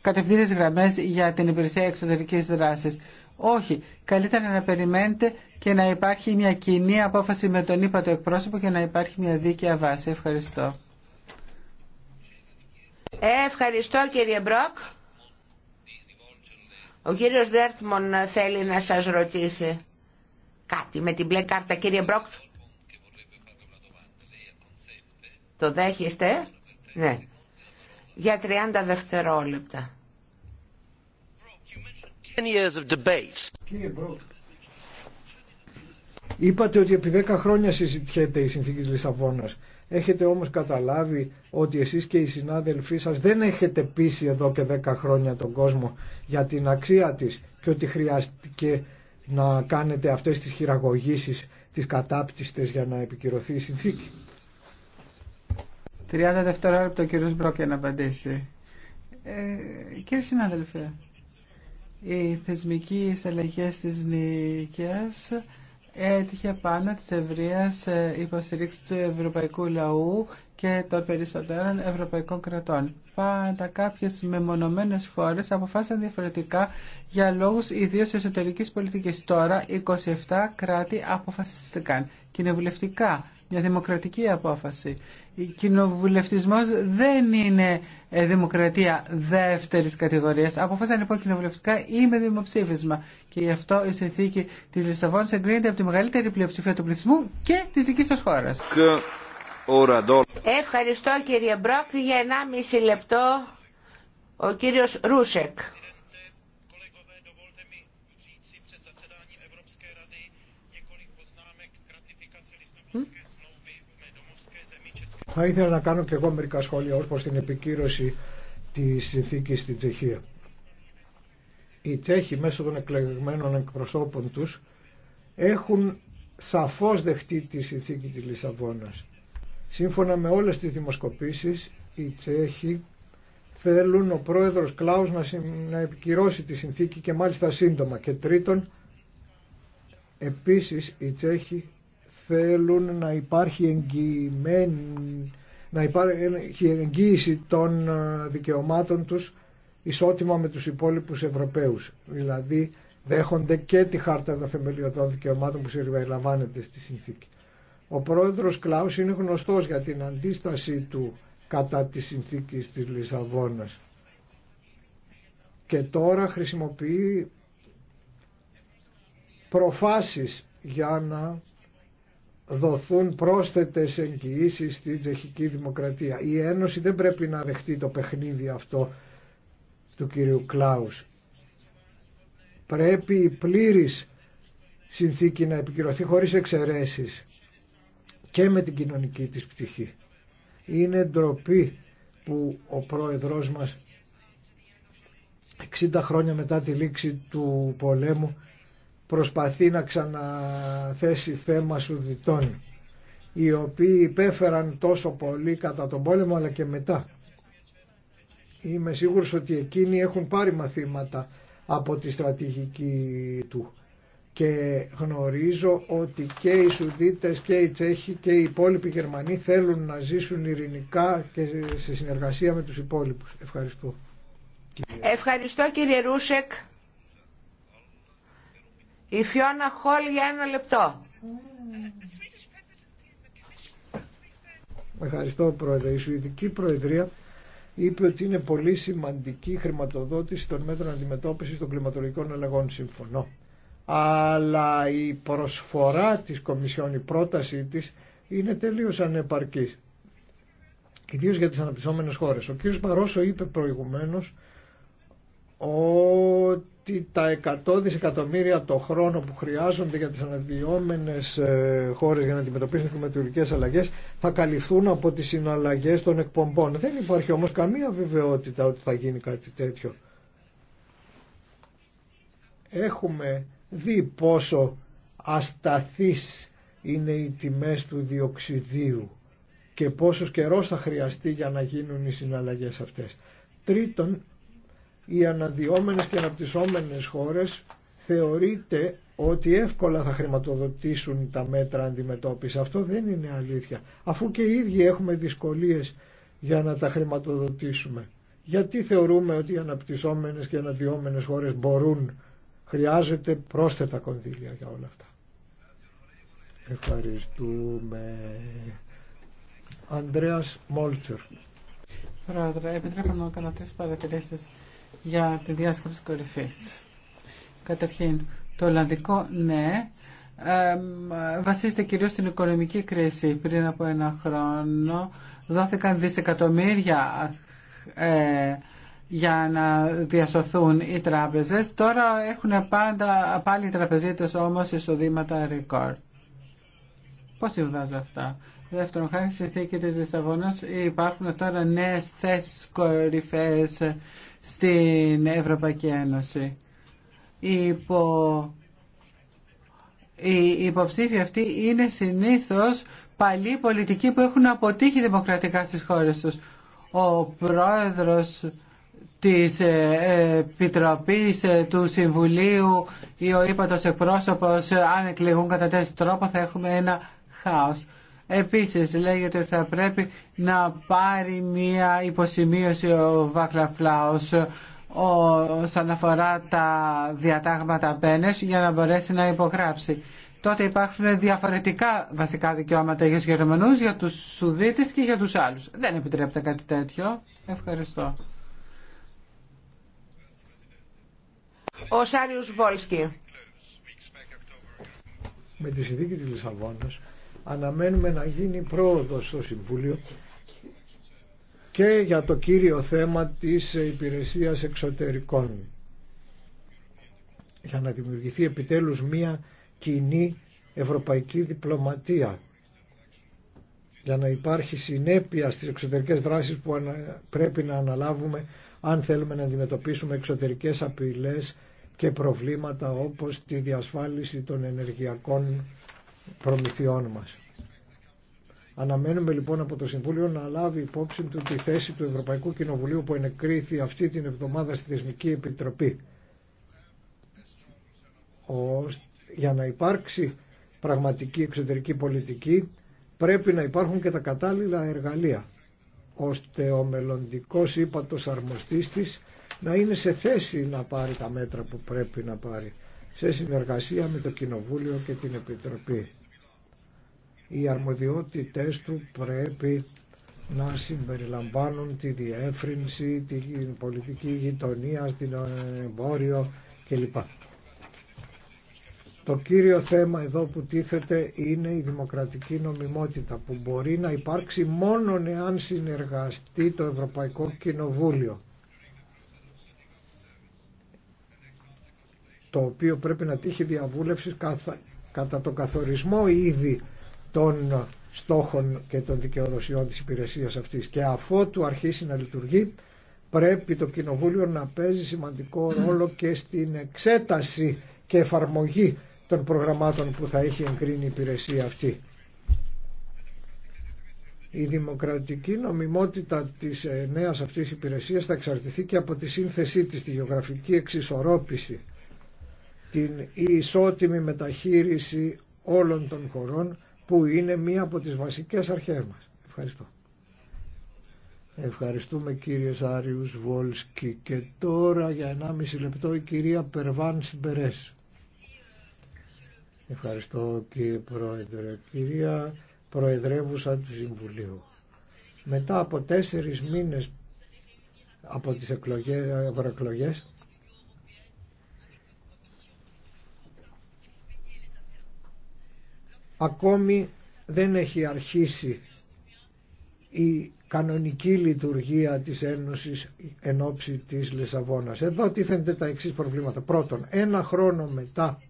κατευθύνες γραμμές για την υπηρεσία εξωτερικής δράσης. Όχι. Καλύτερα να περιμένετε και να υπάρχει μια κοινή απόφαση με τον ύπατο εκπρόσωπο και να υπάρχει μια δίκαια βάση. Ευχαριστώ. Ευχαριστώ κύριε Μπρόκ. Ο κύριος Δέρτμον θέλει να σας ρωτήσει κάτι με την μπλε κάρτα. Κύριε Μπρόκ, το δέχεστε, ναι, για 30 δευτερόλεπτα. Κύριε Μπρόκ, είπατε ότι επί 10 χρόνια συζητιέται η συνθήκη της Λισαβόνας. Έχετε όμως καταλάβει ότι εσείς και οι συνάδελφοί σας δεν έχετε πείσει εδώ και 10 χρόνια τον κόσμο για την αξία της και ότι χρειάστηκε να κάνετε αυτές τις χειραγωγήσεις τις κατάπτυστες για να επικυρωθεί η συνθήκη. 30 δευτερόλεπτα ο κύριος Μπρόκε να απαντήσει. Ε, κύριε συνάδελφε, οι θεσμικοί εισαλλαγές της νοικίας έτυχε πάνω της ευρείας ε, υποστηρίξη του ευρωπαϊκού λαού και των περισσότερων ευρωπαϊκών κρατών. Πάντα κάποιες μεμονωμένες χώρες αποφάσισαν διαφορετικά για λόγους ιδίως εσωτερικής πολιτικής. Τώρα 27 κράτη αποφασιστήκαν κοινοβουλευτικά, μια δημοκρατική απόφαση κοινοβουλευτισμό δεν είναι ε, δημοκρατία δεύτερης κατηγορίας. αποφάσισα λοιπόν κοινοβουλευτικά ή με δημοψήφισμα. Και γι' αυτό η συνθήκη της Λισαβόνα εγκρίνεται από τη μεγαλύτερη πλειοψηφία του πληθυσμού και της δική σα χώρα. Ευχαριστώ κύριε Μπρόκ για 1,5 λεπτό ο κύριος Ρούσεκ. Θα ήθελα να κάνω και εγώ μερικά σχόλια ως προς την επικύρωση της συνθήκης στην Τσεχία. Οι Τσέχοι μέσω των εκλεγμένων εκπροσώπων τους έχουν σαφώς δεχτεί τη συνθήκη της Λισαβόνας. Σύμφωνα με όλες τις δημοσκοπήσεις, οι Τσέχοι θέλουν ο πρόεδρος Κλάους να, να επικυρώσει τη συνθήκη και μάλιστα σύντομα. Και τρίτον, επίσης οι Τσέχοι θέλουν να υπάρχει να υπάρχει εγγύηση των ε, δικαιωμάτων τους ισότιμα με τους υπόλοιπους Ευρωπαίους. Δηλαδή δέχονται και τη χάρτα των θεμελιωδών δικαιωμάτων που συμπεριλαμβάνεται στη συνθήκη. Ο πρόεδρος Κλάους είναι γνωστός για την αντίστασή του κατά τη συνθήκη της Λισαβόνας. Και τώρα χρησιμοποιεί προφάσεις για να δοθούν πρόσθετες εγγυήσεις στη τσεχική δημοκρατία. Η Ένωση δεν πρέπει να δεχτεί το παιχνίδι αυτό του κυρίου Κλάους. Πρέπει η πλήρης συνθήκη να επικυρωθεί χωρίς εξαιρέσεις και με την κοινωνική της πτυχή. Είναι ντροπή που ο πρόεδρός μας 60 χρόνια μετά τη λήξη του πολέμου προσπαθεί να ξαναθέσει θέμα Σουδιτών, οι οποίοι υπέφεραν τόσο πολύ κατά τον πόλεμο αλλά και μετά. Είμαι σίγουρος ότι εκείνοι έχουν πάρει μαθήματα από τη στρατηγική του και γνωρίζω ότι και οι Σουδίτες και οι Τσέχοι και οι υπόλοιποι Γερμανοί θέλουν να ζήσουν ειρηνικά και σε συνεργασία με τους υπόλοιπους. Ευχαριστώ. Ευχαριστώ κύριε Ρούσεκ. Η Φιώνα Χόλ για ένα λεπτό. Ευχαριστώ Πρόεδρε. Η Σουηδική Προεδρία είπε ότι είναι πολύ σημαντική χρηματοδότηση των μέτρων αντιμετώπισης των κλιματολογικών αλλαγών. Συμφωνώ. Αλλά η προσφορά της Κομισιόν, η πρότασή της είναι τελείως ανεπαρκής. Ιδίως για τις αναπτυσσόμενες χώρες. Ο κ. Μαρόσο είπε προηγουμένως τα 100 δισεκατομμύρια το χρόνο που χρειάζονται για τις αναδυόμενες ε, χώρες για να αντιμετωπίσουν κλιματικές αλλαγές θα καλυφθούν από τις συναλλαγές των εκπομπών. Δεν υπάρχει όμως καμία βεβαιότητα ότι θα γίνει κάτι τέτοιο. Έχουμε δει πόσο ασταθείς είναι οι τιμές του διοξιδίου και πόσος καιρός θα χρειαστεί για να γίνουν οι συναλλαγές αυτές. Τρίτον, οι αναδυόμενες και αναπτυσσόμενες χώρες θεωρείται ότι εύκολα θα χρηματοδοτήσουν τα μέτρα αντιμετώπισης. Αυτό δεν είναι αλήθεια. Αφού και οι ίδιοι έχουμε δυσκολίες για να τα χρηματοδοτήσουμε. Γιατί θεωρούμε ότι οι αναπτυσσόμενες και αναδυόμενες χώρες μπορούν, χρειάζεται πρόσθετα κονδύλια για όλα αυτά. Ευχαριστούμε. Ανδρέας Μόλτσερ. Πρόεδρε, επιτρέπω να κάνω τρεις παρατηρήσεις για τη διάσκεψη κορυφής. Καταρχήν, το Ολλανδικό ναι βασίζεται κυρίως στην οικονομική κρίση. Πριν από ένα χρόνο δόθηκαν δισεκατομμύρια ε, για να διασωθούν οι τράπεζες. Τώρα έχουν πάντα πάλι οι τραπεζίτες όμως εισοδήματα ρεκόρ. Πώς συμβάζω αυτά. Δεύτερον, χάρη στη θήκη της Λισαβόνας υπάρχουν τώρα νέες θέσεις στην Ευρωπαϊκή Ένωση. Υπό... Οι υποψήφοι αυτοί είναι συνήθως παλιοί πολιτικοί που έχουν αποτύχει δημοκρατικά στις χώρες τους. Ο πρόεδρος της ε, Επιτροπής ε, του Συμβουλίου ή ο ύπατος εκπρόσωπος ε, αν εκλεγούν κατά τέτοιο τρόπο θα έχουμε ένα χάος. Επίσης λέγεται ότι θα πρέπει να πάρει μία υποσημείωση ο Βακλαφλάος όσον αφορά τα διατάγματα πένες για να μπορέσει να υπογράψει. Τότε υπάρχουν διαφορετικά βασικά δικαιώματα για τους Γερμανούς, για τους Σουδίτες και για τους άλλους. Δεν επιτρέπεται κάτι τέτοιο. Ευχαριστώ. Ο Σάριος Βόλσκι. Με τη συνθήκη της Λισαβόνας Αναμένουμε να γίνει πρόοδος στο Συμβούλιο και για το κύριο θέμα της υπηρεσίας εξωτερικών για να δημιουργηθεί επιτέλους μία κοινή ευρωπαϊκή διπλωματία για να υπάρχει συνέπεια στις εξωτερικές δράσεις που πρέπει να αναλάβουμε αν θέλουμε να αντιμετωπίσουμε εξωτερικές απειλές και προβλήματα όπως τη διασφάλιση των ενεργειακών προμηθειών μας. Αναμένουμε λοιπόν από το Συμβούλιο να λάβει υπόψη του τη θέση του Ευρωπαϊκού Κοινοβουλίου που ενεκρίθη αυτή την εβδομάδα στη Θεσμική Επιτροπή για να υπάρξει πραγματική εξωτερική πολιτική πρέπει να υπάρχουν και τα κατάλληλα εργαλεία ώστε ο μελλοντικός ύπατος αρμοστής της να είναι σε θέση να πάρει τα μέτρα που πρέπει να πάρει σε συνεργασία με το Κοινοβούλιο και την Επιτροπή. Οι αρμοδιότητες του πρέπει να συμπεριλαμβάνουν τη διεύρυνση, την πολιτική γειτονία, την ε, εμπόριο κλπ. Το κύριο θέμα εδώ που τίθεται είναι η δημοκρατική νομιμότητα που μπορεί να υπάρξει μόνο εάν συνεργαστεί το Ευρωπαϊκό Κοινοβούλιο. το οποίο πρέπει να τύχει διαβούλευση κατά, κατά το καθορισμό ήδη των στόχων και των δικαιοδοσιών της υπηρεσίας αυτής και αφότου αρχίσει να λειτουργεί πρέπει το Κοινοβούλιο να παίζει σημαντικό ρόλο και στην εξέταση και εφαρμογή των προγραμμάτων που θα έχει εγκρίνει η υπηρεσία αυτή. Η δημοκρατική νομιμότητα της νέας αυτής υπηρεσίας θα εξαρτηθεί και από τη σύνθεσή της, τη γεωγραφική εξισορρόπηση την ισότιμη μεταχείριση όλων των χωρών που είναι μία από τις βασικές αρχές μας. Ευχαριστώ. Ευχαριστούμε κύριε Άριους Βόλσκι και τώρα για 1,5 λεπτό η κυρία Περβάν Συμπερές. Ευχαριστώ κύριε Πρόεδρε. Κυρία Προεδρεύουσα του Συμβουλίου. Μετά από τέσσερις μήνες από τις εκλογές, ευρωεκλογές Ακόμη δεν έχει αρχίσει η κανονική λειτουργία της Ένωσης εν ώψη της Λεσαβόνας. Εδώ τίθενται τα εξής προβλήματα. Πρώτον, ένα χρόνο μετά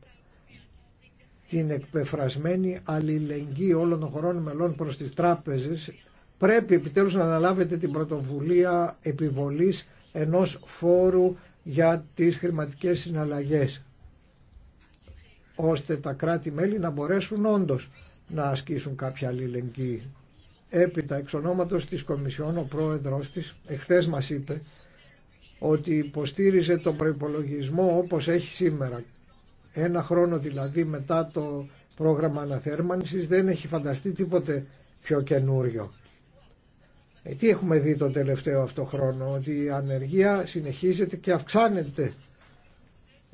την εκπεφρασμένη αλληλεγγύη όλων των χωρών μελών προς τις τράπεζες πρέπει επιτέλους να αναλάβετε την πρωτοβουλία επιβολής ενός φόρου για τις χρηματικές συναλλαγές ώστε τα κράτη-μέλη να μπορέσουν όντως να ασκήσουν κάποια αλληλεγγύη. Έπειτα, εξ ονόματος της Κομισιόν, ο πρόεδρος της εχθές μας είπε ότι υποστήριζε τον προϋπολογισμό όπως έχει σήμερα. Ένα χρόνο δηλαδή μετά το πρόγραμμα αναθέρμανσης δεν έχει φανταστεί τίποτε πιο καινούριο. Ε, τι έχουμε δει το τελευταίο αυτό χρόνο, ότι η ανεργία συνεχίζεται και αυξάνεται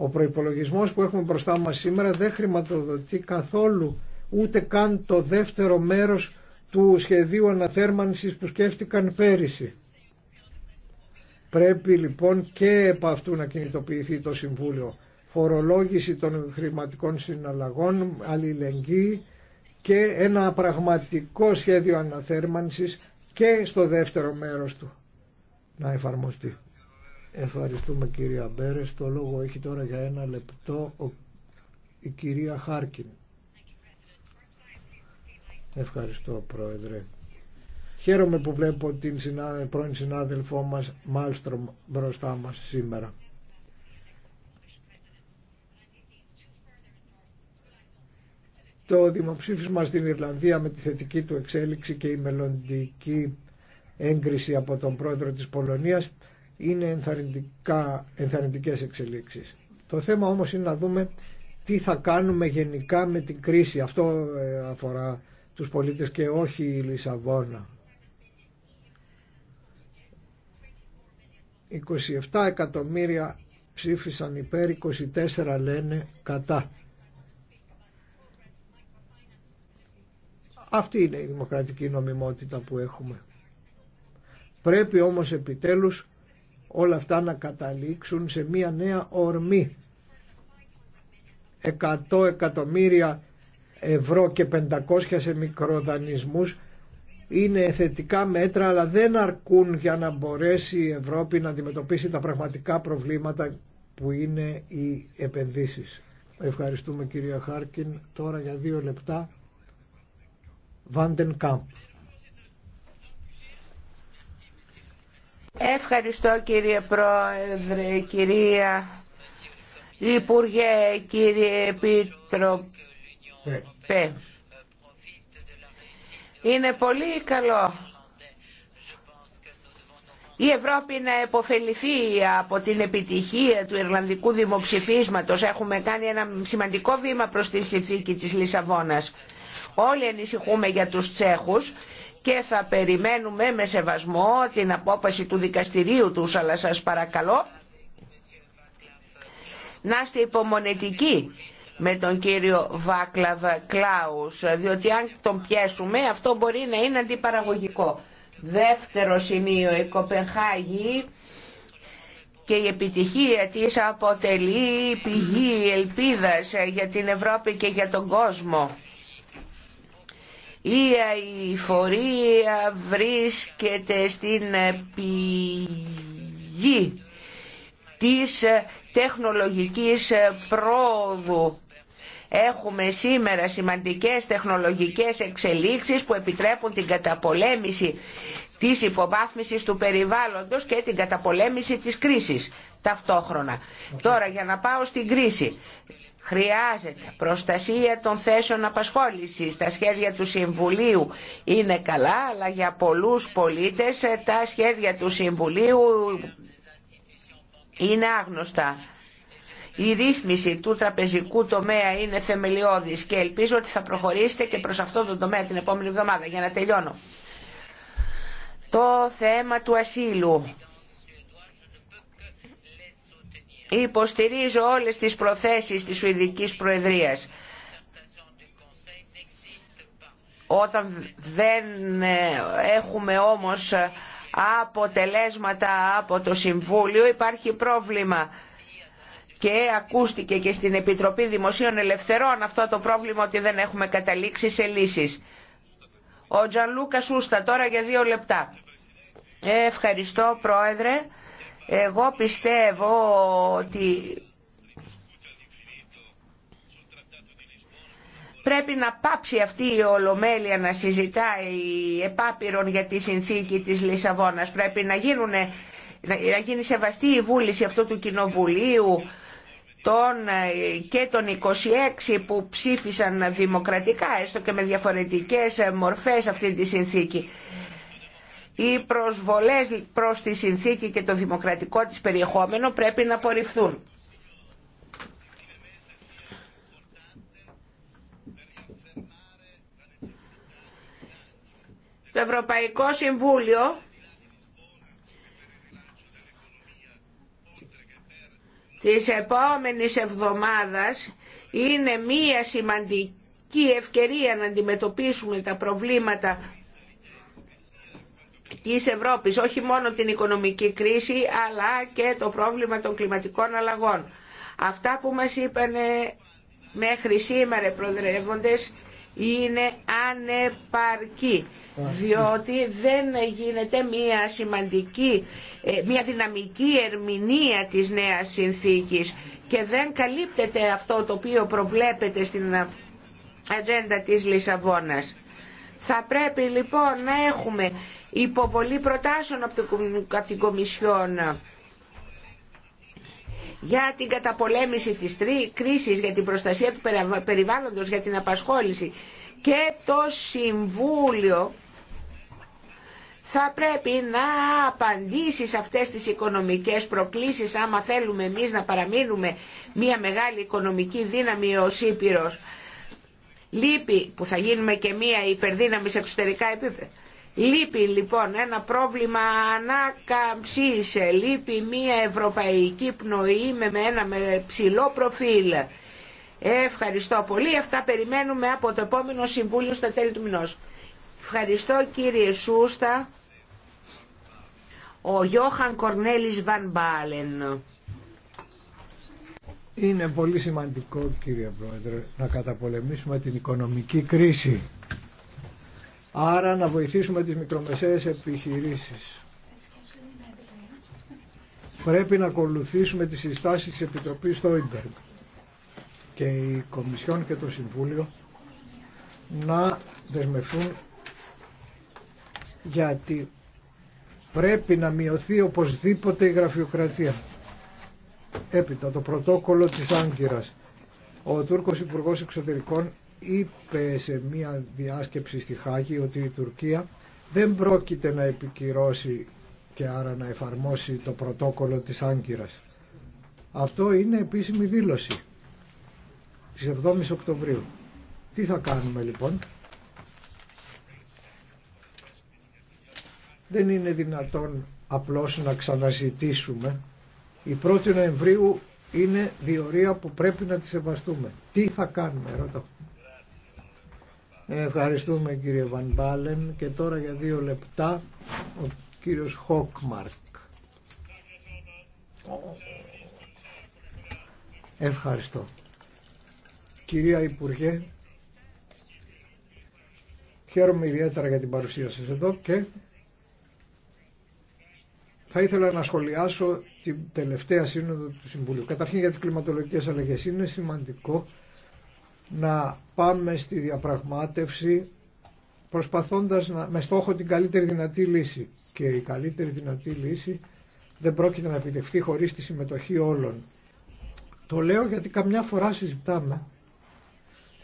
ο προϋπολογισμός που έχουμε μπροστά μας σήμερα δεν χρηματοδοτεί καθόλου ούτε καν το δεύτερο μέρος του σχεδίου αναθέρμανσης που σκέφτηκαν πέρυσι. Πρέπει λοιπόν και επ' αυτού να κινητοποιηθεί το Συμβούλιο. Φορολόγηση των χρηματικών συναλλαγών, αλληλεγγύη και ένα πραγματικό σχέδιο αναθέρμανσης και στο δεύτερο μέρος του να εφαρμοστεί. Ευχαριστούμε κυρία Μπέρε. Το λόγο έχει τώρα για ένα λεπτό η κυρία Χάρκιν. Ευχαριστώ πρόεδρε. Χαίρομαι που βλέπω την πρώην συνάδελφό μας Μάλστρομ μπροστά μας σήμερα. Το δημοψήφισμα στην Ιρλανδία με τη θετική του εξέλιξη και η μελλοντική έγκριση από τον πρόεδρο της Πολωνίας είναι ενθαρρυντικά, ενθαρρυντικές εξελίξεις. Το θέμα όμως είναι να δούμε τι θα κάνουμε γενικά με την κρίση. Αυτό ε, αφορά τους πολίτες και όχι η Λισαβόνα. 27 εκατομμύρια ψήφισαν υπέρ, 24 λένε κατά. Αυτή είναι η δημοκρατική νομιμότητα που έχουμε. Πρέπει όμως επιτέλους όλα αυτά να καταλήξουν σε μια νέα ορμή. Εκατό εκατομμύρια ευρώ και πεντακόσια σε είναι θετικά μέτρα αλλά δεν αρκούν για να μπορέσει η Ευρώπη να αντιμετωπίσει τα πραγματικά προβλήματα που είναι οι επενδύσεις. Ευχαριστούμε κυρία Χάρκιν. Τώρα για δύο λεπτά. Βάντεν Κάμπ. Ευχαριστώ κύριε Πρόεδρε, κυρία Υπουργέ, κύριε Επίτροπε. Είναι πολύ καλό η Ευρώπη να επωφεληθεί από την επιτυχία του Ιρλανδικού δημοψηφίσματος. Έχουμε κάνει ένα σημαντικό βήμα προς τη συνθήκη της Λισαβόνας. Όλοι ανησυχούμε για τους Τσέχους και θα περιμένουμε με σεβασμό την απόφαση του δικαστηρίου τους, αλλά σας παρακαλώ να είστε υπομονετικοί με τον κύριο Βάκλαβ Κλάους, διότι αν τον πιέσουμε αυτό μπορεί να είναι αντιπαραγωγικό. Δεύτερο σημείο, η Κοπενχάγη και η επιτυχία της αποτελεί πηγή ελπίδας για την Ευρώπη και για τον κόσμο. Η αηφορία βρίσκεται στην πηγή της τεχνολογικής πρόοδου. Έχουμε σήμερα σημαντικές τεχνολογικές εξελίξεις που επιτρέπουν την καταπολέμηση της υποβάθμισης του περιβάλλοντος και την καταπολέμηση της κρίσης ταυτόχρονα. Τώρα για να πάω στην κρίση. Χρειάζεται προστασία των θέσεων απασχόλησης. Τα σχέδια του Συμβουλίου είναι καλά, αλλά για πολλούς πολίτες ε, τα σχέδια του Συμβουλίου είναι άγνωστα. Η ρύθμιση του τραπεζικού τομέα είναι θεμελιώδης και ελπίζω ότι θα προχωρήσετε και προς αυτό το τομέα την επόμενη εβδομάδα για να τελειώνω. Το θέμα του ασύλου Υποστηρίζω όλες τις προθέσεις της Σουηδικής Προεδρίας. Όταν δεν ε, έχουμε όμως αποτελέσματα από το Συμβούλιο υπάρχει πρόβλημα και ακούστηκε και στην Επιτροπή Δημοσίων Ελευθερών αυτό το πρόβλημα ότι δεν έχουμε καταλήξει σε λύσεις. Ο Τζανλούκα Σούστα τώρα για δύο λεπτά. Ε, ευχαριστώ Πρόεδρε. Εγώ πιστεύω ότι πρέπει να πάψει αυτή η Ολομέλεια να συζητάει επάπειρον για τη συνθήκη της Λισαβόνας. Πρέπει να, γίνουνε να γίνει σεβαστή η βούληση αυτού του Κοινοβουλίου των, και των 26 που ψήφισαν δημοκρατικά, έστω και με διαφορετικές μορφές αυτή τη συνθήκη. Οι προσβολές προς τη συνθήκη και το δημοκρατικό της περιεχόμενο πρέπει να απορριφθούν. Το Ευρωπαϊκό Συμβούλιο της επόμενης εβδομάδας είναι μία σημαντική ευκαιρία να αντιμετωπίσουμε τα προβλήματα της Ευρώπης, όχι μόνο την οικονομική κρίση αλλά και το πρόβλημα των κλιματικών αλλαγών. Αυτά που μας είπαν μέχρι σήμερα προδρεύοντες είναι ανεπαρκή διότι δεν γίνεται μια σημαντική, ε, μια δυναμική ερμηνεία της νέας συνθήκης και δεν καλύπτεται αυτό το οποίο προβλέπεται στην ατζέντα της Λισαβόνας. Θα πρέπει λοιπόν να έχουμε υποβολή προτάσεων από την Κομισιόν για την καταπολέμηση της κρίσης, για την προστασία του περιβάλλοντος, για την απασχόληση και το Συμβούλιο θα πρέπει να απαντήσει σε αυτές τις οικονομικές προκλήσεις άμα θέλουμε εμείς να παραμείνουμε μια μεγάλη οικονομική δύναμη ο Ήπειρος. Λείπει που θα γίνουμε και μια υπερδύναμη σε εξωτερικά επίπεδα. Λείπει λοιπόν ένα πρόβλημα ανάκαμψης, λείπει μια ευρωπαϊκή πνοή με ένα με ψηλό προφίλ. Ευχαριστώ πολύ. Αυτά περιμένουμε από το επόμενο Συμβούλιο στα τέλη του μηνός. Ευχαριστώ κύριε Σούστα. Ο Γιώχαν Κορνέλης Βαν Μπάλεν. Είναι πολύ σημαντικό κύριε Πρόεδρε να καταπολεμήσουμε την οικονομική κρίση Άρα να βοηθήσουμε τις μικρομεσαίες επιχειρήσεις. Πρέπει να ακολουθήσουμε τις συστάσεις της Επιτροπής στο Ιντερκ και η Κομισιόν και το Συμβούλιο να δεσμευτούν γιατί πρέπει να μειωθεί οπωσδήποτε η γραφειοκρατία. Έπειτα το πρωτόκολλο της Άγκυρας. Ο Τούρκος Υπουργός Εξωτερικών είπε σε μία διάσκεψη στη Χάγη ότι η Τουρκία δεν πρόκειται να επικυρώσει και άρα να εφαρμόσει το πρωτόκολλο της Άγκυρας. Αυτό είναι επίσημη δήλωση της 7ης Οκτωβρίου. Τι θα κάνουμε λοιπόν. Δεν είναι δυνατόν απλώς να ξαναζητήσουμε. Η 1η Νοεμβρίου είναι διορία που πρέπει να τη σεβαστούμε. Τι θα κάνουμε, ρωτάω. Ευχαριστούμε κύριε Βανμπάλεν και τώρα για δύο λεπτά ο κύριος Χόκμαρκ. Ευχαριστώ. Κυρία Υπουργέ, χαίρομαι ιδιαίτερα για την παρουσία σας εδώ και θα ήθελα να σχολιάσω την τελευταία σύνοδο του Συμβουλίου. Καταρχήν για τις κλιματολογικές αλλαγές είναι σημαντικό να πάμε στη διαπραγμάτευση προσπαθώντας να, με στόχο την καλύτερη δυνατή λύση. Και η καλύτερη δυνατή λύση δεν πρόκειται να επιτευχθεί χωρίς τη συμμετοχή όλων. Το λέω γιατί καμιά φορά συζητάμε.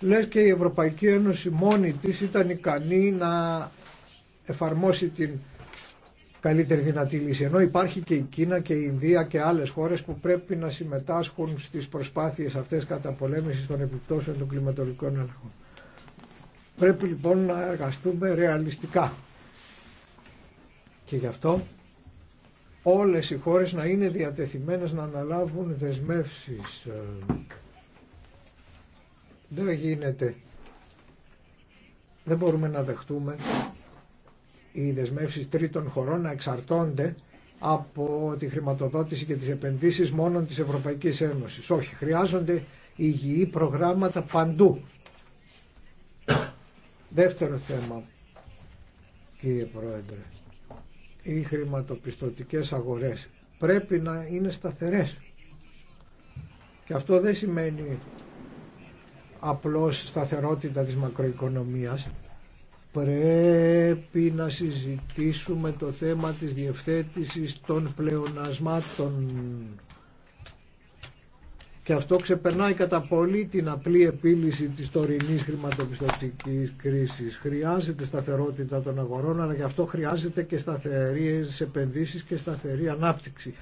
Λες και η Ευρωπαϊκή Ένωση μόνη της ήταν ικανή να εφαρμόσει την καλύτερη δυνατή λύση. Ενώ υπάρχει και η Κίνα και η Ινδία και άλλες χώρες που πρέπει να συμμετάσχουν στις προσπάθειες αυτές κατά πολέμηση των επιπτώσεων των κλιματολογικών ελεγχών. Πρέπει λοιπόν να εργαστούμε ρεαλιστικά. Και γι' αυτό όλες οι χώρες να είναι διατεθειμένες να αναλάβουν δεσμεύσεις. Δεν γίνεται. Δεν μπορούμε να δεχτούμε οι δεσμεύσεις τρίτων χωρών να εξαρτώνται από τη χρηματοδότηση και τις επενδύσεις μόνον της Ευρωπαϊκής Ένωσης. Όχι, χρειάζονται υγιή προγράμματα παντού. Δεύτερο θέμα, κύριε Πρόεδρε, οι χρηματοπιστωτικές αγορές πρέπει να είναι σταθερές. Και αυτό δεν σημαίνει απλώς σταθερότητα της μακροοικονομίας, πρέπει να συζητήσουμε το θέμα της διευθέτησης των πλεονασμάτων. Και αυτό ξεπερνάει κατά πολύ την απλή επίλυση της τωρινής χρηματοπιστωτικής κρίσης. Χρειάζεται σταθερότητα των αγορών, αλλά γι' αυτό χρειάζεται και σταθερές επενδύσεις και σταθερή ανάπτυξη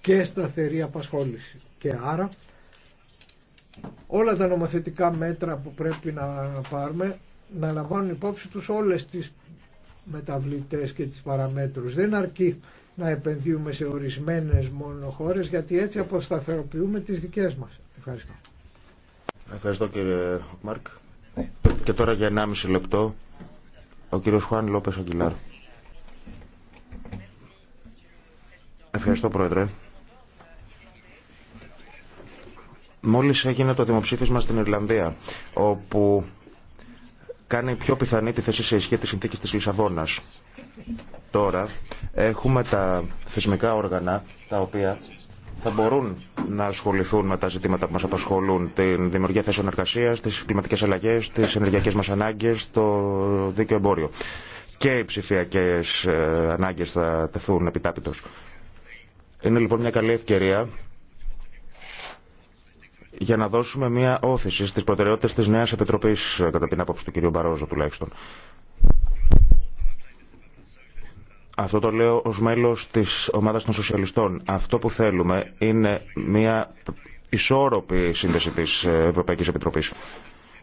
και σταθερή απασχόληση. Και άρα όλα τα νομοθετικά μέτρα που πρέπει να πάρουμε να λαμβάνουν υπόψη τους όλες τις μεταβλητές και τις παραμέτρους. Δεν αρκεί να επενδύουμε σε ορισμένες μόνο χώρες γιατί έτσι αποσταθεροποιούμε τις δικές μας. Ευχαριστώ. Ευχαριστώ κύριε Μάρκ. Και τώρα για 1,5 λεπτό ο κύριος Χουάν Λόπες Αγγιλάρ. Ευχαριστώ πρόεδρε. Μόλις έγινε το δημοψήφισμα στην Ιρλανδία όπου κάνει πιο πιθανή τη θέση σε ισχύ της συνθήκη της Λισαβόνας. Τώρα έχουμε τα θεσμικά όργανα τα οποία θα μπορούν να ασχοληθούν με τα ζητήματα που μας απασχολούν, την δημιουργία θέσεων εργασίας, τις κλιματικές αλλαγές, τις ενεργειακές μας ανάγκες, το δίκαιο εμπόριο. Και οι ψηφιακέ ε, ανάγκες θα τεθούν επιτάπητος. Είναι λοιπόν μια καλή ευκαιρία για να δώσουμε μια όθηση στις προτεραιότητες της νέας επιτροπής, ε, κατά την άποψη του κ. Μπαρόζο τουλάχιστον. Αυτό το λέω ως μέλος της ομάδας των σοσιαλιστών. Αυτό που θέλουμε είναι μια ισόρροπη σύνδεση της ε, Ευρωπαϊκής Επιτροπής.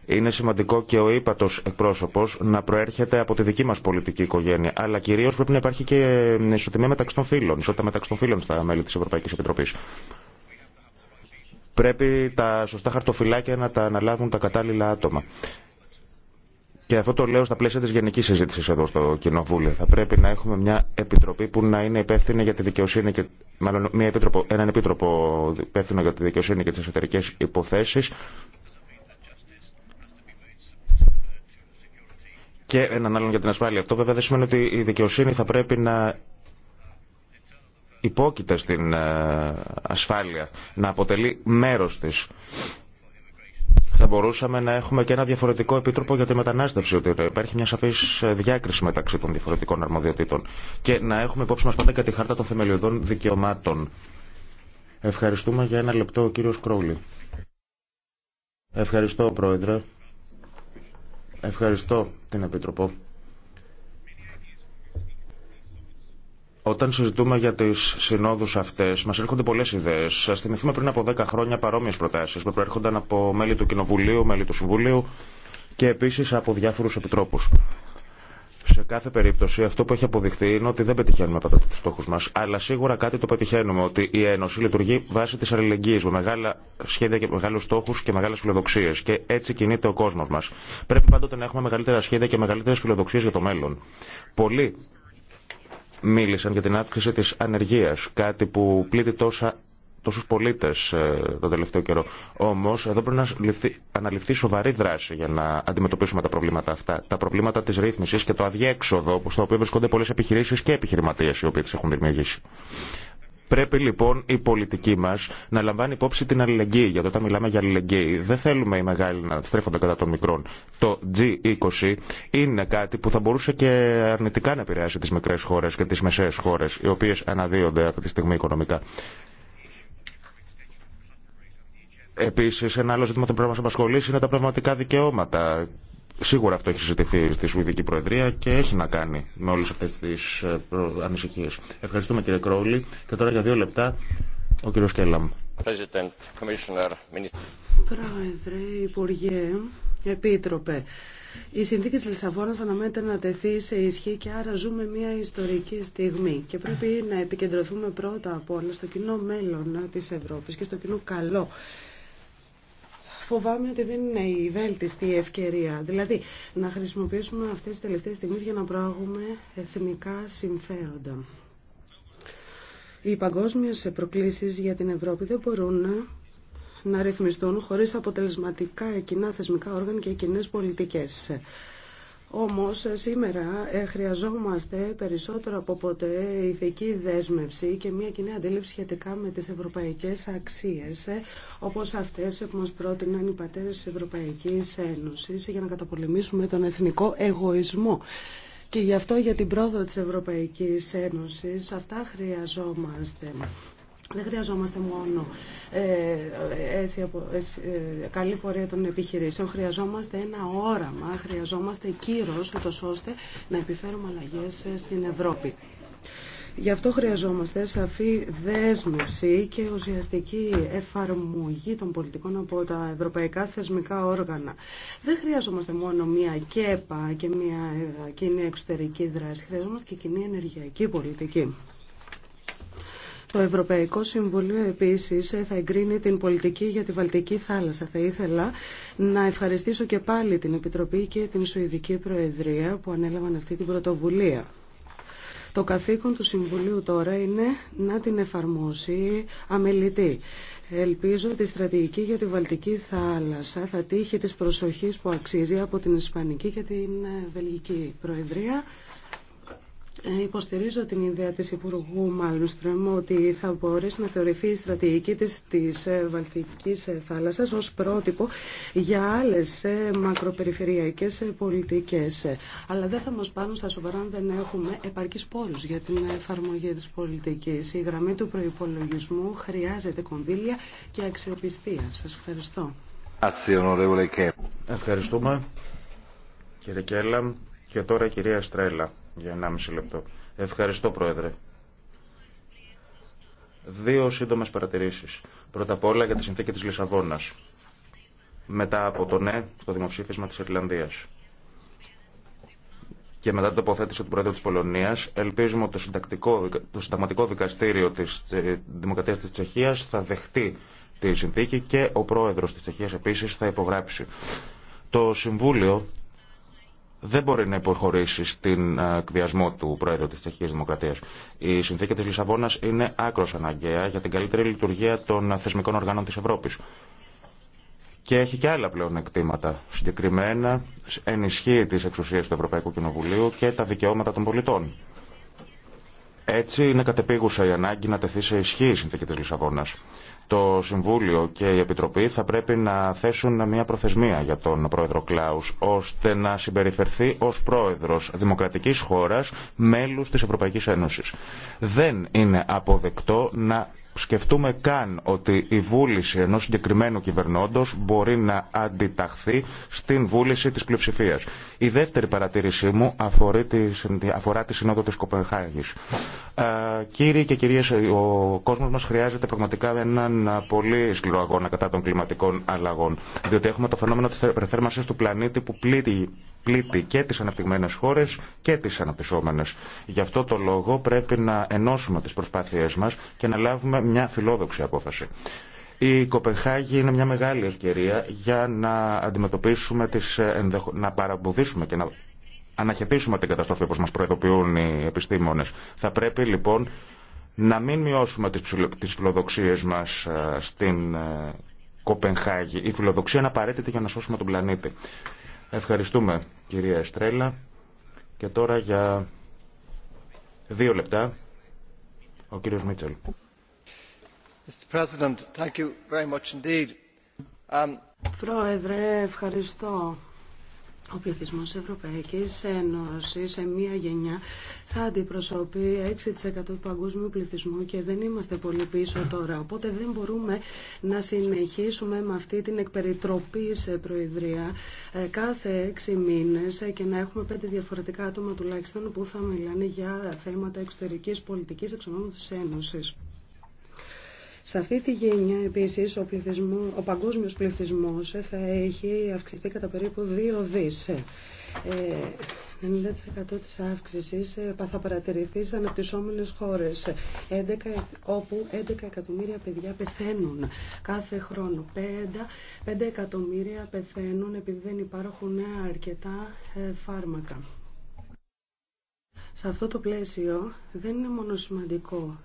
Είναι σημαντικό και ο ύπατο εκπρόσωπο να προέρχεται από τη δική μα πολιτική οικογένεια. Αλλά κυρίω πρέπει να υπάρχει και ε, ισοτιμία μεταξύ των φίλων, ισότητα μεταξύ των φίλων στα μέλη τη Ευρωπαϊκή Επιτροπή. Πρέπει τα σωστά χαρτοφυλάκια να τα αναλάβουν τα κατάλληλα άτομα. Και αυτό το λέω στα πλαίσια τη γενική συζήτηση εδώ στο Κοινοβούλιο. Θα πρέπει να έχουμε μια επιτροπή που να είναι υπεύθυνη για τη δικαιοσύνη και. Μάλλον μια επίτροπο, έναν επίτροπο υπεύθυνο για τη δικαιοσύνη και τι εσωτερικέ υποθέσει. Και έναν άλλον για την ασφάλεια. Αυτό βέβαια δεν σημαίνει ότι η δικαιοσύνη θα πρέπει να υπόκειται στην ε, ασφάλεια, να αποτελεί μέρος της. Θα μπορούσαμε να έχουμε και ένα διαφορετικό επίτροπο για τη μετανάστευση, ότι υπάρχει μια σαφή ε, διάκριση μεταξύ των διαφορετικών αρμοδιοτήτων και να έχουμε υπόψη μας πάντα και τη χάρτα των θεμελιωδών δικαιωμάτων. Ευχαριστούμε για ένα λεπτό ο κύριος Κρόουλη. Ευχαριστώ, Πρόεδρε. Ευχαριστώ την Επίτροπο. Όταν συζητούμε για τι συνόδου αυτέ, μα έρχονται πολλέ ιδέε. Σα θυμηθούμε πριν από 10 χρόνια παρόμοιε προτάσει που προέρχονταν από μέλη του Κοινοβουλίου, μέλη του Συμβουλίου και επίση από διάφορου επιτρόπου. Σε κάθε περίπτωση αυτό που έχει αποδειχθεί είναι ότι δεν πετυχαίνουμε πάντα του στόχου μα. Αλλά σίγουρα κάτι το πετυχαίνουμε, ότι η Ένωση λειτουργεί βάσει τη αλληλεγγύη, με μεγάλα σχέδια και μεγάλου στόχου και μεγάλε φιλοδοξίε. Και έτσι κινείται ο κόσμο μα. Πρέπει πάντοτε να έχουμε μεγαλύτερα σχέδια και μεγαλύτερε φιλοδοξίε για το μέλλον. Πολλοί μίλησαν για την αύξηση της ανεργίας, κάτι που πλήττει τόσα τόσου πολίτε ε, τον τελευταίο καιρό. Όμως, εδώ πρέπει να ληφθεί, αναλυφθεί σοβαρή δράση για να αντιμετωπίσουμε τα προβλήματα αυτά. Τα προβλήματα της ρύθμισης και το αδιέξοδο στο οποίο βρισκόνται πολλές επιχειρήσεις και επιχειρηματίες οι οποίοι έχουν δημιουργήσει. Πρέπει λοιπόν η πολιτική μα να λαμβάνει υπόψη την αλληλεγγύη. Γιατί όταν μιλάμε για αλληλεγγύη, δεν θέλουμε οι μεγάλοι να στρέφονται κατά των μικρών. Το G20 είναι κάτι που θα μπορούσε και αρνητικά να επηρεάσει τι μικρέ χώρε και τι μεσαίε χώρε, οι οποίε αναδύονται αυτή τη στιγμή οικονομικά. Επίση, ένα άλλο ζήτημα που πρέπει να μα απασχολήσει είναι τα πνευματικά δικαιώματα Σίγουρα αυτό έχει συζητηθεί στη Σουηδική Προεδρία και έχει να κάνει με όλε αυτέ τι ε, ανησυχίε. Ευχαριστούμε κύριε Κρόουλη. Και τώρα για δύο λεπτά ο κύριο Κέλλαμ. Πρόεδρε, Υπουργέ, Επίτροπε. Η συνθήκη τη Λισαβόνα αναμένεται να τεθεί σε ισχύ και άρα ζούμε μια ιστορική στιγμή. Και πρέπει να επικεντρωθούμε πρώτα απ' όλα στο κοινό μέλλον τη Ευρώπη και στο κοινό καλό φοβάμαι ότι δεν είναι η βέλτιστη ευκαιρία. Δηλαδή, να χρησιμοποιήσουμε αυτέ τι τελευταίε στιγμέ για να προάγουμε εθνικά συμφέροντα. Οι παγκόσμιε προκλήσει για την Ευρώπη δεν μπορούν να ρυθμιστούν χωρί αποτελεσματικά κοινά θεσμικά όργανα και κοινέ πολιτικέ. Όμως σήμερα ε, χρειαζόμαστε περισσότερο από ποτέ ηθική δέσμευση και μια κοινή αντίληψη σχετικά με τις ευρωπαϊκές αξίες ε, όπως αυτές που μας πρότειναν οι πατέρες της Ευρωπαϊκής Ένωσης για να καταπολεμήσουμε τον εθνικό εγωισμό. Και γι' αυτό για την πρόοδο της Ευρωπαϊκής Ένωσης αυτά χρειαζόμαστε. Δεν χρειαζόμαστε μόνο ε, ε, καλή πορεία των επιχειρήσεων. Χρειαζόμαστε ένα όραμα, χρειαζόμαστε κύρος, ούτως ώστε να επιφέρουμε αλλαγές ε, στην Ευρώπη. Γι' αυτό χρειαζόμαστε σαφή δέσμευση και ουσιαστική εφαρμογή των πολιτικών από τα ευρωπαϊκά θεσμικά όργανα. Δεν χρειαζόμαστε μόνο μία ΚΕΠΑ και μία κοινή εξωτερική δράση, χρειαζόμαστε και κοινή ενεργειακή πολιτική. Το Ευρωπαϊκό Συμβουλίο επίσης θα εγκρίνει την πολιτική για τη Βαλτική θάλασσα. Θα ήθελα να ευχαριστήσω και πάλι την Επιτροπή και την Σουηδική Προεδρία που ανέλαβαν αυτή την πρωτοβουλία. Το καθήκον του Συμβουλίου τώρα είναι να την εφαρμόσει αμελητή. Ελπίζω ότι η στρατηγική για τη Βαλτική θάλασσα θα τύχει της προσοχής που αξίζει από την Ισπανική και την Βελγική Προεδρία. Υποστηρίζω την ιδέα της Υπουργού Μάλμστρομ ότι θα μπορέσει να θεωρηθεί η στρατηγική της της ε, Βαλτικής ε, θάλασσας ως πρότυπο για άλλες ε, μακροπεριφερειακές πολιτικές. Αλλά δεν θα μας πάνουν στα σοβαρά αν δεν έχουμε επαρκείς πόρους για την εφαρμογή της πολιτικής. Η γραμμή του προϋπολογισμού χρειάζεται κονδύλια και αξιοπιστία. Σας ευχαριστώ. Ευχαριστούμε κύριε Κέλλα και τώρα κυρία Στρέλα για 1,5 λεπτό. Ευχαριστώ, Πρόεδρε. Δύο σύντομες παρατηρήσεις. Πρώτα απ' όλα για τη συνθήκη της Λισαβόνας. Μετά από το ναι στο δημοψήφισμα της Ιρλανδίας. Και μετά την τοποθέτηση του Πρόεδρου της Πολωνίας, ελπίζουμε ότι το, συντακτικό, το συνταγματικό δικαστήριο της ε, Δημοκρατίας της Τσεχίας θα δεχτεί τη συνθήκη και ο Πρόεδρος της Τσεχίας επίσης θα υπογράψει. Το Συμβούλιο δεν μπορεί να υποχωρήσει στην ε, εκβιασμό του Πρόεδρου τη Τσεχική Δημοκρατία. Η συνθήκη τη Λισαβόνα είναι άκρο αναγκαία για την καλύτερη λειτουργία των θεσμικών οργάνων τη Ευρώπη. Και έχει και άλλα πλέον εκτήματα. Συγκεκριμένα ενισχύει τι εξουσίε του Ευρωπαϊκού Κοινοβουλίου και τα δικαιώματα των πολιτών. Έτσι είναι κατεπίγουσα η ανάγκη να τεθεί σε ισχύ η συνθήκη τη Λισαβόνα. Το Συμβούλιο και η Επιτροπή θα πρέπει να θέσουν μια προθεσμία για τον πρόεδρο Κλάου, ώστε να συμπεριφερθεί ω πρόεδρο δημοκρατική χώρα μέλου τη Ευρωπαϊκή Ένωση. Δεν είναι αποδεκτό να σκεφτούμε καν ότι η βούληση ενός συγκεκριμένου κυβερνώντος μπορεί να αντιταχθεί στην βούληση της πλειοψηφίας. Η δεύτερη παρατήρησή μου αφορά τη Συνόδο της Κοπενχάγης. Ε, κύριοι και κυρίες, ο κόσμος μας χρειάζεται πραγματικά έναν πολύ σκληρό αγώνα κατά των κλιματικών αλλαγών, διότι έχουμε το φαινόμενο της θέρμανσης του πλανήτη που πλήττει, πλήττει και τις αναπτυγμένες χώρες και τις αναπτυσσόμενες. Γι' αυτό το λόγο πρέπει να ενώσουμε τις προσπάθειές μας και να λάβουμε μια φιλόδοξη απόφαση. Η Κοπενχάγη είναι μια μεγάλη ευκαιρία για να αντιμετωπίσουμε τις, να παραμποδίσουμε και να αναχαιτήσουμε την καταστροφή όπως μας προειδοποιούν οι επιστήμονες. Θα πρέπει λοιπόν να μην μειώσουμε τις φιλοδοξίες μας ε, στην ε, Κοπενχάγη. Η φιλοδοξία είναι απαραίτητη για να σώσουμε τον πλανήτη. Ευχαριστούμε κυρία Εστρέλα και τώρα για δύο λεπτά ο κύριος Μίτσελ. Um, Πρόεδρε, ευχαριστώ. Ο πληθυσμό Ευρωπαϊκή Ένωση σε μία γενιά θα αντιπροσωπεί 6% του παγκόσμιου πληθυσμού και δεν είμαστε πολύ πίσω τώρα. Οπότε δεν μπορούμε να συνεχίσουμε με αυτή την εκπεριτροπή σε προεδρία ε, κάθε έξι μήνε ε, και να έχουμε πέντε διαφορετικά άτομα τουλάχιστον που θα μιλάνε για θέματα εξωτερική πολιτική εξονόμου τη Ένωση. Σε αυτή τη γενιά επίσης ο, ο παγκόσμιος πληθυσμός θα έχει αυξηθεί κατά περίπου 2 δις. 90% ε, της αύξησης ε, θα παρατηρηθεί σε αναπτυσσόμενες χώρες 11, όπου 11 εκατομμύρια παιδιά πεθαίνουν κάθε χρόνο 5, 5 εκατομμύρια πεθαίνουν επειδή δεν υπάρχουν αρκετά ε, φάρμακα σε αυτό το πλαίσιο δεν είναι μόνο σημαντικό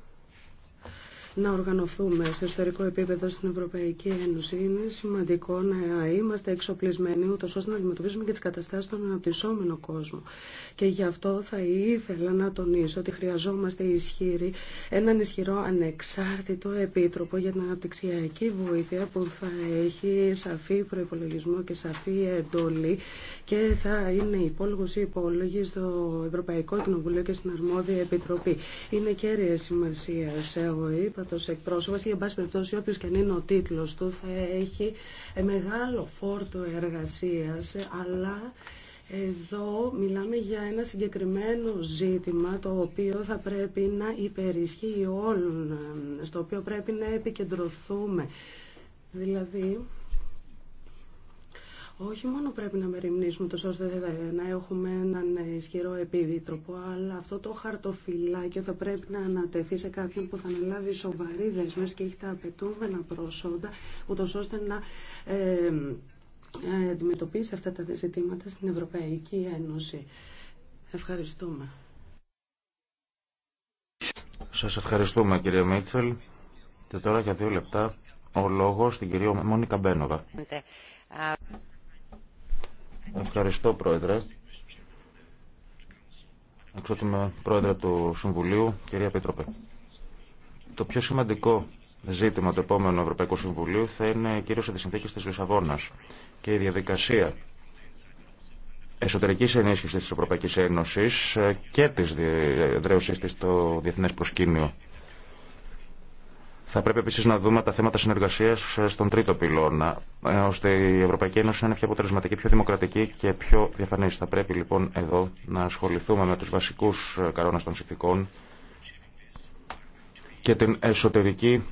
να οργανωθούμε σε εσωτερικό επίπεδο στην Ευρωπαϊκή Ένωση. Είναι σημαντικό να είμαστε εξοπλισμένοι, ούτω ώστε να αντιμετωπίσουμε και τι καταστάσει στον αναπτυσσόμενο κόσμο. Και γι' αυτό θα ήθελα να τονίσω ότι χρειαζόμαστε ισχύρη, έναν ισχυρό ανεξάρτητο επίτροπο για την αναπτυξιακή βοήθεια που θα έχει σαφή προπολογισμό και σαφή εντολή και θα είναι υπόλογο ή υπόλογη στο Ευρωπαϊκό Κοινοβούλιο και στην αρμόδια επιτροπή. Είναι κέρια σημασία σε ύπατος εκπρόσωπο ή εν πάση περιπτώσει όποιο και αν είναι ο τίτλο του θα έχει ε, μεγάλο φόρτο εργασία, αλλά εδώ μιλάμε για ένα συγκεκριμένο ζήτημα το οποίο θα πρέπει να υπερισχύει όλων, στο οποίο πρέπει να επικεντρωθούμε. Δηλαδή, όχι μόνο πρέπει να μεριμνήσουμε τόσο ώστε να έχουμε έναν ισχυρό επιδίτροπο, αλλά αυτό το χαρτοφυλάκιο θα πρέπει να ανατεθεί σε κάποιον που θα αναλάβει σοβαρή δεσμεύση και έχει τα απαιτούμενα προσόντα, ούτω ώστε να ε, ε, αντιμετωπίσει αυτά τα ζητήματα στην Ευρωπαϊκή Ένωση. Ευχαριστούμε. Σας ευχαριστούμε κύριε Μίτσελ. Και τώρα για δύο λεπτά ο λόγος στην κυρία Μόνικα Μπένοβα. Ε, Ευχαριστώ, Πρόεδρε. Εξότιμα Πρόεδρε του Συμβουλίου, κυρία Πίτροπε. Το πιο σημαντικό ζήτημα του επόμενου Ευρωπαϊκού Συμβουλίου θα είναι κυρίως τη συνθήκη της Λισαβόνας και η διαδικασία εσωτερικής ενίσχυσης της Ευρωπαϊκής Ένωσης και της δρέωσής της στο διεθνές προσκήνιο. Θα πρέπει επίση να δούμε τα θέματα συνεργασία στον τρίτο πυλώνα, ε, ώστε η Ευρωπαϊκή Ένωση να είναι πιο αποτελεσματική, πιο δημοκρατική και πιο διαφανή. Θα πρέπει λοιπόν εδώ να ασχοληθούμε με του βασικού ε, καρόνε των συνθηκών και την εσωτερική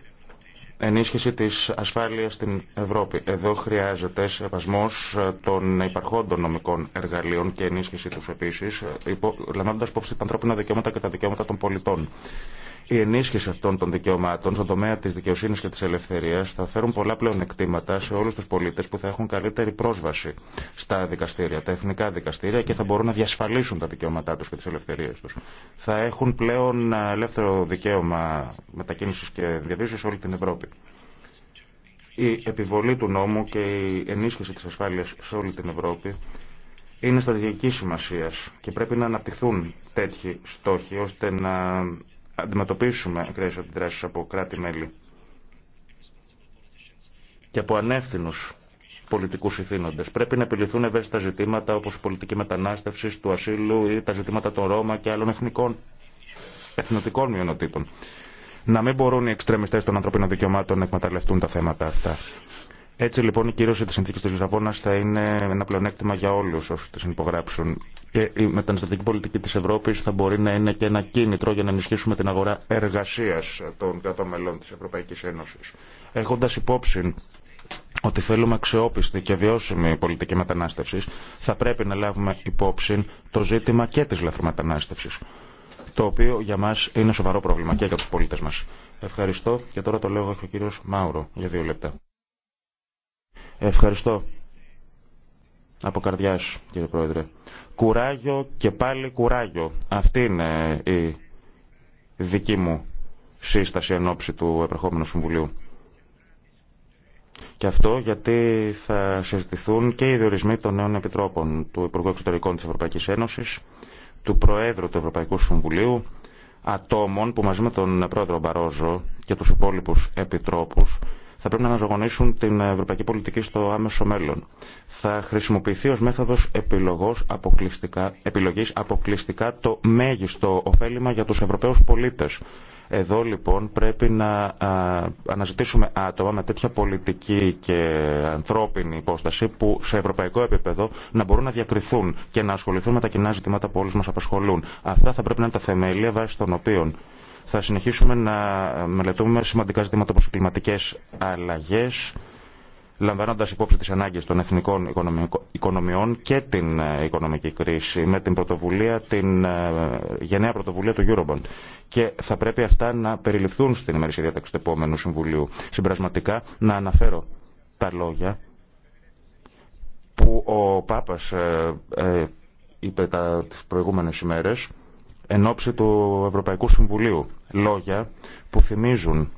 ενίσχυση τη ασφάλεια στην Ευρώπη. Εδώ χρειάζεται σεβασμό ε, των υπαρχόντων νομικών εργαλείων και ενίσχυση του επίση, λαμβάνοντα υπόψη τα ανθρώπινα δικαιώματα και τα δικαιώματα των πολιτών. Η ενίσχυση αυτών των δικαιωμάτων στον τομέα τη δικαιοσύνη και τη ελευθερία θα φέρουν πολλά πλέον πλεονεκτήματα σε όλου του πολίτε που θα έχουν καλύτερη πρόσβαση στα δικαστήρια, τα εθνικά δικαστήρια και θα μπορούν να διασφαλίσουν τα δικαιώματά του και τι ελευθερίε του. Θα έχουν πλέον ελεύθερο δικαίωμα μετακίνηση και διαβίωση σε όλη την Ευρώπη. Η επιβολή του νόμου και η ενίσχυση τη ασφάλεια σε όλη την Ευρώπη είναι στρατηγική σημασία και πρέπει να αναπτυχθούν τέτοιοι στόχοι ώστε να αντιμετωπίσουμε αντιδράσει αντιδράσεις από κράτη-μέλη και από ανεύθυνους πολιτικού ηθήνοντε. Πρέπει να επιληθούν ευαίσθητα ζητήματα όπω η πολιτική μετανάστευση, του ασύλου ή τα ζητήματα των Ρώμα και άλλων εθνικών, εθνοτικών μειονοτήτων. Να μην μπορούν οι εξτρεμιστέ των ανθρωπίνων δικαιωμάτων να εκμεταλλευτούν τα θέματα αυτά. Έτσι λοιπόν η κύρωση τη συνθήκη τη Λισαβόνα θα είναι ένα πλεονέκτημα για όλου όσου τη υπογράψουν. Και η μεταναστευτική πολιτική τη Ευρώπη θα μπορεί να είναι και ένα κίνητρο για να ενισχύσουμε την αγορά εργασία των κρατών μελών τη Ευρωπαϊκή Ένωση. Έχοντα υπόψη ότι θέλουμε αξιόπιστη και βιώσιμη πολιτική μετανάστευση, θα πρέπει να λάβουμε υπόψη το ζήτημα και τη λαθρομετανάστευση. Το οποίο για μα είναι σοβαρό πρόβλημα και για του πολίτε μα. Ευχαριστώ και τώρα το λέω και ο κύριο Μάουρο για δύο λεπτά. Ευχαριστώ. Από καρδιάς, κύριε Πρόεδρε. Κουράγιο και πάλι κουράγιο. Αυτή είναι η δική μου σύσταση εν του επερχόμενου Συμβουλίου. Και αυτό γιατί θα συζητηθούν και οι διορισμοί των νέων επιτρόπων του Υπουργού Εξωτερικών της Ευρωπαϊκής Ένωσης, του Προέδρου του Ευρωπαϊκού Συμβουλίου, ατόμων που μαζί με τον Πρόεδρο Μπαρόζο και τους υπόλοιπους επιτρόπους θα πρέπει να αναζωογονήσουν την ευρωπαϊκή πολιτική στο άμεσο μέλλον. Θα χρησιμοποιηθεί ω μέθοδο επιλογή αποκλειστικά το μέγιστο ωφέλιμα για του Ευρωπαίου πολίτε. Εδώ λοιπόν πρέπει να αναζητήσουμε άτομα με τέτοια πολιτική και ανθρώπινη υπόσταση που σε ευρωπαϊκό επίπεδο να μπορούν να διακριθούν και να ασχοληθούν με τα κοινά ζητήματα που όλου μα απασχολούν. Αυτά θα πρέπει να είναι τα θεμέλια βάσει των οποίων θα συνεχίσουμε να μελετούμε σημαντικά ζητήματα όπως κλιματικές αλλαγές, λαμβάνοντας υπόψη τις ανάγκες των εθνικών οικονομιών και την ε, οικονομική κρίση με την πρωτοβουλία, την ε, γενναία πρωτοβουλία του Eurobond. Και θα πρέπει αυτά να περιληφθούν στην ημερήσια διάταξη του επόμενου Συμβουλίου. Συμπρασματικά να αναφέρω τα λόγια που ο Πάπας ε, είπε τα, τις προηγούμενες ημέρες εν ώψη του Ευρωπαϊκού Συμβουλίου. Λόγια που θυμίζουν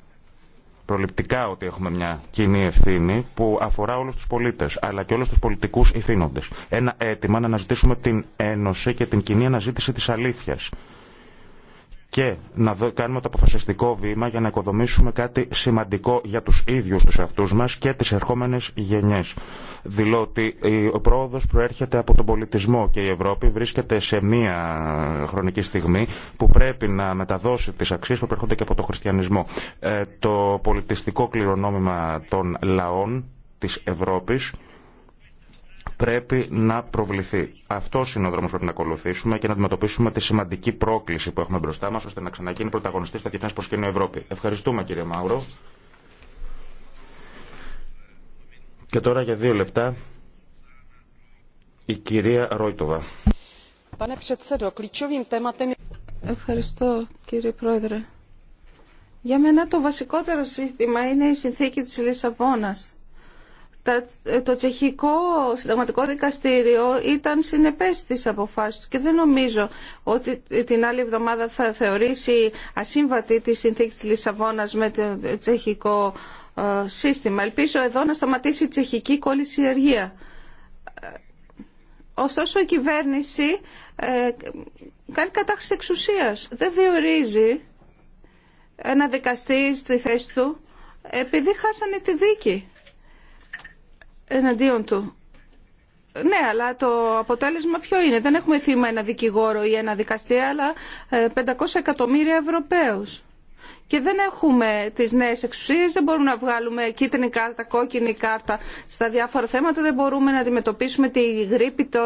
προληπτικά ότι έχουμε μια κοινή ευθύνη που αφορά όλους τους πολίτες, αλλά και όλους τους πολιτικούς ηθήνοντες. Ένα αίτημα να αναζητήσουμε την ένωση και την κοινή αναζήτηση της αλήθειας και να κάνουμε το αποφασιστικό βήμα για να οικοδομήσουμε κάτι σημαντικό για τους ίδιους τους αυτούς μας και τις ερχόμενες γενιές. ότι ο πρόοδος προέρχεται από τον πολιτισμό και η Ευρώπη βρίσκεται σε μία χρονική στιγμή που πρέπει να μεταδώσει τις αξίες που προέρχονται και από τον χριστιανισμό. Ε, το πολιτιστικό κληρονόμημα των λαών της Ευρώπης πρέπει να προβληθεί. Αυτό είναι ο δρόμο που πρέπει να ακολουθήσουμε και να αντιμετωπίσουμε τη σημαντική πρόκληση που έχουμε μπροστά μα, ώστε να ξαναγίνει πρωταγωνιστή στο κοινό προσκήνιο Ευρώπη. Ευχαριστούμε, κύριε Μάουρο. Και τώρα για δύο λεπτά η κυρία Ρόιτοβα. Ευχαριστώ κύριε Πρόεδρε. Για μένα το βασικότερο σύστημα είναι η συνθήκη της Λισαβόνας ε, το τσεχικό συνταγματικό δικαστήριο ήταν συνεπές στις αποφάσεις και δεν νομίζω ότι την άλλη εβδομάδα θα θεωρήσει ασύμβατη τη συνθήκη της Λισαβόνας με το τσεχικό ε, σύστημα. Ελπίζω εδώ να σταματήσει η τσεχική κόλληση ε, Ωστόσο η κυβέρνηση κάνει κατάχρηση εξουσίας. Δεν διορίζει ένα δικαστή στη θέση του επειδή χάσανε τη δίκη εναντίον του. Ναι, αλλά το αποτέλεσμα ποιο είναι. Δεν έχουμε θύμα ένα δικηγόρο ή ένα δικαστή, αλλά 500 ε, εκατομμύρια Ευρωπαίους. Και δεν έχουμε τις νέες εξουσίες, δεν μπορούμε να βγάλουμε κίτρινη κάρτα, κόκκινη κάρτα στα διάφορα θέματα, δεν μπορούμε να αντιμετωπίσουμε τη γρήπη, το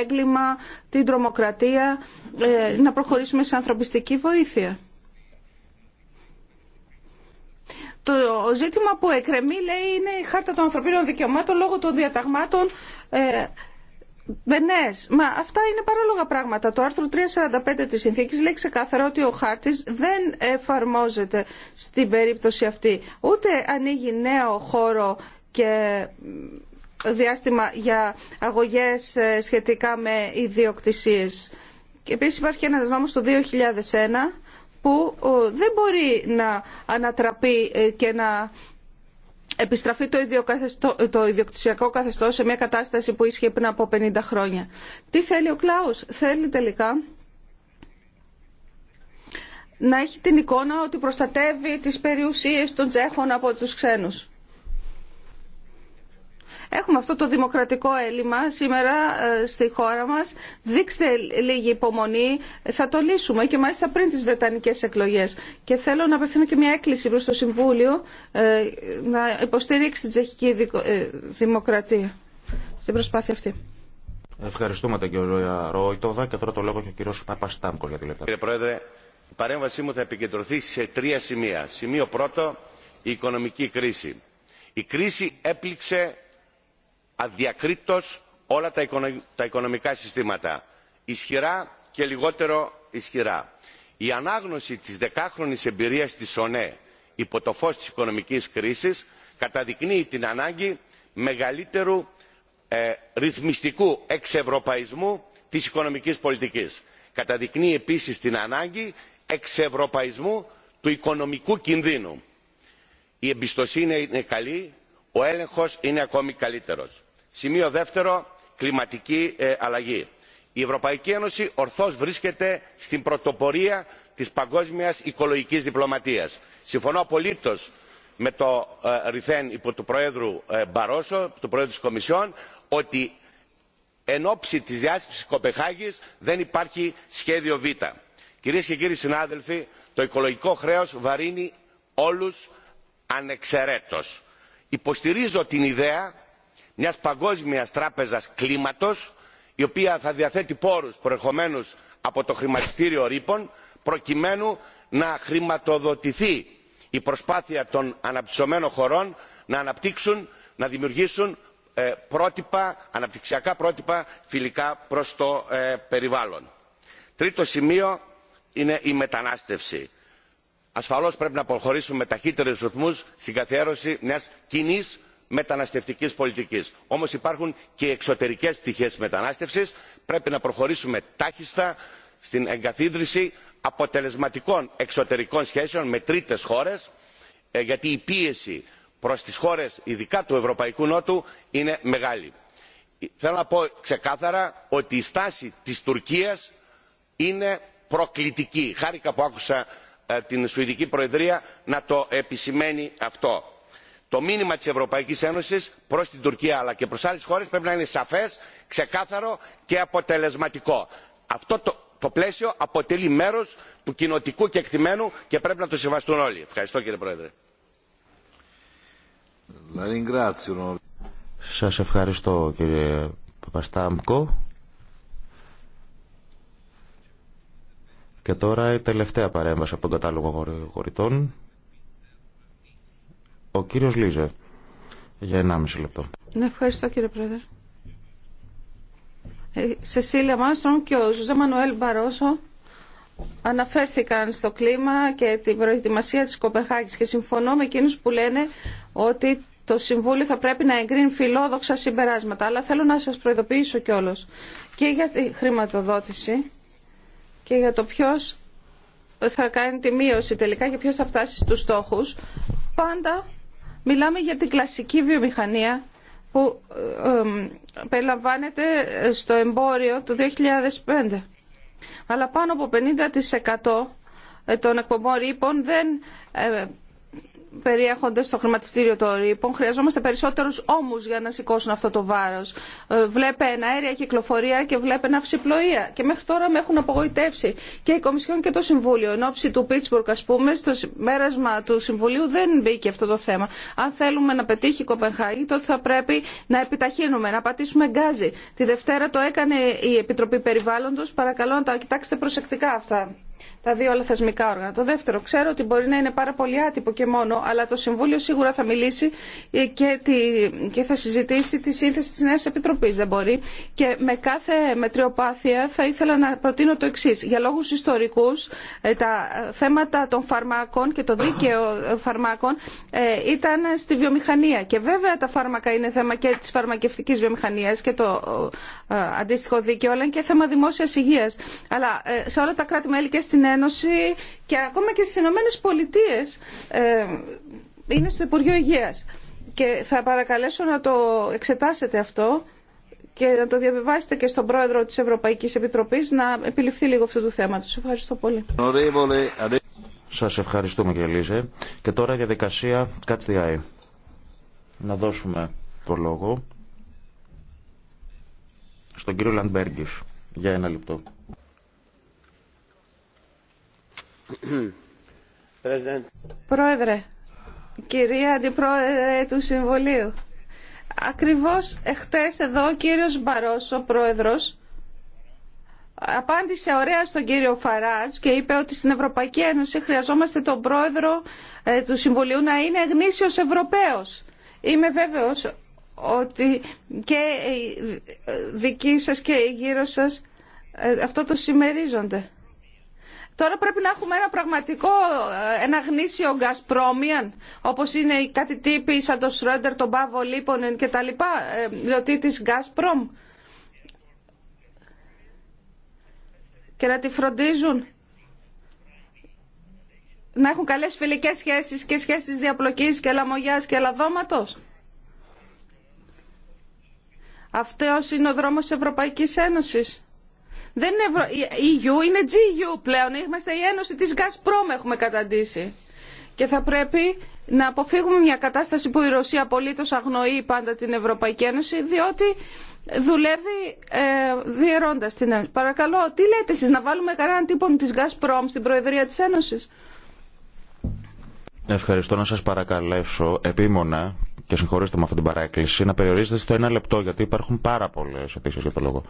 έγκλημα, την τρομοκρατία, ε, να προχωρήσουμε σε ανθρωπιστική βοήθεια. Το ζήτημα που εκρεμεί, λέει, είναι η Χάρτα των Ανθρωπίνων Δικαιωμάτων λόγω των διαταγμάτων ε, Μπενές. Ναι, μα αυτά είναι παράλογα πράγματα. Το άρθρο 345 της συνθήκης λέει ξεκάθαρα ότι ο χάρτης δεν εφαρμόζεται στην περίπτωση αυτή. Ούτε ανοίγει νέο χώρο και διάστημα για αγωγές ε, σχετικά με ιδιοκτησίες. Και επίσης υπάρχει ένα νόμος το 2001 που ε, δεν μπορεί να ανατραπεί ε, και να επιστραφεί το, το ιδιοκτησιακό καθεστώς σε μια κατάσταση που ίσχυε πριν από 50 χρόνια. Τι θέλει ο Κλάους. Θέλει τελικά να έχει την εικόνα ότι προστατεύει τις περιουσίες των Τσέχων από τους ξένους. Έχουμε αυτό το δημοκρατικό έλλειμμα σήμερα ε, στη χώρα μας. Δείξτε λίγη υπομονή, θα το λύσουμε και μάλιστα πριν τις Βρετανικές εκλογές. Και θέλω να απευθύνω και μια έκκληση προς το Συμβούλιο ε, να υποστηρίξει την τσεχική ε, δημοκρατία στην προσπάθεια αυτή. Ευχαριστούμε τον κύριο Ρόιτοβα και τώρα το λόγο έχει ο κύριος Παπαστάμκος για τη λεπτά. Κύριε Πρόεδρε, η παρέμβασή μου θα επικεντρωθεί σε τρία σημεία. Σημείο πρώτο, η οικονομική κρίση. Η κρίση έπληξε αδιακρίτως όλα τα οικονομικά συστήματα ισχυρά και λιγότερο ισχυρά. η ανάγνωση της δεκάχρονης εμπειρίας της ονε υπό το φως της οικονομικής κρίσης καταδεικνύει την ανάγκη μεγαλύτερου ε, ρυθμιστικού εξευρωπαϊσμού της οικονομικής πολιτικής. καταδεικνύει επίσης την ανάγκη εξευρωπαϊσμού του οικονομικού κινδύνου. η εμπιστοσύνη είναι καλή ο έλεγχος είναι ακόμη καλύτερος σημείο δεύτερο κλιματική ε, αλλαγή. η ευρωπαϊκή ένωση ορθώς βρίσκεται στην πρωτοπορία της παγκόσμιας οικολογικής διπλωματίας. συμφωνώ απολύτως με το ε, ρηθέν υπό του προέδρου ε, Μπαρόσο, του προέδρου της κομισιόν ότι εν ώψη της διάσκεψης δεν υπάρχει σχέδιο β. κυρίες και κύριοι συνάδελφοι το οικολογικό χρέος βαρύνει όλους ανεξαιρέτως. υποστηρίζω την ιδέα μιας παγκόσμιας τράπεζας κλίματος η οποία θα διαθέτει πόρους προερχομένους από το χρηματιστήριο ρήπων προκειμένου να χρηματοδοτηθεί η προσπάθεια των αναπτυσσομένων χωρών να αναπτύξουν να δημιουργήσουν ε, πρότυπα, αναπτυξιακά πρότυπα φιλικά προς το ε, περιβάλλον. Τρίτο σημείο είναι η μετανάστευση. Ασφαλώς πρέπει να προχωρήσουμε με ταχύτερους ρυθμούς στην καθιέρωση μιας κοινής μεταναστευτικής πολιτικής. Όμως υπάρχουν και εξωτερικές πτυχές μετανάστευσης. Πρέπει να προχωρήσουμε τάχιστα στην εγκαθίδρυση αποτελεσματικών εξωτερικών σχέσεων με τρίτες χώρες ε, γιατί η πίεση προς τις χώρες ειδικά του Ευρωπαϊκού Νότου είναι μεγάλη. Ε, θέλω να πω ξεκάθαρα ότι η στάση της Τουρκίας είναι προκλητική. Χάρηκα που άκουσα ε, την Σουηδική Προεδρία να το επισημαίνει αυτό το μήνυμα της ευρωπαϊκής ένωσης προς την τουρκία αλλά και προς άλλες χώρες πρέπει να είναι σαφές ξεκάθαρο και αποτελεσματικό. αυτό το, πλαίσιο αποτελεί μέρος του κοινοτικού κεκτημένου και πρέπει να το σεβαστούν όλοι. ευχαριστώ κύριε πρόεδρε. Σας ευχαριστώ κύριε Παπαστάμκο. Και τώρα η τελευταία παρέμβαση από τον κατάλογο χωριτών. Ο κύριος Λίζε, για 1,5 λεπτό. Ναι, ευχαριστώ κύριε Πρόεδρε. Ε, Σεσίλια Μάνστρομ και ο Ζωζέ Μανουέλ Μπαρόσο αναφέρθηκαν στο κλίμα και την προετοιμασία της Κοπεχάκης και συμφωνώ με εκείνους που λένε ότι το Συμβούλιο θα πρέπει να εγκρίνει φιλόδοξα συμπεράσματα. Αλλά θέλω να σας προειδοποιήσω κιόλας και για τη χρηματοδότηση και για το ποιος θα κάνει τη μείωση τελικά και ποιος θα φτάσει στους στόχους. Πάντα Μιλάμε για την κλασική βιομηχανία που ε, ε, περιλαμβάνεται στο εμπόριο το 2005. Αλλά πάνω από 50% των εκπομπών ρήπων δεν ε, περιέχονται στο χρηματιστήριο των ρήπων. Χρειαζόμαστε περισσότερου ώμους για να σηκώσουν αυτό το βάρος. Ε, βλέπε ένα αέρια κυκλοφορία και βλέπε ένα αυσιπλοεία. Και μέχρι τώρα με έχουν απογοητεύσει και η Κομισιόν και το Συμβούλιο. Εν ώψη του Πίτσμπουργκ, α πούμε, στο μέρασμα του Συμβουλίου δεν μπήκε αυτό το θέμα. Αν θέλουμε να πετύχει η Κοπενχάγη, τότε θα πρέπει να επιταχύνουμε, να πατήσουμε γκάζι. Τη Δευτέρα το έκανε η Επιτροπή περιβάλλοντο. Παρακαλώ να τα κοιτάξετε προσεκτικά αυτά τα δύο όλα θεσμικά όργανα. Το δεύτερο, ξέρω ότι μπορεί να είναι πάρα πολύ άτυπο και μόνο, αλλά το Συμβούλιο σίγουρα θα μιλήσει και, και θα συζητήσει τη σύνθεση τη Νέα Επιτροπής, δεν μπορεί. Και με κάθε μετριοπάθεια θα ήθελα να προτείνω το εξή. Για λόγου ιστορικούς, ε, τα θέματα των φαρμάκων και το δίκαιο φαρμάκων ε, ήταν στη βιομηχανία. Και βέβαια τα φάρμακα είναι θέμα και τη φαρμακευτική βιομηχανία και το ε, αντίστοιχο δίκαιο, αλλά είναι και θέμα δημόσια υγεία. Αλλά ε, σε όλα τα κράτη-μέλη και στην Ένωση και ακόμα και στι Ηνωμένε Πολιτείε ε, είναι στο Υπουργείο Υγεία. Και θα παρακαλέσω να το εξετάσετε αυτό και να το διαβιβάσετε και στον πρόεδρο της Ευρωπαϊκής Επιτροπής να επιληφθεί λίγο αυτού του θέματος. Ευχαριστώ πολύ. Σας ευχαριστούμε κύριε Λίζε. Και τώρα για δικασία κάτσε Να δώσουμε το λόγο στον κύριο Λαντμπέργκης για ένα λεπτό. Πρόεδρε, κυρία Αντιπρόεδρε του Συμβουλίου, ακριβώς εχθές εδώ ο κύριος Μπαρός, ο πρόεδρος, απάντησε ωραία στον κύριο Φαράτς και είπε ότι στην Ευρωπαϊκή Ένωση χρειαζόμαστε τον πρόεδρο ε, του Συμβουλίου να είναι γνήσιος Ευρωπαίος. Είμαι βέβαιος ότι και οι σας και οι γύρω σας ε, αυτό το συμμερίζονται. Τώρα πρέπει να έχουμε ένα πραγματικό, ε, ένα γνήσιο γκασπρόμιαν, όπως είναι κάτι τύποι σαν το Σρόντερ, τον Πάβο Λίπονεν και τα λοιπά, ε, διότι της Γκάσπρομ. Και να τη φροντίζουν να έχουν καλές φιλικές σχέσεις και σχέσεις διαπλοκής και λαμογιάς και λαδόματος. Αυτός είναι ο δρόμος της Ευρωπαϊκής Ένωσης. Δεν είναι Ευρω... EU, είναι GU πλέον. Είμαστε η Ένωση της Gazprom έχουμε καταντήσει. Και θα πρέπει να αποφύγουμε μια κατάσταση που η Ρωσία απολύτως αγνοεί πάντα την Ευρωπαϊκή Ένωση, διότι δουλεύει ε, διαιρώντας την Ένωση. Παρακαλώ, τι λέτε εσείς, να βάλουμε κανέναν τύπο της Gazprom στην Προεδρία της Ένωσης. Ευχαριστώ να σας παρακαλέσω επίμονα και συγχωρήστε με αυτή την παράκληση, να περιορίζετε στο ένα λεπτό, γιατί υπάρχουν πάρα πολλέ αιτήσει για το λόγο.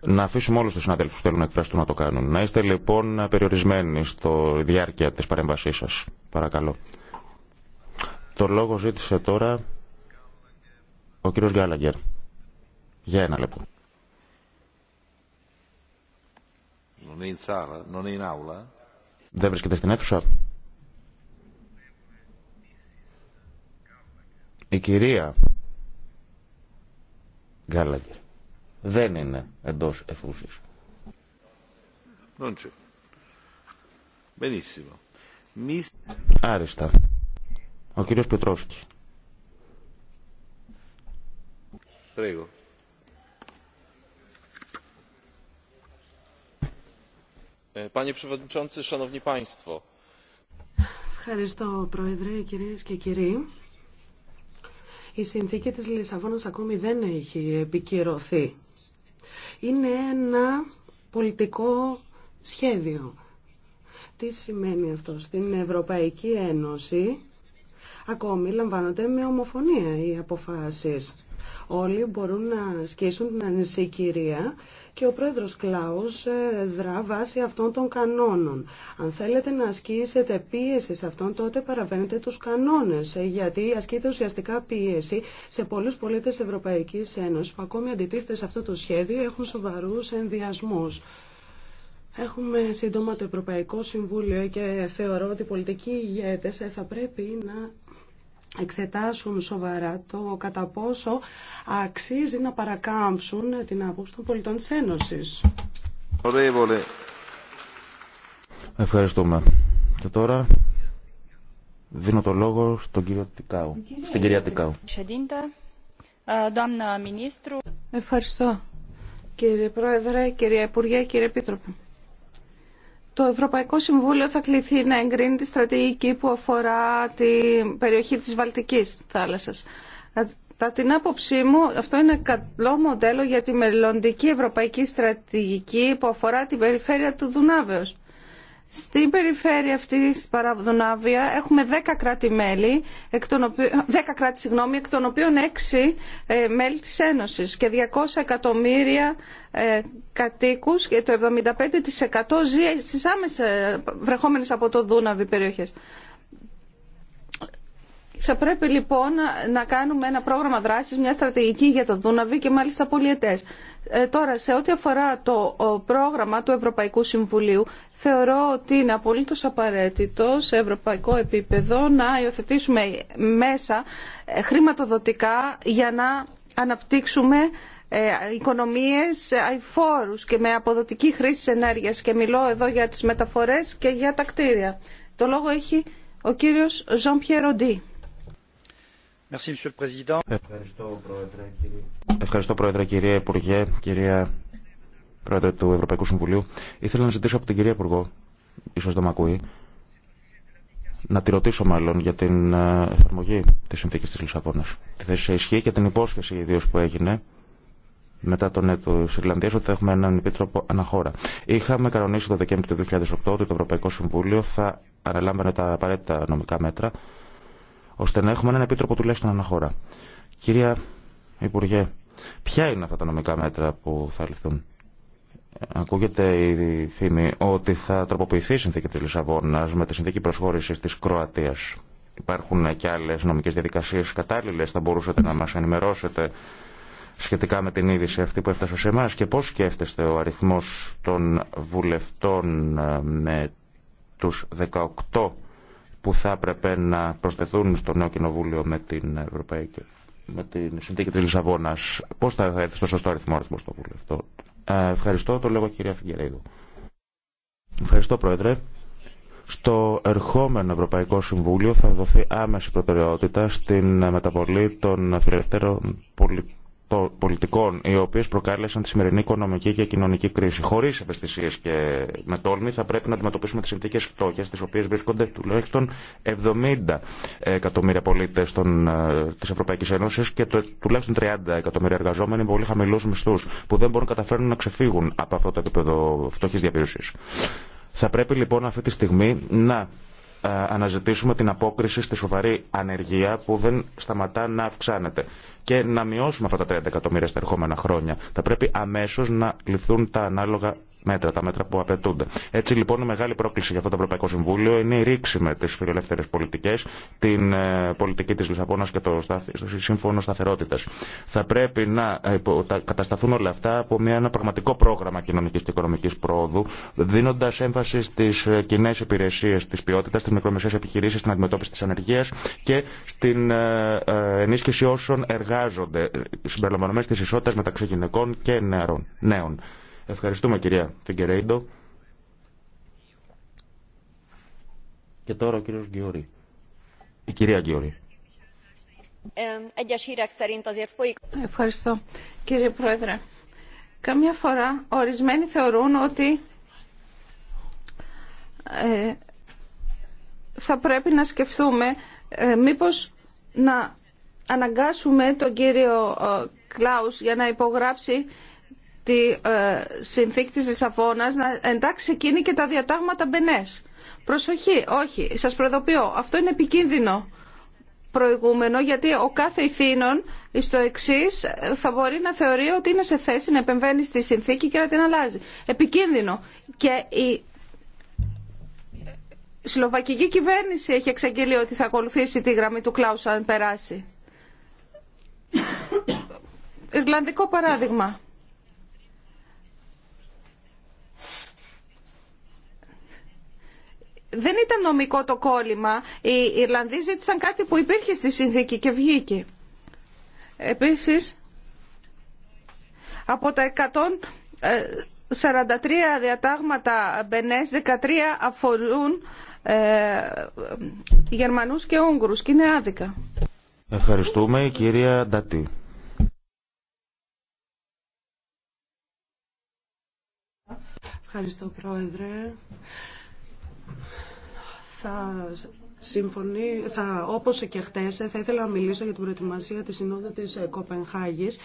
Να αφήσουμε όλου του συναδέλφου που θέλουν να εκφραστούν να το κάνουν. Να είστε λοιπόν περιορισμένοι στη διάρκεια τη παρέμβασή σα. Παρακαλώ. Το λόγο ζήτησε τώρα ο κύριος Γκάλαγκερ. Για ένα λεπτό. Δεν βρίσκεται στην αίθουσα. Η κυρία Γκάλαγκερ δεν είναι εντός εφούσης. Άριστα. Ο κύριος Πετρόσκη. Πρέγω. Panie Przewodniczący, Szanowni Państwo. Ευχαριστώ, Πρόεδρε, κυρίες και κύριοι. Η συνθήκη της Λισαβόνας ακόμη δεν έχει επικυρωθεί. Είναι ένα πολιτικό σχέδιο. Τι σημαίνει αυτό. Στην Ευρωπαϊκή Ένωση ακόμη λαμβάνονται με ομοφωνία οι αποφάσεις. Όλοι μπορούν να ασκήσουν την ανησυχία και ο πρόεδρος Κλάους ε, δρά βάσει αυτών των κανόνων. Αν θέλετε να ασκήσετε πίεση σε αυτόν, τότε παραβαίνετε τους κανόνες, ε, γιατί ασκείται ουσιαστικά πίεση σε πολλούς πολίτες Ευρωπαϊκής Ένωσης που ακόμη αντιτίθεται σε αυτό το σχέδιο έχουν σοβαρούς ενδιασμούς. Έχουμε σύντομα το Ευρωπαϊκό Συμβούλιο και θεωρώ ότι οι πολιτικοί ηγέτες ε, θα πρέπει να εξετάσουν σοβαρά το κατά πόσο αξίζει να παρακάμψουν την άποψη των πολιτών της Ένωσης. Ευχαριστούμε. Και τώρα δίνω το λόγο στον κύριο Τικάου, στην κυρία Τικάου. Ευχαριστώ κύριε Πρόεδρε, κύριε Υπουργέ, κύριε Επίτροπε. Το Ευρωπαϊκό Συμβούλιο θα κληθεί να εγκρίνει τη στρατηγική που αφορά την περιοχή της Βαλτικής θάλασσας. Κατά την άποψή μου, αυτό είναι καλό μοντέλο για τη μελλοντική ευρωπαϊκή στρατηγική που αφορά την περιφέρεια του Δουνάβεως. Στην περιφέρεια αυτή τη Παραδουνάβια έχουμε 10 κράτη-μέλη, 10 κράτη, συγγνώμη, εκ των οποίων 6 ε, μέλη της Ένωσης και 200 εκατομμύρια ε, κατοίκους και το 75% ζει στις άμεσα βρεχόμενες από το Δούναβι περιοχές. Θα πρέπει λοιπόν να κάνουμε ένα πρόγραμμα δράσης, μια στρατηγική για το Δούναβι και μάλιστα πολιετές. Ε, τώρα, σε ό,τι αφορά το πρόγραμμα του Ευρωπαϊκού Συμβουλίου, θεωρώ ότι είναι απολύτως απαραίτητο σε ευρωπαϊκό επίπεδο να υιοθετήσουμε μέσα ε, χρηματοδοτικά για να αναπτύξουμε ε, οικονομίες αηφόρους και με αποδοτική χρήση ενέργειας και μιλώ εδώ για τις μεταφορές και για τα κτίρια. Το λόγο έχει ο κύριος Ζαν Ευχαριστώ πρόεδρε, κύριε... κυρία Υπουργέ, κυρία Πρόεδρε του Ευρωπαϊκού Συμβουλίου. Ήθελα να ζητήσω από την κυρία Υπουργό, ίσως δεν με ακούει, να τη ρωτήσω μάλλον για την ε, εφαρμογή της συνθήκης της Λισαβόνας. Τη θέση σε ισχύ και την υπόσχεση ιδίω που έγινε μετά τον έτο τη Ιρλανδία ότι θα έχουμε έναν επίτροπο αναχώρα. Είχαμε κανονίσει το Δεκέμβριο του 2008 ότι το Ευρωπαϊκό Συμβούλιο θα αναλάμβανε τα απαραίτητα νομικά μέτρα ώστε να έχουμε έναν επίτροπο τουλάχιστον αναχώρα. Κυρία Υπουργέ, ποια είναι αυτά τα νομικά μέτρα που θα ληφθούν. Ακούγεται η φήμη ότι θα τροποποιηθεί η συνθήκη τη Λισαβόνα με τη συνθήκη προσχώρηση τη Κροατία. Υπάρχουν και άλλε νομικέ διαδικασίε κατάλληλε Θα μπορούσατε να μα ενημερώσετε σχετικά με την είδηση αυτή που έφτασε σε εμά και πώ σκέφτεστε ο αριθμό των βουλευτών ε, με του 18 που θα έπρεπε να προσθεθούν στο νέο κοινοβούλιο με την Ευρωπαϊκή με την συνθήκη της Λισαβόνας. Πώς θα έρθει στο σωστό αριθμό αριθμό στο βουλευτό. αυτό. Ε, ευχαριστώ. Το λέω, κυρία Φιγκερέιδου. Ευχαριστώ Πρόεδρε. Στο ερχόμενο Ευρωπαϊκό Συμβούλιο θα δοθεί άμεση προτεραιότητα στην μεταβολή των φιλελευθέρων πολιτών πολιτικών οι οποίε προκάλεσαν τη σημερινή οικονομική και κοινωνική κρίση. Χωρί ευαισθησίε και με τόλμη θα πρέπει να αντιμετωπίσουμε τι συνθήκε φτώχεια, τι οποίε βρίσκονται τουλάχιστον 70 εκατομμύρια πολίτε ε, τη Ευρωπαϊκή Ένωση και τουλάχιστον 30 εκατομμύρια εργαζόμενοι με πολύ χαμηλού μισθού που δεν μπορούν καταφέρουν να ξεφύγουν από αυτό το επίπεδο φτώχεια διαβίωση. Θα πρέπει λοιπόν αυτή τη στιγμή να ε, αναζητήσουμε την απόκριση στη σοβαρή ανεργία που δεν σταματά να αυξάνεται και να μειώσουμε αυτά τα 30 εκατομμύρια στα ερχόμενα χρόνια. Θα πρέπει αμέσως να ληφθούν τα ανάλογα μέτρα, τα μέτρα που απαιτούνται. Έτσι λοιπόν η μεγάλη πρόκληση για αυτό το Ευρωπαϊκό Συμβούλιο είναι η ρήξη με τι φιλελεύθερε πολιτικέ, την ε, πολιτική τη Λισαβόνα και το Σύμφωνο Σταθερότητα. Θα πρέπει να κατασταθούν όλα αυτά από ένα πραγματικό πρόγραμμα κοινωνική και οικονομική πρόοδου, δίνοντα έμφαση στι ε, κοινέ υπηρεσίε τη ποιότητα, στι μικρομεσαίε επιχειρήσει, στην αντιμετώπιση τη ανεργία και στην ε, ενίσχυση όσων εργάζονται, συμπεριλαμβανομένε τη ισότητα μεταξύ γυναικών και νέων. Ευχαριστούμε κυρία Φιγκερέιντο. Και τώρα ο κύριος Γκιωρή. Η κυρία Γκιωρή. Ευχαριστώ κύριε Πρόεδρε. Καμιά φορά ορισμένοι θεωρούν ότι ε, θα πρέπει να σκεφτούμε ε, μήπως να αναγκάσουμε τον κύριο ε, Κλάους για να υπογράψει τη ε, συνθήκη της Λισαβόνας να εντάξει εκείνη και τα διατάγματα μπενές. Προσοχή, όχι, σας προειδοποιώ, αυτό είναι επικίνδυνο προηγούμενο γιατί ο κάθε ηθήνων στο εξή ε, θα μπορεί να θεωρεί ότι είναι σε θέση να επεμβαίνει στη συνθήκη και να την αλλάζει. Επικίνδυνο. Και η Σλοβακική κυβέρνηση έχει εξαγγείλει ότι θα ακολουθήσει τη γραμμή του Κλάουσα αν περάσει. Ιρλανδικό παράδειγμα. δεν ήταν νομικό το κόλλημα. Οι Ιρλανδοί ζήτησαν κάτι που υπήρχε στη συνθήκη και βγήκε. Επίσης, από τα 143 ε, διατάγματα Μπενές, 13 αφορούν ε, Γερμανούς και Ούγγρους και είναι άδικα. Ευχαριστούμε κυρία Ντατή. Ευχαριστώ πρόεδρε. Θα συμφωνεί, θα, όπως και χτες, θα ήθελα να μιλήσω για την προετοιμασία της Συνόδου της Κοπενχάγης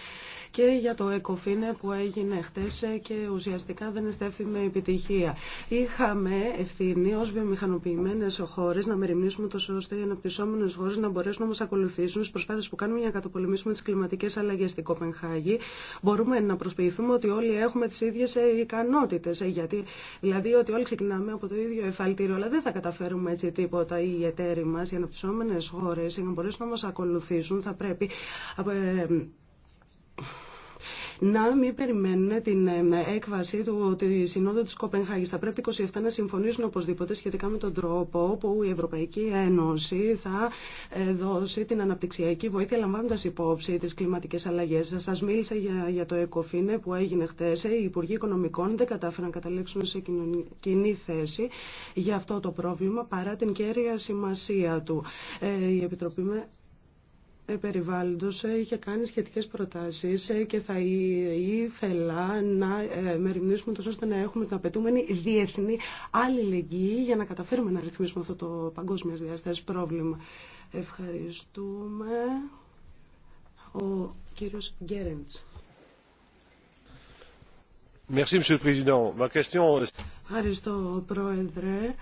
και για το ΕΚΟΦΗΝΕ που έγινε χτε και ουσιαστικά δεν εστέφθη με επιτυχία. Είχαμε ευθύνη ω βιομηχανοποιημένε χώρε να μεριμνήσουμε τόσο ώστε οι αναπτυσσόμενε χώρε να μπορέσουν να μα ακολουθήσουν στι προσπάθειες που κάνουμε για να καταπολεμήσουμε τι κλιματικέ αλλαγέ στην Κοπενχάγη. Μπορούμε να προσποιηθούμε ότι όλοι έχουμε τι ίδιε ικανότητε. Ε, γιατί, δηλαδή ότι όλοι ξεκινάμε από το ίδιο εφαλτήριο, αλλά δεν θα καταφέρουμε έτσι τίποτα οι εταίροι μα οι αναπτυσσόμενε χώρε για να μπορέσουν να μα ακολουθήσουν θα πρέπει να μην περιμένουν την ε, έκβαση του, τη Συνόδου της Κοπενχάγης. Θα πρέπει 27 να συμφωνήσουν οπωσδήποτε σχετικά με τον τρόπο που η Ευρωπαϊκή Ένωση θα ε, δώσει την αναπτυξιακή βοήθεια λαμβάνοντας υπόψη τις κλιματικές αλλαγές. Σας μίλησα για, για το ΕΚΟΦΗΝΕ που έγινε χτες. Ε, οι Υπουργοί Οικονομικών δεν κατάφεραν να καταλήξουν σε κοινή θέση για αυτό το πρόβλημα παρά την κέρια σημασία του. η Επιτροπή με περιβάλλοντος ε, είχε κάνει σχετικές προτάσεις ε, και θα ήθελα να ε, μεριμνήσουμε τόσο ώστε να έχουμε την απαιτούμενη διεθνή αλληλεγγύη για να καταφέρουμε να ρυθμίσουμε αυτό το παγκόσμιο διάσταση πρόβλημα. Ευχαριστούμε. Ο κύριος Γκέρεντς. Ευχαριστώ, Πρόεδρε.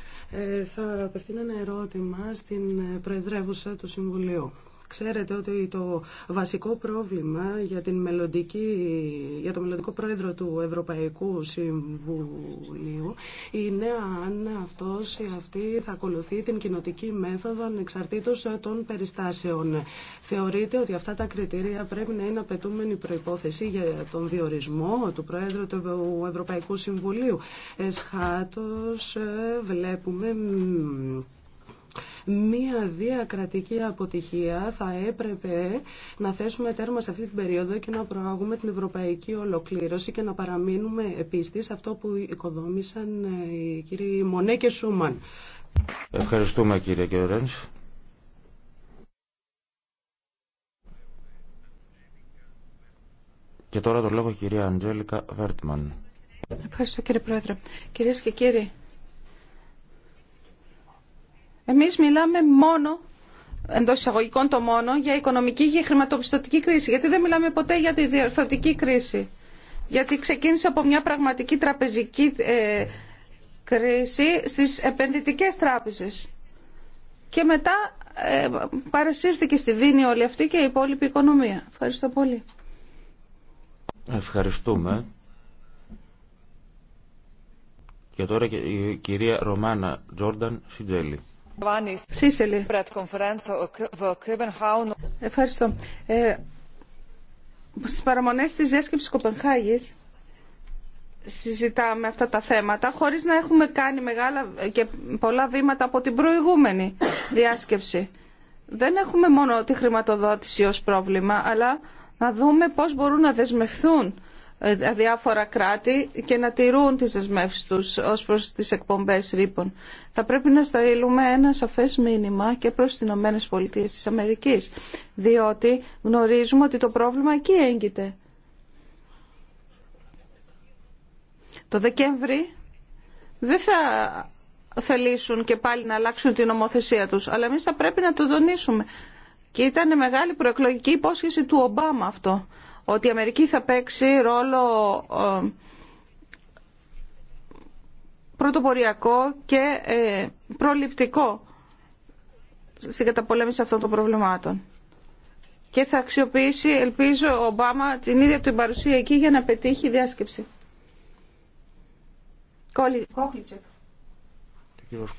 θα απευθύνω ένα ερώτημα στην Προεδρεύουσα του Συμβουλίου. Ξέρετε ότι το βασικό πρόβλημα για, την για το μελλοντικό πρόεδρο του Ευρωπαϊκού Συμβουλίου είναι αν αυτός ή αυτή θα ακολουθεί την κοινοτική μέθοδο ανεξαρτήτως των περιστάσεων. Θεωρείτε ότι αυτά τα κριτήρια πρέπει να είναι απαιτούμενη προϋπόθεση για τον διορισμό του Πρόεδρου του Ευρωπαϊκού Συμβουλίου. Εσχάτως ε, βλέπουμε μία διακρατική αποτυχία θα έπρεπε να θέσουμε τέρμα σε αυτή την περίοδο και να προάγουμε την ευρωπαϊκή ολοκλήρωση και να παραμείνουμε επίστη σε αυτό που οικοδόμησαν ε, οι κύριοι Μονέ και Σούμαν. Ευχαριστούμε κύριε Κεωρένς. Και τώρα το λόγο κυρία Αντζέλικα Βέρτμαν. Ευχαριστώ κύριε Πρόεδρε. Κυρίες και κύριοι, εμείς μιλάμε μόνο εντό εισαγωγικών το μόνο, για οικονομική και χρηματοπιστωτική κρίση. Γιατί δεν μιλάμε ποτέ για τη διορθωτική κρίση. Γιατί ξεκίνησε από μια πραγματική τραπεζική ε, κρίση στις επενδυτικές τράπεζες. Και μετά ε, παρασύρθηκε στη δίνη όλη αυτή και η υπόλοιπη οικονομία. Ευχαριστώ πολύ. Ευχαριστούμε. Και τώρα η κυρία Ρωμάνα Τζόρνταν Σιτζέλη. Ευχαριστώ. Ε, στις παραμονές της διάσκεψης Κοπενχάγη συζητάμε αυτά τα θέματα χωρί να έχουμε κάνει μεγάλα και πολλά βήματα από την προηγούμενη διάσκεψη. Δεν έχουμε μόνο τη χρηματοδότηση ω πρόβλημα, αλλά να δούμε πώς μπορούν να δεσμευθούν διάφορα κράτη και να τηρούν τις δεσμεύσεις τους ως προς τις εκπομπές ρήπων. Θα πρέπει να στείλουμε ένα σαφές μήνυμα και προς τις Ηνωμένες Πολιτείες της Αμερικής, διότι γνωρίζουμε ότι το πρόβλημα εκεί έγκυται. Το Δεκέμβρη δεν θα θελήσουν και πάλι να αλλάξουν την ομοθεσία τους, αλλά εμείς θα πρέπει να το δονήσουμε. Και ήταν μεγάλη προεκλογική υπόσχεση του Ομπάμα αυτό ότι η Αμερική θα παίξει ρόλο ε, πρωτοποριακό και ε, προληπτικό στην καταπολέμηση αυτών των προβλημάτων. Και θα αξιοποιήσει, ελπίζω, ο Ομπάμα την ίδια του παρουσία εκεί για να πετύχει η διάσκεψη. Κόχλιτσεκ. κύριος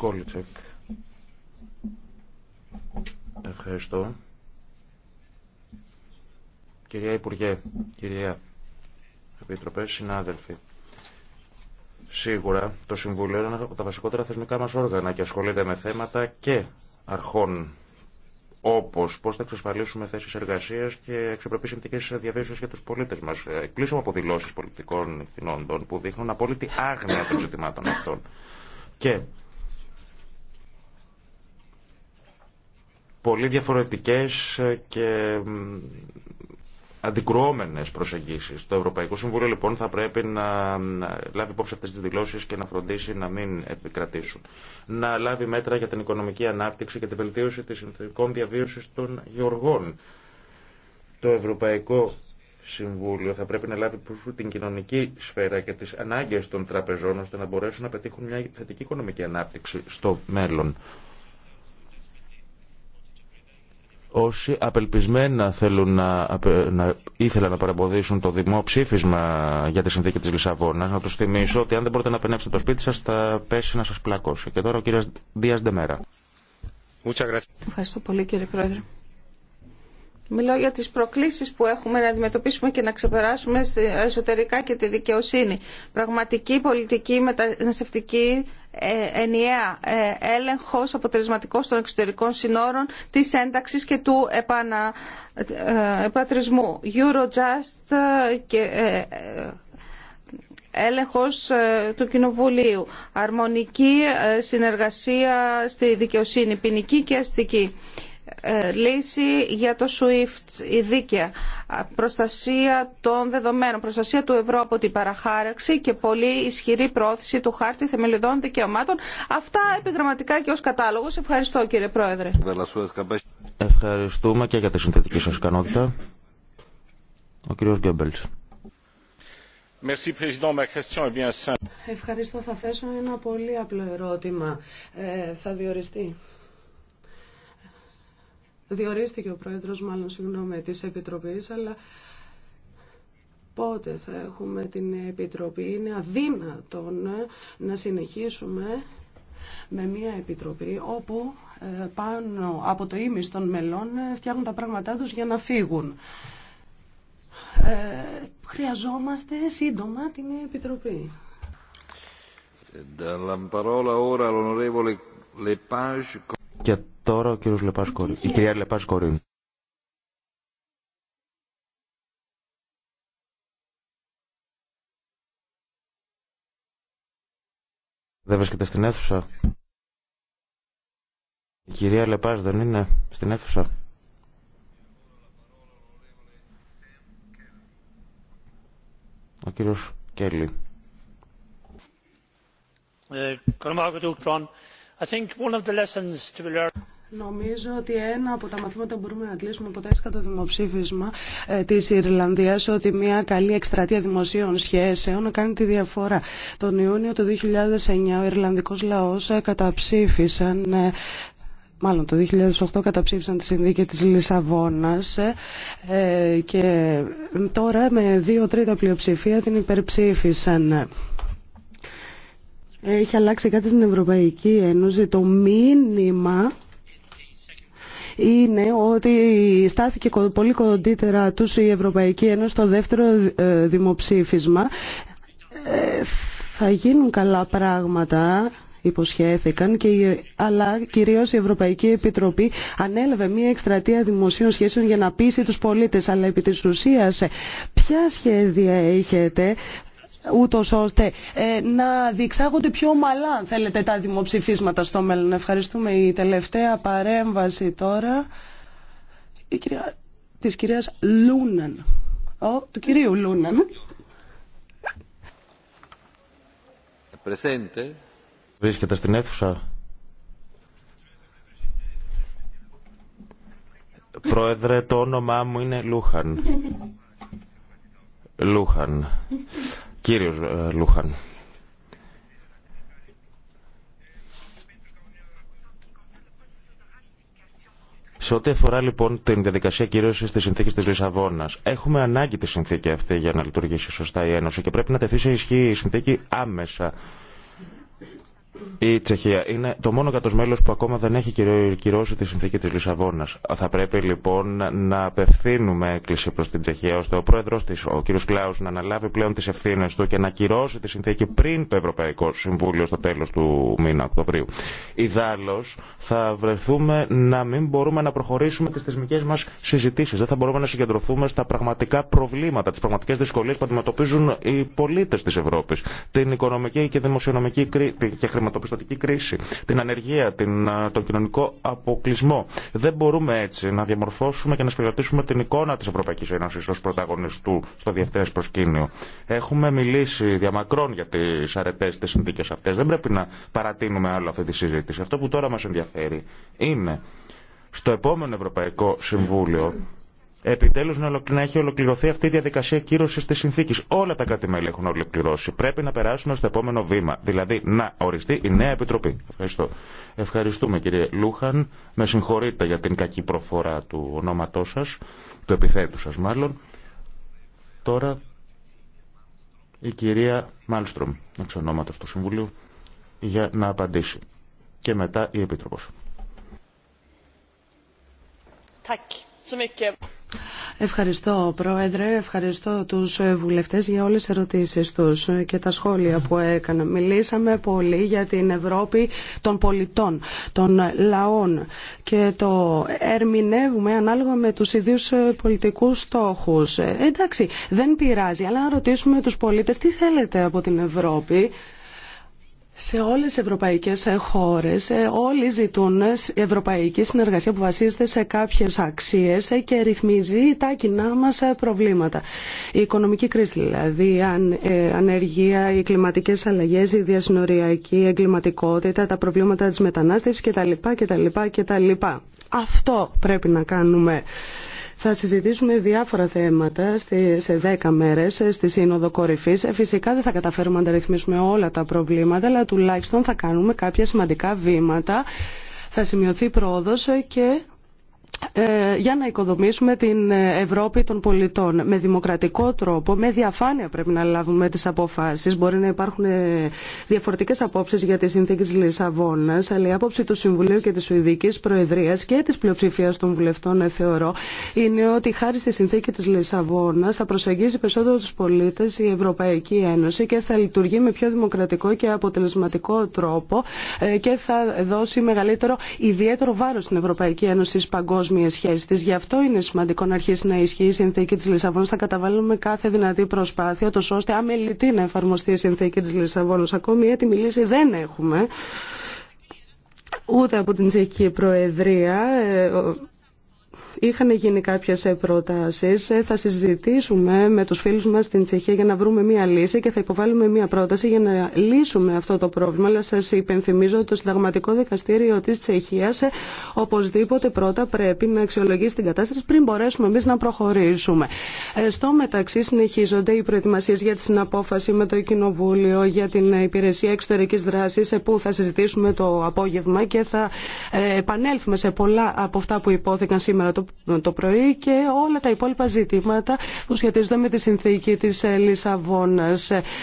Ευχαριστώ. Κυρία Υπουργέ, κυρία Επιτροπέ, συνάδελφοι. Σίγουρα το Συμβουλίο είναι ένα από τα βασικότερα θεσμικά μα όργανα και ασχολείται με θέματα και αρχών όπω πώ θα εξασφαλίσουμε θέσει εργασία και αξιοπρεπεί συνθήκε διαβίωση για του πολίτε μα. Εκπλήσω από δηλώσει πολιτικών κοινώντων που δείχνουν απόλυτη άγνοια των ζητημάτων αυτών. Και πολύ διαφορετικέ και αντικρουόμενες προσεγγίσεις. Το Ευρωπαϊκό Συμβούλιο λοιπόν θα πρέπει να λάβει υπόψη αυτές τις δηλώσεις και να φροντίσει να μην επικρατήσουν. Να λάβει μέτρα για την οικονομική ανάπτυξη και την βελτίωση της συνθηκών διαβίωσης των γεωργών. Το Ευρωπαϊκό Συμβούλιο θα πρέπει να λάβει την κοινωνική σφαίρα και τις ανάγκες των τραπεζών ώστε να μπορέσουν να πετύχουν μια θετική οικονομική ανάπτυξη στο μέλλον όσοι απελπισμένα θέλουν να, να, ήθελαν να παρεμποδίσουν το δημοψήφισμα για τη συνθήκη της Λισαβόνας, να τους θυμίσω ότι αν δεν μπορείτε να πενέψετε το σπίτι σας θα πέσει να σας πλακώσει. Και τώρα ο κύριος Δίας Ντεμέρα. Ευχαριστώ πολύ κύριε Πρόεδρε. Μιλώ για τις προκλήσεις που έχουμε να αντιμετωπίσουμε και να ξεπεράσουμε εσωτερικά και τη δικαιοσύνη. Πραγματική πολιτική μεταναστευτική ε, ενιαία ε, έλεγχος αποτελεσματικός των εξωτερικών συνόρων της ένταξης και του επανα, ε, επατρισμού. Eurojust και έλεγχος του Κοινοβουλίου. Αρμονική συνεργασία στη δικαιοσύνη, ποινική και αστική. Ε, λύση για το SWIFT, η δίκαια, προστασία των δεδομένων, προστασία του ευρώ από την παραχάραξη και πολύ ισχυρή πρόθεση του χάρτη θεμελιδών δικαιωμάτων. Αυτά επιγραμματικά και ως κατάλογος. Ευχαριστώ κύριε Πρόεδρε. Ευχαριστούμε και για τη συνθετική σας ικανότητα. Ο κύριος Γκέμπελς. Ευχαριστώ. Θα θέσω ένα πολύ απλό ερώτημα. Ε, θα διοριστεί διορίστηκε ο πρόεδρος μάλλον συγγνώμη της Επιτροπής, αλλά πότε θα έχουμε την Επιτροπή. Είναι αδύνατον να συνεχίσουμε με μια Επιτροπή όπου ε, πάνω από το ίμις των μελών ε, φτιάχνουν τα πράγματά τους για να φύγουν. Ε, χρειαζόμαστε σύντομα την Επιτροπή. Ε, Τώρα ο κύριος Λεπάσκορη. Η κυρία Λεπάσκορη. Δεν βρίσκεται στην αίθουσα. Η κυρία Λεπάς δεν είναι στην αίθουσα. Ο κύριος Κέλλη. Ε, I think one of the lessons to be learned... Νομίζω ότι ένα από τα μαθήματα που μπορούμε να κλείσουμε ποτέ κατά το δημοψήφισμα ε, τη Ιρλανδία ότι μια καλή εκστρατεία δημοσίων σχέσεων κάνει τη διαφορά. Τον Ιούνιο του 2009 ο Ιρλανδικό λαό ε, καταψήφισαν ε, μάλλον το 2008 καταψήφισαν τη συνδίκη της Λισαβόνας ε, και τώρα με δύο τρίτα πλειοψηφία την υπερψήφισαν. Έχει αλλάξει κάτι στην Ευρωπαϊκή Ένωση. Το μήνυμα είναι ότι στάθηκε πολύ κοντύτερα τους η Ευρωπαϊκή Ένωση στο δεύτερο ε, δημοψήφισμα. Ε, θα γίνουν καλά πράγματα υποσχέθηκαν, και, αλλά κυρίως η Ευρωπαϊκή Επιτροπή ανέλαβε μια εκστρατεία δημοσίων σχέσεων για να πείσει τους πολίτες. Αλλά επί της ουσίας, ποια σχέδια έχετε ούτως ώστε ε, να διεξάγονται πιο ομαλά, αν θέλετε, τα δημοψηφίσματα στο μέλλον. Ευχαριστούμε. Η τελευταία παρέμβαση τώρα η κυρία, της κυρίας Λούναν. Ο, του κυρίου Λούναν. Βρίσκεται στην αίθουσα. Πρόεδρε, το όνομά μου είναι Λούχαν. Λούχαν. Κύριος ε, Λούχαν. Σε ό,τι αφορά λοιπόν την διαδικασία κυρίωση τη συνθήκη τη Λισαβόνα, έχουμε ανάγκη τη συνθήκη αυτή για να λειτουργήσει σωστά η Ένωση και πρέπει να τεθεί σε ισχύ η συνθήκη άμεσα η Τσεχία είναι το μόνο κατός που ακόμα δεν έχει κυρώσει τη συνθήκη της Λισαβόνας. Θα πρέπει λοιπόν να απευθύνουμε έκκληση προς την Τσεχία ώστε ο πρόεδρος της, ο κ. Κλάους, να αναλάβει πλέον τις ευθύνες του και να κυρώσει τη συνθήκη πριν το Ευρωπαϊκό Συμβούλιο στο τέλος του μήνα Οκτωβρίου. Ιδάλλως θα βρεθούμε να μην μπορούμε να προχωρήσουμε τις θεσμικές μας συζητήσεις. Δεν θα μπορούμε να συγκεντρωθούμε στα πραγματικά προβλήματα, τις πραγματικές δυσκολίες που αντιμετωπίζουν οι πολίτες της Ευρώπης. Την οικονομική και δημοσιονομική και χρηματοπιστωτική κρίση, την ανεργία, την, τον κοινωνικό αποκλεισμό. Δεν μπορούμε έτσι να διαμορφώσουμε και να σφυρατήσουμε την εικόνα τη Ευρωπαϊκή Ένωση ω πρωταγωνιστού στο διεθνέ προσκήνιο. Έχουμε μιλήσει διαμακρών για τι αρετέ τι συνθήκε αυτέ. Δεν πρέπει να παρατείνουμε άλλο αυτή τη συζήτηση. Αυτό που τώρα μα ενδιαφέρει είναι στο επόμενο Ευρωπαϊκό Συμβούλιο Επιτέλου να έχει ολοκληρωθεί αυτή η διαδικασία κύρωση τη συνθήκη. Όλα τα κράτη-μέλη έχουν ολοκληρώσει. Πρέπει να περάσουμε στο επόμενο βήμα. Δηλαδή να οριστεί η νέα επιτροπή. Ευχαριστώ. Ευχαριστούμε κύριε Λούχαν. Με συγχωρείτε για την κακή προφορά του ονόματό σα, του επιθέτου σα μάλλον. Τώρα η κυρία Μάλστρομ, εξ του Συμβουλίου, για να απαντήσει. Και μετά η Επίτροπος. Ευχαριστώ Πρόεδρε, ευχαριστώ τους ε, βουλευτές για όλες τις ερωτήσεις τους ε, και τα σχόλια που έκανα. Μιλήσαμε πολύ για την Ευρώπη των πολιτών, των λαών και το ερμηνεύουμε ανάλογα με τους ιδίους ε, πολιτικούς στόχους. Εντάξει, δεν πειράζει, αλλά να ρωτήσουμε τους πολίτες τι θέλετε από την Ευρώπη σε όλες τις ευρωπαϊκές ε, χώρες ε, όλοι ζητούν ε, ευρωπαϊκή συνεργασία που βασίζεται σε κάποιες αξίες και ρυθμίζει τα κοινά μα προβλήματα. Η οικονομική κρίση δηλαδή, η ανεργία, οι κλιματικέ αλλαγές, η διασυνοριακή εγκληματικότητα, τα προβλήματα της μετανάστευσης κτλ. κτλ, κτλ. Αυτό πρέπει να κάνουμε. Θα συζητήσουμε διάφορα θέματα σε δέκα μέρε ε, στη Σύνοδο Κορυφή. Ε, φυσικά δεν θα καταφέρουμε να τα ρυθμίσουμε όλα τα προβλήματα, αλλά τουλάχιστον θα κάνουμε κάποια σημαντικά βήματα. Θα σημειωθεί πρόοδο ε, και ε, για να οικοδομήσουμε την Ευρώπη των πολιτών. Με δημοκρατικό τρόπο, με διαφάνεια πρέπει να λάβουμε τις αποφάσεις. Μπορεί να υπάρχουν ε, διαφορετικές απόψεις για τις συνθήκες Λισαβόνας, αλλά η άποψη του Συμβουλίου και της Σουηδικής Προεδρίας και της πλειοψηφίας των βουλευτών ε, θεωρώ είναι ότι χάρη στη συνθήκη της Λισαβόνας θα προσεγγίζει περισσότερο τους πολίτες η Ευρωπαϊκή Ένωση και θα λειτουργεί με πιο δημοκρατικό και αποτελεσματικό τρόπο και θα δώσει μεγαλύτερο ιδιαίτερο βάρος στην Ευρωπαϊκή Ένωση παγκόσμια παγκόσμια σχέση τη. Γι' αυτό είναι σημαντικό να αρχίσει να ισχύει η συνθήκη τη Λισαβόνα. Θα καταβάλουμε κάθε δυνατή προσπάθεια, τόσο ώστε αμελητή να εφαρμοστεί η συνθήκη τη Λισαβόνα. Ακόμη έτοιμη λύση δεν έχουμε. Ούτε από την Τσεχική Προεδρία ε, Είχαν γίνει κάποιε προτάσει. Ε, θα συζητήσουμε με του φίλου μα στην Τσεχία για να βρούμε μία λύση και θα υποβάλουμε μία πρόταση για να λύσουμε αυτό το πρόβλημα. Αλλά σα υπενθυμίζω ότι το Συνταγματικό Δικαστήριο τη Τσεχία ε, οπωσδήποτε πρώτα πρέπει να αξιολογήσει την κατάσταση πριν μπορέσουμε εμεί να προχωρήσουμε. Ε, στο μεταξύ συνεχίζονται οι προετοιμασίε για τη συναπόφαση με το Κοινοβούλιο για την Υπηρεσία Εξωτερική Δράση που θα συζητήσουμε το απόγευμα και θα επανέλθουμε σε πολλά από αυτά που υπόθηκαν σήμερα το το πρωί και όλα τα υπόλοιπα ζητήματα που σχετίζονται με τη συνθήκη της Λισαβόνα,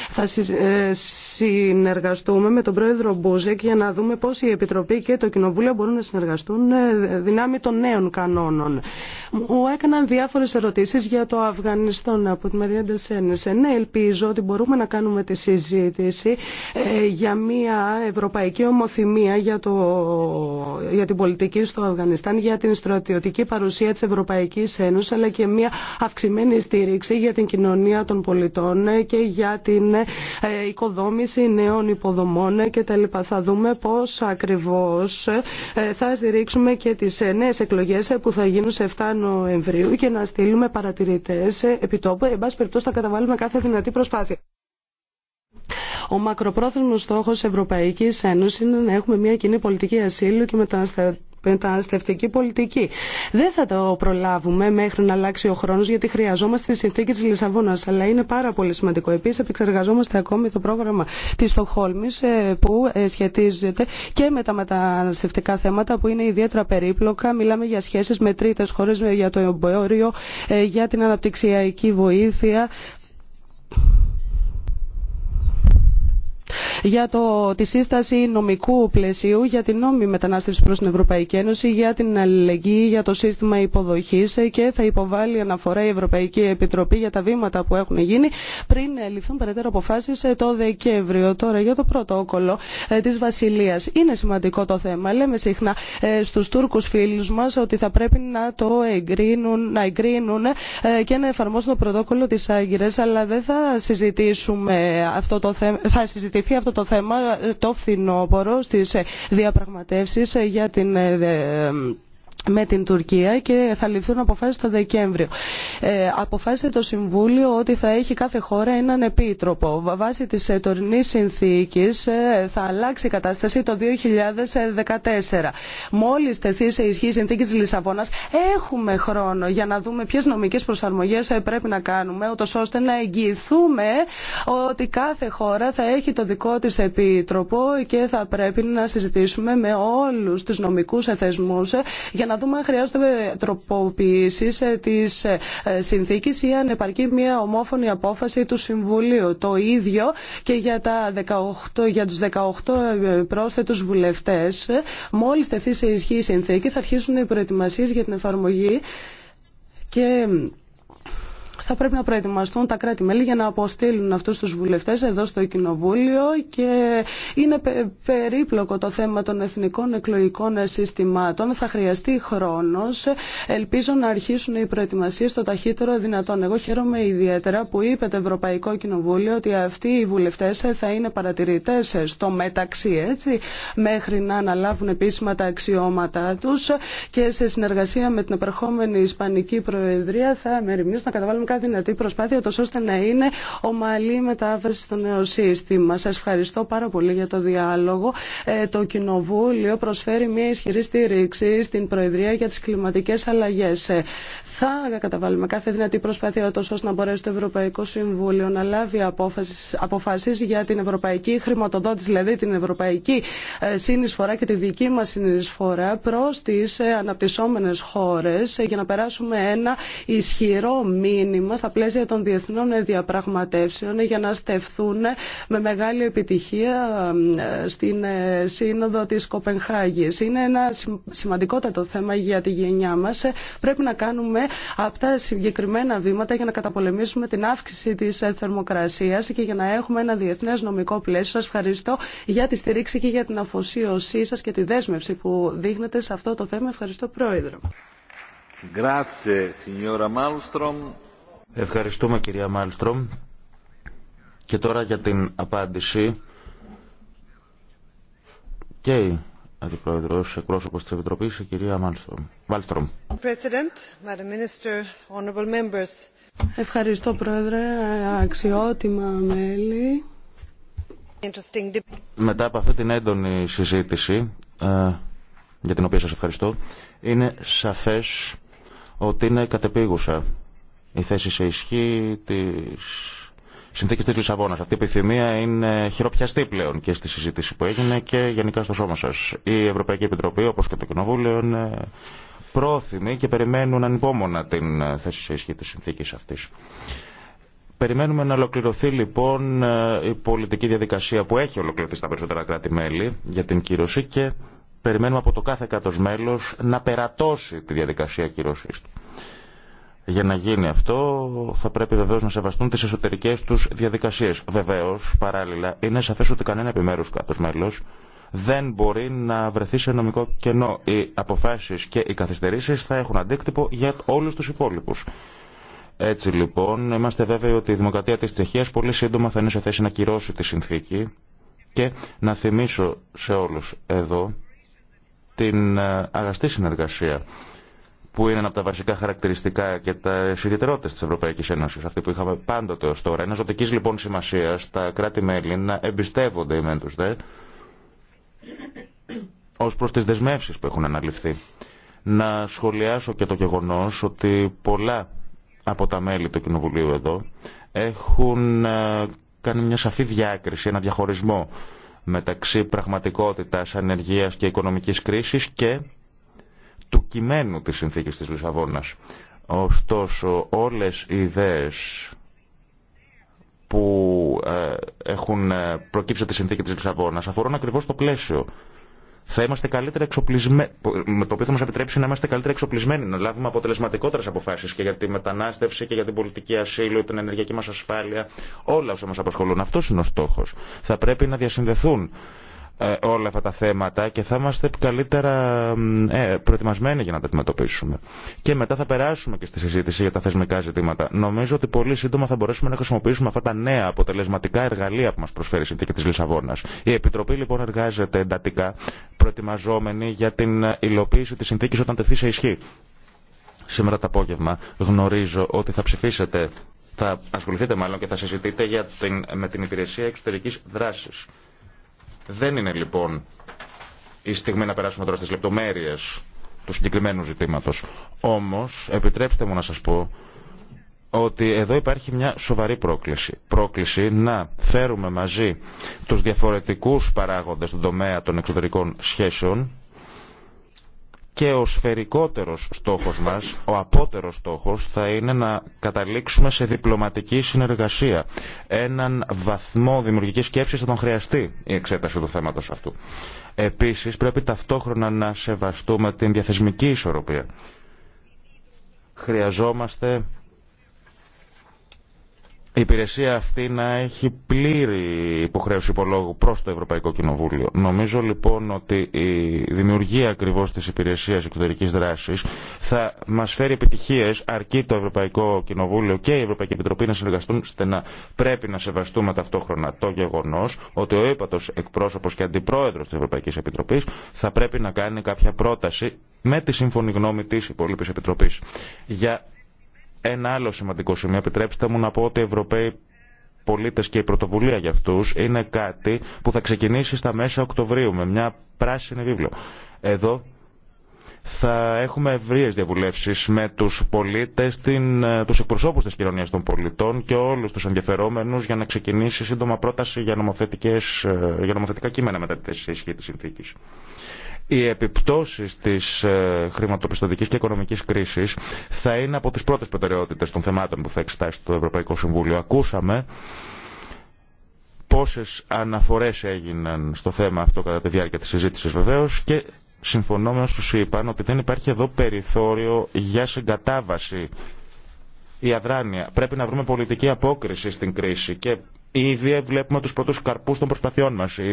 Θα ε, συνεργαστούμε με τον πρόεδρο Μπούζεκ για να δούμε πώς η Επιτροπή και το Κοινοβούλιο μπορούν να συνεργαστούν ε, δυνάμει των νέων κανόνων. Μου έκαναν διάφορες ερωτήσεις για το Αφγανιστόν από τη Μαρία Ντεσένισε. Ναι, ελπίζω ότι μπορούμε να κάνουμε τη συζήτηση ε, για μια ευρωπαϊκή ομοθυμία για, το, για την πολιτική στο Αφγανιστάν, για την στρατιωτική παρουσία παρουσία της Ευρωπαϊκής Ένωσης αλλά και μια αυξημένη στήριξη για την κοινωνία των πολιτών και για την ε, οικοδόμηση νέων υποδομών λοιπά. Θα δούμε πώς ακριβώς ε, θα στηρίξουμε και τις ε, νέες εκλογές που θα γίνουν σε 7 Νοεμβρίου και να στείλουμε παρατηρητές επιτόπου. Εν πάση περιπτώσει θα καταβάλουμε κάθε δυνατή προσπάθεια. Ο μακροπρόθεσμος στόχος Ευρωπαϊκής Ένωσης είναι να έχουμε μια κοινή πολιτική ασύλου και μεταναστευτική μεταναστευτική πολιτική. Δεν θα το προλάβουμε μέχρι να αλλάξει ο χρόνο, γιατί χρειαζόμαστε τη συνθήκη τη Λισαβόνα. Αλλά είναι πάρα πολύ σημαντικό. Επίση, επεξεργαζόμαστε ακόμη το πρόγραμμα τη Στοχόλμη, ε, που ε, σχετίζεται και με τα μεταναστευτικά θέματα, που είναι ιδιαίτερα περίπλοκα. Μιλάμε για σχέσει με τρίτε χώρε, για το εμπόριο, ε, για την αναπτυξιακή βοήθεια για τη σύσταση νομικού πλαισίου για την νόμιμη μετανάστευση προς την Ευρωπαϊκή Ένωση, για την αλληλεγγύη, για το σύστημα υποδοχής και θα υποβάλει αναφορά η Ευρωπαϊκή Επιτροπή για τα βήματα που έχουν γίνει πριν ληφθούν περαιτέρω αποφάσει ε, το Δεκέμβριο. Τώρα για το πρωτόκολλο ε, της Βασιλείας. Είναι σημαντικό το θέμα. Λέμε συχνά ε, στους Τούρκους φίλους μας ότι θα πρέπει να το εγκρίνουν, να εγκρίνουν και να εφαρμόσουν το πρωτόκολλο της Άγκυρες, αλλά δεν θα συζητήσουμε αυτό το θέμα. Θα συζητήσουμε τεθεί αυτό το θέμα το φθινόπωρο στις διαπραγματεύσεις ε, για την ε, ε, με την Τουρκία και θα ληφθούν αποφάσεις το Δεκέμβριο. Ε, αποφάσισε το Συμβούλιο ότι θα έχει κάθε χώρα έναν επίτροπο. Βάσει της ε, τωρινής συνθήκης ε, θα αλλάξει η κατάσταση το 2014. Μόλις τεθεί σε ισχύ η συνθήκη της Λισαβόνας έχουμε χρόνο για να δούμε ποιες νομικές προσαρμογές ε, πρέπει να κάνουμε ούτως ώστε να εγγυηθούμε ότι κάθε χώρα θα έχει το δικό της επίτροπο και θα πρέπει να συζητήσουμε με όλους τους νομικούς εθεσμούς ε, για να άτομα χρειάζονται τροποποιήσει ε, τη ε, συνθήκη ή αν επαρκεί μια ομόφωνη απόφαση του Συμβουλίου. Το ίδιο και για, τα 18, για τους 18 ε, πρόσθετους βουλευτές. Μόλις τεθεί σε ισχύ η συνθήκη θα αρχίσουν οι προετοιμασίες για την εφαρμογή και θα πρέπει να προετοιμαστούν τα κράτη-μέλη για να αποστείλουν αυτού του βουλευτέ εδώ στο Κοινοβούλιο και είναι περίπλοκο το θέμα των εθνικών εκλογικών συστημάτων. Θα χρειαστεί χρόνο. Ελπίζω να αρχίσουν οι προετοιμασίε το ταχύτερο δυνατόν. Εγώ χαίρομαι ιδιαίτερα που είπε το Ευρωπαϊκό Κοινοβούλιο ότι αυτοί οι βουλευτέ θα είναι παρατηρητέ στο μεταξύ έτσι, μέχρι να αναλάβουν επίσημα τα αξιώματά του και σε συνεργασία με την επερχόμενη Ισπανική Προεδρία θα μεριμνήσουν να καταβάλουν δυνατή προσπάθεια τόσο ώστε να είναι ομαλή η μετάβαση στο νέο σύστημα. Σας ευχαριστώ πάρα πολύ για το διάλογο. Ε, το Κοινοβούλιο προσφέρει μια ισχυρή στήριξη στην Προεδρία για τις κλιματικές αλλαγές. Ε, θα καταβάλουμε κάθε δυνατή προσπάθεια τόσο ώστε να μπορέσει το Ευρωπαϊκό Συμβούλιο να λάβει απόφασεις, για την ευρωπαϊκή χρηματοδότηση, δηλαδή την ευρωπαϊκή ε, συνεισφορά και τη δική μας συνεισφορά προς τις αναπτυσσόμενες χώρες για να περάσουμε ένα ισχυρό μήνυμα στα πλαίσια των διεθνών διαπραγματεύσεων για να στεφθούν με μεγάλη επιτυχία ε, στην ε, Σύνοδο τη Κοπενχάγη. Είναι ένα σημαντικότατο θέμα για τη γενιά μα. Πρέπει να κάνουμε αυτά συγκεκριμένα βήματα για να καταπολεμήσουμε την αύξηση τη ε, θερμοκρασία και για να έχουμε ένα διεθνέ νομικό πλαίσιο. Σα ευχαριστώ για τη στηρίξη και για την αφοσίωσή σα και τη δέσμευση που δείχνετε σε αυτό το θέμα. Ευχαριστώ, Πρόεδρο. Grazie, signora Malmström. Ευχαριστούμε κυρία Μάλστρομ. Και τώρα για την απάντηση και η Αντιπρόεδρος εκπρόσωπος της Επιτροπής, η κυρία Μάλστρομ. Ευχαριστώ Πρόεδρε, αξιότιμα μέλη. Μετά από αυτή την έντονη συζήτηση, ε, για την οποία σας ευχαριστώ, είναι σαφές ότι είναι κατεπίγουσα η θέση σε ισχύ της συνθήκης της Λισαβόνας. Αυτή η επιθυμία είναι χειροπιαστή πλέον και στη συζήτηση που έγινε και γενικά στο σώμα σας. Η Ευρωπαϊκή Επιτροπή όπως και το Κοινοβούλιο είναι πρόθυμη και περιμένουν ανυπόμονα την θέση σε ισχύ της συνθήκης αυτής. Περιμένουμε να ολοκληρωθεί λοιπόν η πολιτική διαδικασία που έχει ολοκληρωθεί στα περισσότερα κράτη-μέλη για την κύρωση και περιμένουμε από το κάθε κράτος μέλος να περατώσει τη διαδικασία κύρωσής του. Για να γίνει αυτό θα πρέπει βεβαίως να σεβαστούν τις εσωτερικές τους διαδικασίες. Βεβαίως, παράλληλα, είναι σαφές ότι κανένα επιμέρους κάτω μέλος δεν μπορεί να βρεθεί σε νομικό κενό. Οι αποφάσεις και οι καθυστερήσεις θα έχουν αντίκτυπο για όλους τους υπόλοιπους. Έτσι λοιπόν, είμαστε βέβαιοι ότι η Δημοκρατία της Τσεχίας πολύ σύντομα θα είναι σε θέση να κυρώσει τη συνθήκη και να θυμίσω σε όλους εδώ την ε, αγαστή συνεργασία που είναι ένα από τα βασικά χαρακτηριστικά και τα ιδιαιτερότητε τη Ευρωπαϊκή Ένωση, αυτή που είχαμε πάντοτε ω τώρα. Είναι ζωτική λοιπόν σημασία τα κράτη-μέλη να εμπιστεύονται οι μεν δε ω προ τι δεσμεύσει που έχουν αναλυφθεί. Να σχολιάσω και το γεγονό ότι πολλά από τα μέλη του Κοινοβουλίου εδώ έχουν ε, κάνει μια σαφή διάκριση, ένα διαχωρισμό μεταξύ πραγματικότητας ανεργίας και οικονομικής κρίσης και του κειμένου της συνθήκης της Λισαβόνας. Ωστόσο, όλες οι ιδέες που ε, έχουν ε, προκύψει από τη συνθήκη της Λισαβόνας αφορούν ακριβώς το πλαίσιο. Θα είμαστε καλύτερα εξοπλισμένοι, με το οποίο θα μα επιτρέψει να είμαστε καλύτερα εξοπλισμένοι, να λάβουμε αποτελεσματικότερε αποφάσει και για τη μετανάστευση και για την πολιτική ασύλου, την ενεργειακή μα ασφάλεια, όλα όσα μα απασχολούν. Αυτό είναι ο στόχο. Θα πρέπει να διασυνδεθούν ε, όλα αυτά τα θέματα και θα είμαστε καλύτερα ε, προετοιμασμένοι για να τα αντιμετωπίσουμε. Και μετά θα περάσουμε και στη συζήτηση για τα θεσμικά ζητήματα. Νομίζω ότι πολύ σύντομα θα μπορέσουμε να χρησιμοποιήσουμε αυτά τα νέα αποτελεσματικά εργαλεία που μα προσφέρει η συνθήκη τη Λισαβόνα. Η Επιτροπή λοιπόν εργάζεται εντατικά προετοιμαζόμενη για την υλοποίηση τη συνθήκη όταν τεθεί σε ισχύ. Σήμερα το απόγευμα γνωρίζω ότι θα ψηφίσετε θα ασχοληθείτε μάλλον και θα συζητείτε για την, με την υπηρεσία εξωτερικής δράσης. Δεν είναι λοιπόν η στιγμή να περάσουμε τώρα στις λεπτομέρειες του συγκεκριμένου ζητήματος. Όμως, επιτρέψτε μου να σας πω ότι εδώ υπάρχει μια σοβαρή πρόκληση. Πρόκληση να φέρουμε μαζί τους διαφορετικούς παράγοντες στον τομέα των εξωτερικών σχέσεων και ο σφαιρικότερος στόχος μας, ο απότερος στόχος, θα είναι να καταλήξουμε σε διπλωματική συνεργασία. Έναν βαθμό δημιουργικής σκέψης θα τον χρειαστεί η εξέταση του θέματος αυτού. Επίσης πρέπει ταυτόχρονα να σεβαστούμε την διαθεσμική ισορροπία. Χρειαζόμαστε η υπηρεσία αυτή να έχει πλήρη υποχρέωση υπολόγου προς το Ευρωπαϊκό Κοινοβούλιο. Νομίζω λοιπόν ότι η δημιουργία ακριβώς της υπηρεσίας εξωτερικής δράσης θα μας φέρει επιτυχίες αρκεί το Ευρωπαϊκό Κοινοβούλιο και η Ευρωπαϊκή Επιτροπή να συνεργαστούν στενά. Πρέπει να σεβαστούμε ταυτόχρονα το γεγονός ότι ο ύπατος εκπρόσωπος και αντιπρόεδρος της Ευρωπαϊκής Επιτροπής θα πρέπει να κάνει κάποια πρόταση με τη σύμφωνη γνώμη τη υπόλοιπη Επιτροπής για ένα άλλο σημαντικό σημείο, επιτρέψτε μου να πω ότι οι Ευρωπαίοι πολίτε και η πρωτοβουλία για αυτού είναι κάτι που θα ξεκινήσει στα μέσα Οκτωβρίου με μια πράσινη βίβλο. Εδώ θα έχουμε ευρείε διαβουλεύσει με του πολίτε, ε, του εκπροσώπους τη κοινωνία των πολιτών και όλου του ενδιαφερόμενου για να ξεκινήσει σύντομα πρόταση ε, για, νομοθετικά κείμενα μετά τη θέση ισχύ τη συνθήκη οι επιπτώσεις της ε, χρηματοπιστωτικής και οικονομικής κρίσης θα είναι από τις πρώτες προτεραιότητες των θεμάτων που θα εξετάσει το Ευρωπαϊκό Συμβούλιο. Ακούσαμε πόσες αναφορές έγιναν στο θέμα αυτό κατά τη διάρκεια της συζήτησης βεβαίως και συμφωνώ με όσους είπαν ότι δεν υπάρχει εδώ περιθώριο για συγκατάβαση η αδράνεια. Πρέπει να βρούμε πολιτική απόκριση στην κρίση και Ήδη βλέπουμε του πρώτου καρπού των προσπαθειών μα. Οι,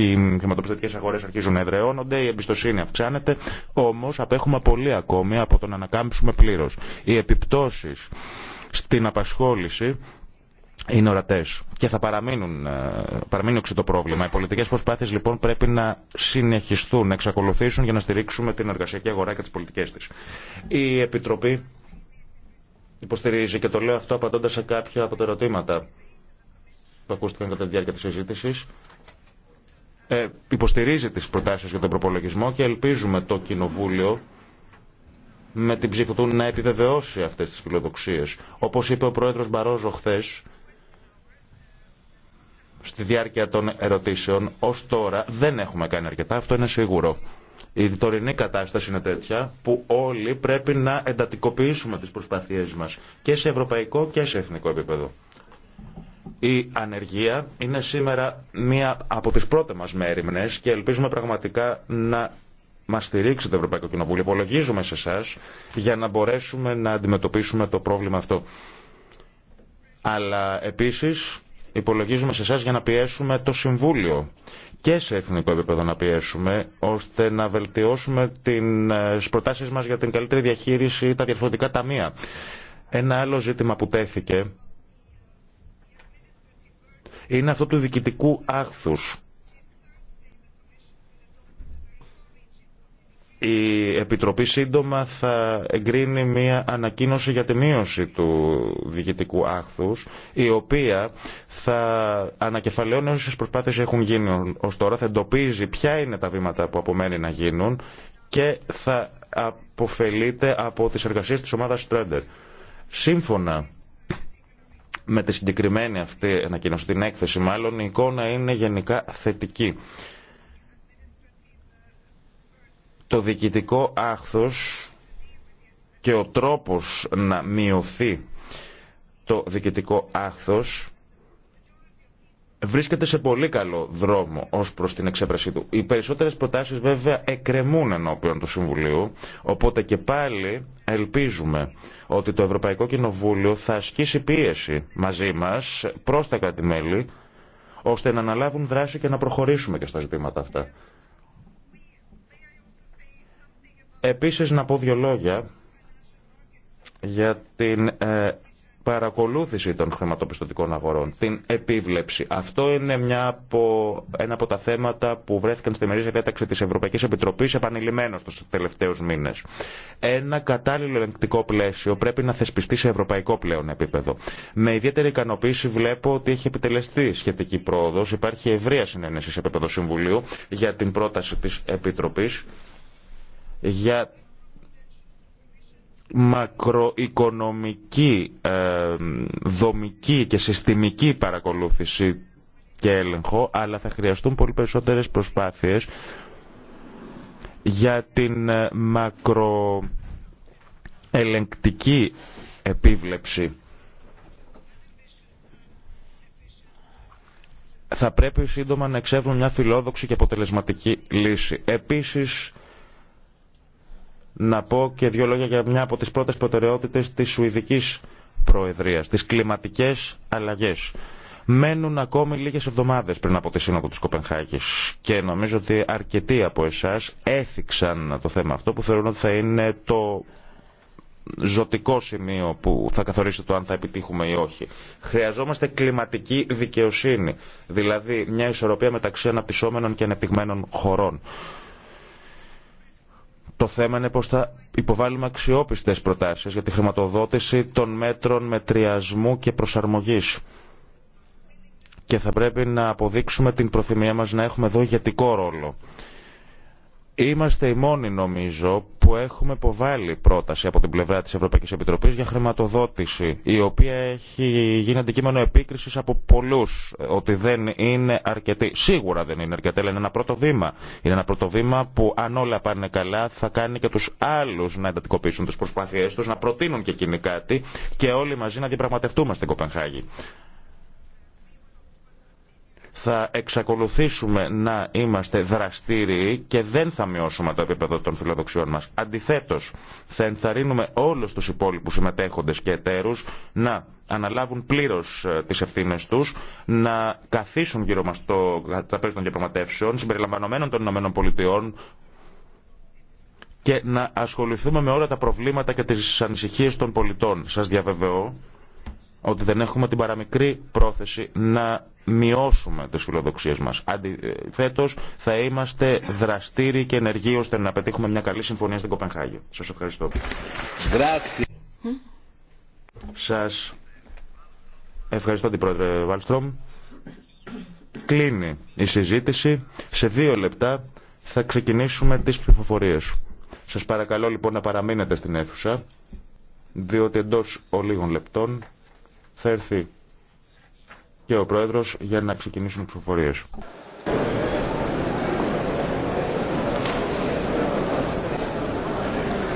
οι χρηματοπιστωτικέ αγορέ αρχίζουν να εδρεώνονται, η εμπιστοσύνη αυξάνεται, όμω απέχουμε πολύ ακόμη από το να ανακάμψουμε πλήρω. Οι επιπτώσει στην απασχόληση είναι ορατέ και θα παραμείνουν, ε, παραμείνει οξύ το πρόβλημα. Οι πολιτικέ προσπάθειε λοιπόν πρέπει να συνεχιστούν, να εξακολουθήσουν για να στηρίξουμε την εργασιακή αγορά και τι πολιτικέ τη. Η Επιτροπή υποστηρίζει και το λέω αυτό απαντώντα σε κάποια από τα ερωτήματα που ακούστηκαν κατά τη διάρκεια τη συζήτηση ε, υποστηρίζει τις προτάσεις για τον προπολογισμό και ελπίζουμε το Κοινοβούλιο με την ψήφο του να επιβεβαιώσει αυτές τις φιλοδοξίες. Όπως είπε ο Πρόεδρος Μπαρόζο χθε, στη διάρκεια των ερωτήσεων, ως τώρα δεν έχουμε κάνει αρκετά, αυτό είναι σίγουρο. Η τωρινή κατάσταση είναι τέτοια που όλοι πρέπει να εντατικοποιήσουμε τις προσπαθίες μας και σε ευρωπαϊκό και σε εθνικό επίπεδο. Η ανεργία είναι σήμερα μία από τις πρώτες μας μέρημνες και ελπίζουμε πραγματικά να μας στηρίξει το Ευρωπαϊκό Κοινοβούλιο. Υπολογίζουμε σε εσά για να μπορέσουμε να αντιμετωπίσουμε το πρόβλημα αυτό. Αλλά επίσης υπολογίζουμε σε εσά για να πιέσουμε το Συμβούλιο και σε εθνικό επίπεδο να πιέσουμε, ώστε να βελτιώσουμε ε, τις προτάσεις μας για την καλύτερη διαχείριση τα διαφορετικά ταμεία. Ένα άλλο ζήτημα που τέθηκε είναι αυτό του διοικητικού άχθους. Η Επιτροπή σύντομα θα εγκρίνει μία ανακοίνωση για τη μείωση του διοικητικού άχθους, η οποία θα ανακεφαλαιώνει όσες προσπάθειες έχουν γίνει ως τώρα, θα εντοπίζει ποια είναι τα βήματα που απομένει να γίνουν και θα αποφελείται από τις εργασίες της ομάδας Τρέντερ. Σύμφωνα με τη συγκεκριμένη αυτή ανακοίνωση, την έκθεση μάλλον, η εικόνα είναι γενικά θετική. Το διοικητικό άχθος και ο τρόπος να μειωθεί το διοικητικό άχθος βρίσκεται σε πολύ καλό δρόμο ω προ την εξέπρασή του. Οι περισσότερε προτάσει βέβαια εκκρεμούν ενώπιον του Συμβουλίου, οπότε και πάλι ελπίζουμε ότι το Ευρωπαϊκό Κοινοβούλιο θα ασκήσει πίεση μαζί μα προ τα κράτη-μέλη, ώστε να αναλάβουν δράση και να προχωρήσουμε και στα ζητήματα αυτά. Επίσης να πω δύο λόγια για την ε, παρακολούθηση των χρηματοπιστωτικών αγορών, την επίβλεψη. Αυτό είναι μια από, ένα από τα θέματα που βρέθηκαν στη μερίσια διάταξη τη Ευρωπαϊκή Επιτροπή επανειλημμένω του τελευταίου μήνε. Ένα κατάλληλο ελεγκτικό πλαίσιο πρέπει να θεσπιστεί σε ευρωπαϊκό πλέον επίπεδο. Με ιδιαίτερη ικανοποίηση βλέπω ότι έχει επιτελεστεί σχετική πρόοδο. Υπάρχει ευρεία συνένεση σε επίπεδο Συμβουλίου για την πρόταση τη Επιτροπή για μακροοικονομική, ε, δομική και συστημική παρακολούθηση και έλεγχο, αλλά θα χρειαστούν πολύ περισσότερες προσπάθειες για την ε, μακροελεγκτική επίβλεψη. Θα πρέπει σύντομα να εξεύρουν μια φιλόδοξη και αποτελεσματική λύση. Επίσης, να πω και δύο λόγια για μια από τις πρώτες προτεραιότητες της Σουηδικής Προεδρίας, τις κλιματικές αλλαγές. Μένουν ακόμη λίγες εβδομάδες πριν από τη Σύνοδο της Κοπενχάγης και νομίζω ότι αρκετοί από εσάς έθιξαν το θέμα αυτό που θεωρούν ότι θα είναι το ζωτικό σημείο που θα καθορίσει το αν θα επιτύχουμε ή όχι. Χρειαζόμαστε κλιματική δικαιοσύνη, δηλαδή μια ισορροπία μεταξύ αναπτυσσόμενων και ανεπτυγμένων χωρών. Το θέμα είναι πώς θα υποβάλουμε αξιόπιστες προτάσεις για τη χρηματοδότηση των μέτρων μετριασμού και προσαρμογής. Και θα πρέπει να αποδείξουμε την προθυμία μας να έχουμε εδώ ηγετικό ρόλο. Είμαστε οι μόνοι νομίζω που έχουμε υποβάλει πρόταση από την πλευρά της Ευρωπαϊκής Επιτροπής για χρηματοδότηση η οποία έχει γίνει αντικείμενο επίκριση από πολλούς ότι δεν είναι αρκετή. Σίγουρα δεν είναι αρκετή, αλλά είναι ένα πρώτο βήμα. Είναι ένα πρώτο βήμα που αν όλα πάνε καλά θα κάνει και τους άλλους να εντατικοποιήσουν τι προσπάθειέ του, να προτείνουν και εκείνοι κάτι και όλοι μαζί να διαπραγματευτούμε στην Κοπενχάγη θα εξακολουθήσουμε να είμαστε δραστήριοι και δεν θα μειώσουμε το επίπεδο των φιλοδοξιών μας. Αντιθέτως, θα ενθαρρύνουμε όλους τους υπόλοιπους συμμετέχοντες και εταίρους να αναλάβουν πλήρως ε, τις ευθύνες τους, να καθίσουν γύρω μας το τραπέζι των διαπραγματεύσεων, συμπεριλαμβανομένων των ΗΠΑ, και να ασχοληθούμε με όλα τα προβλήματα και τις ανησυχίες των πολιτών. Σας διαβεβαιώ ότι δεν έχουμε την παραμικρή πρόθεση να μειώσουμε τις φιλοδοξίες μας. Αντιθέτως θα είμαστε δραστήριοι και ενεργοί ώστε να πετύχουμε μια καλή συμφωνία στην Κοπενχάγη. Σας ευχαριστώ. Σας ευχαριστώ την πρόεδρε Βάλστρομ. Κλείνει η συζήτηση. Σε δύο λεπτά θα ξεκινήσουμε τις ψηφοφορίες. Σας παρακαλώ λοιπόν να παραμείνετε στην αίθουσα, διότι εντός ολίγων λεπτών θα έρθει και ο Πρόεδρος για να ξεκινήσουν οι ψηφοφορίες.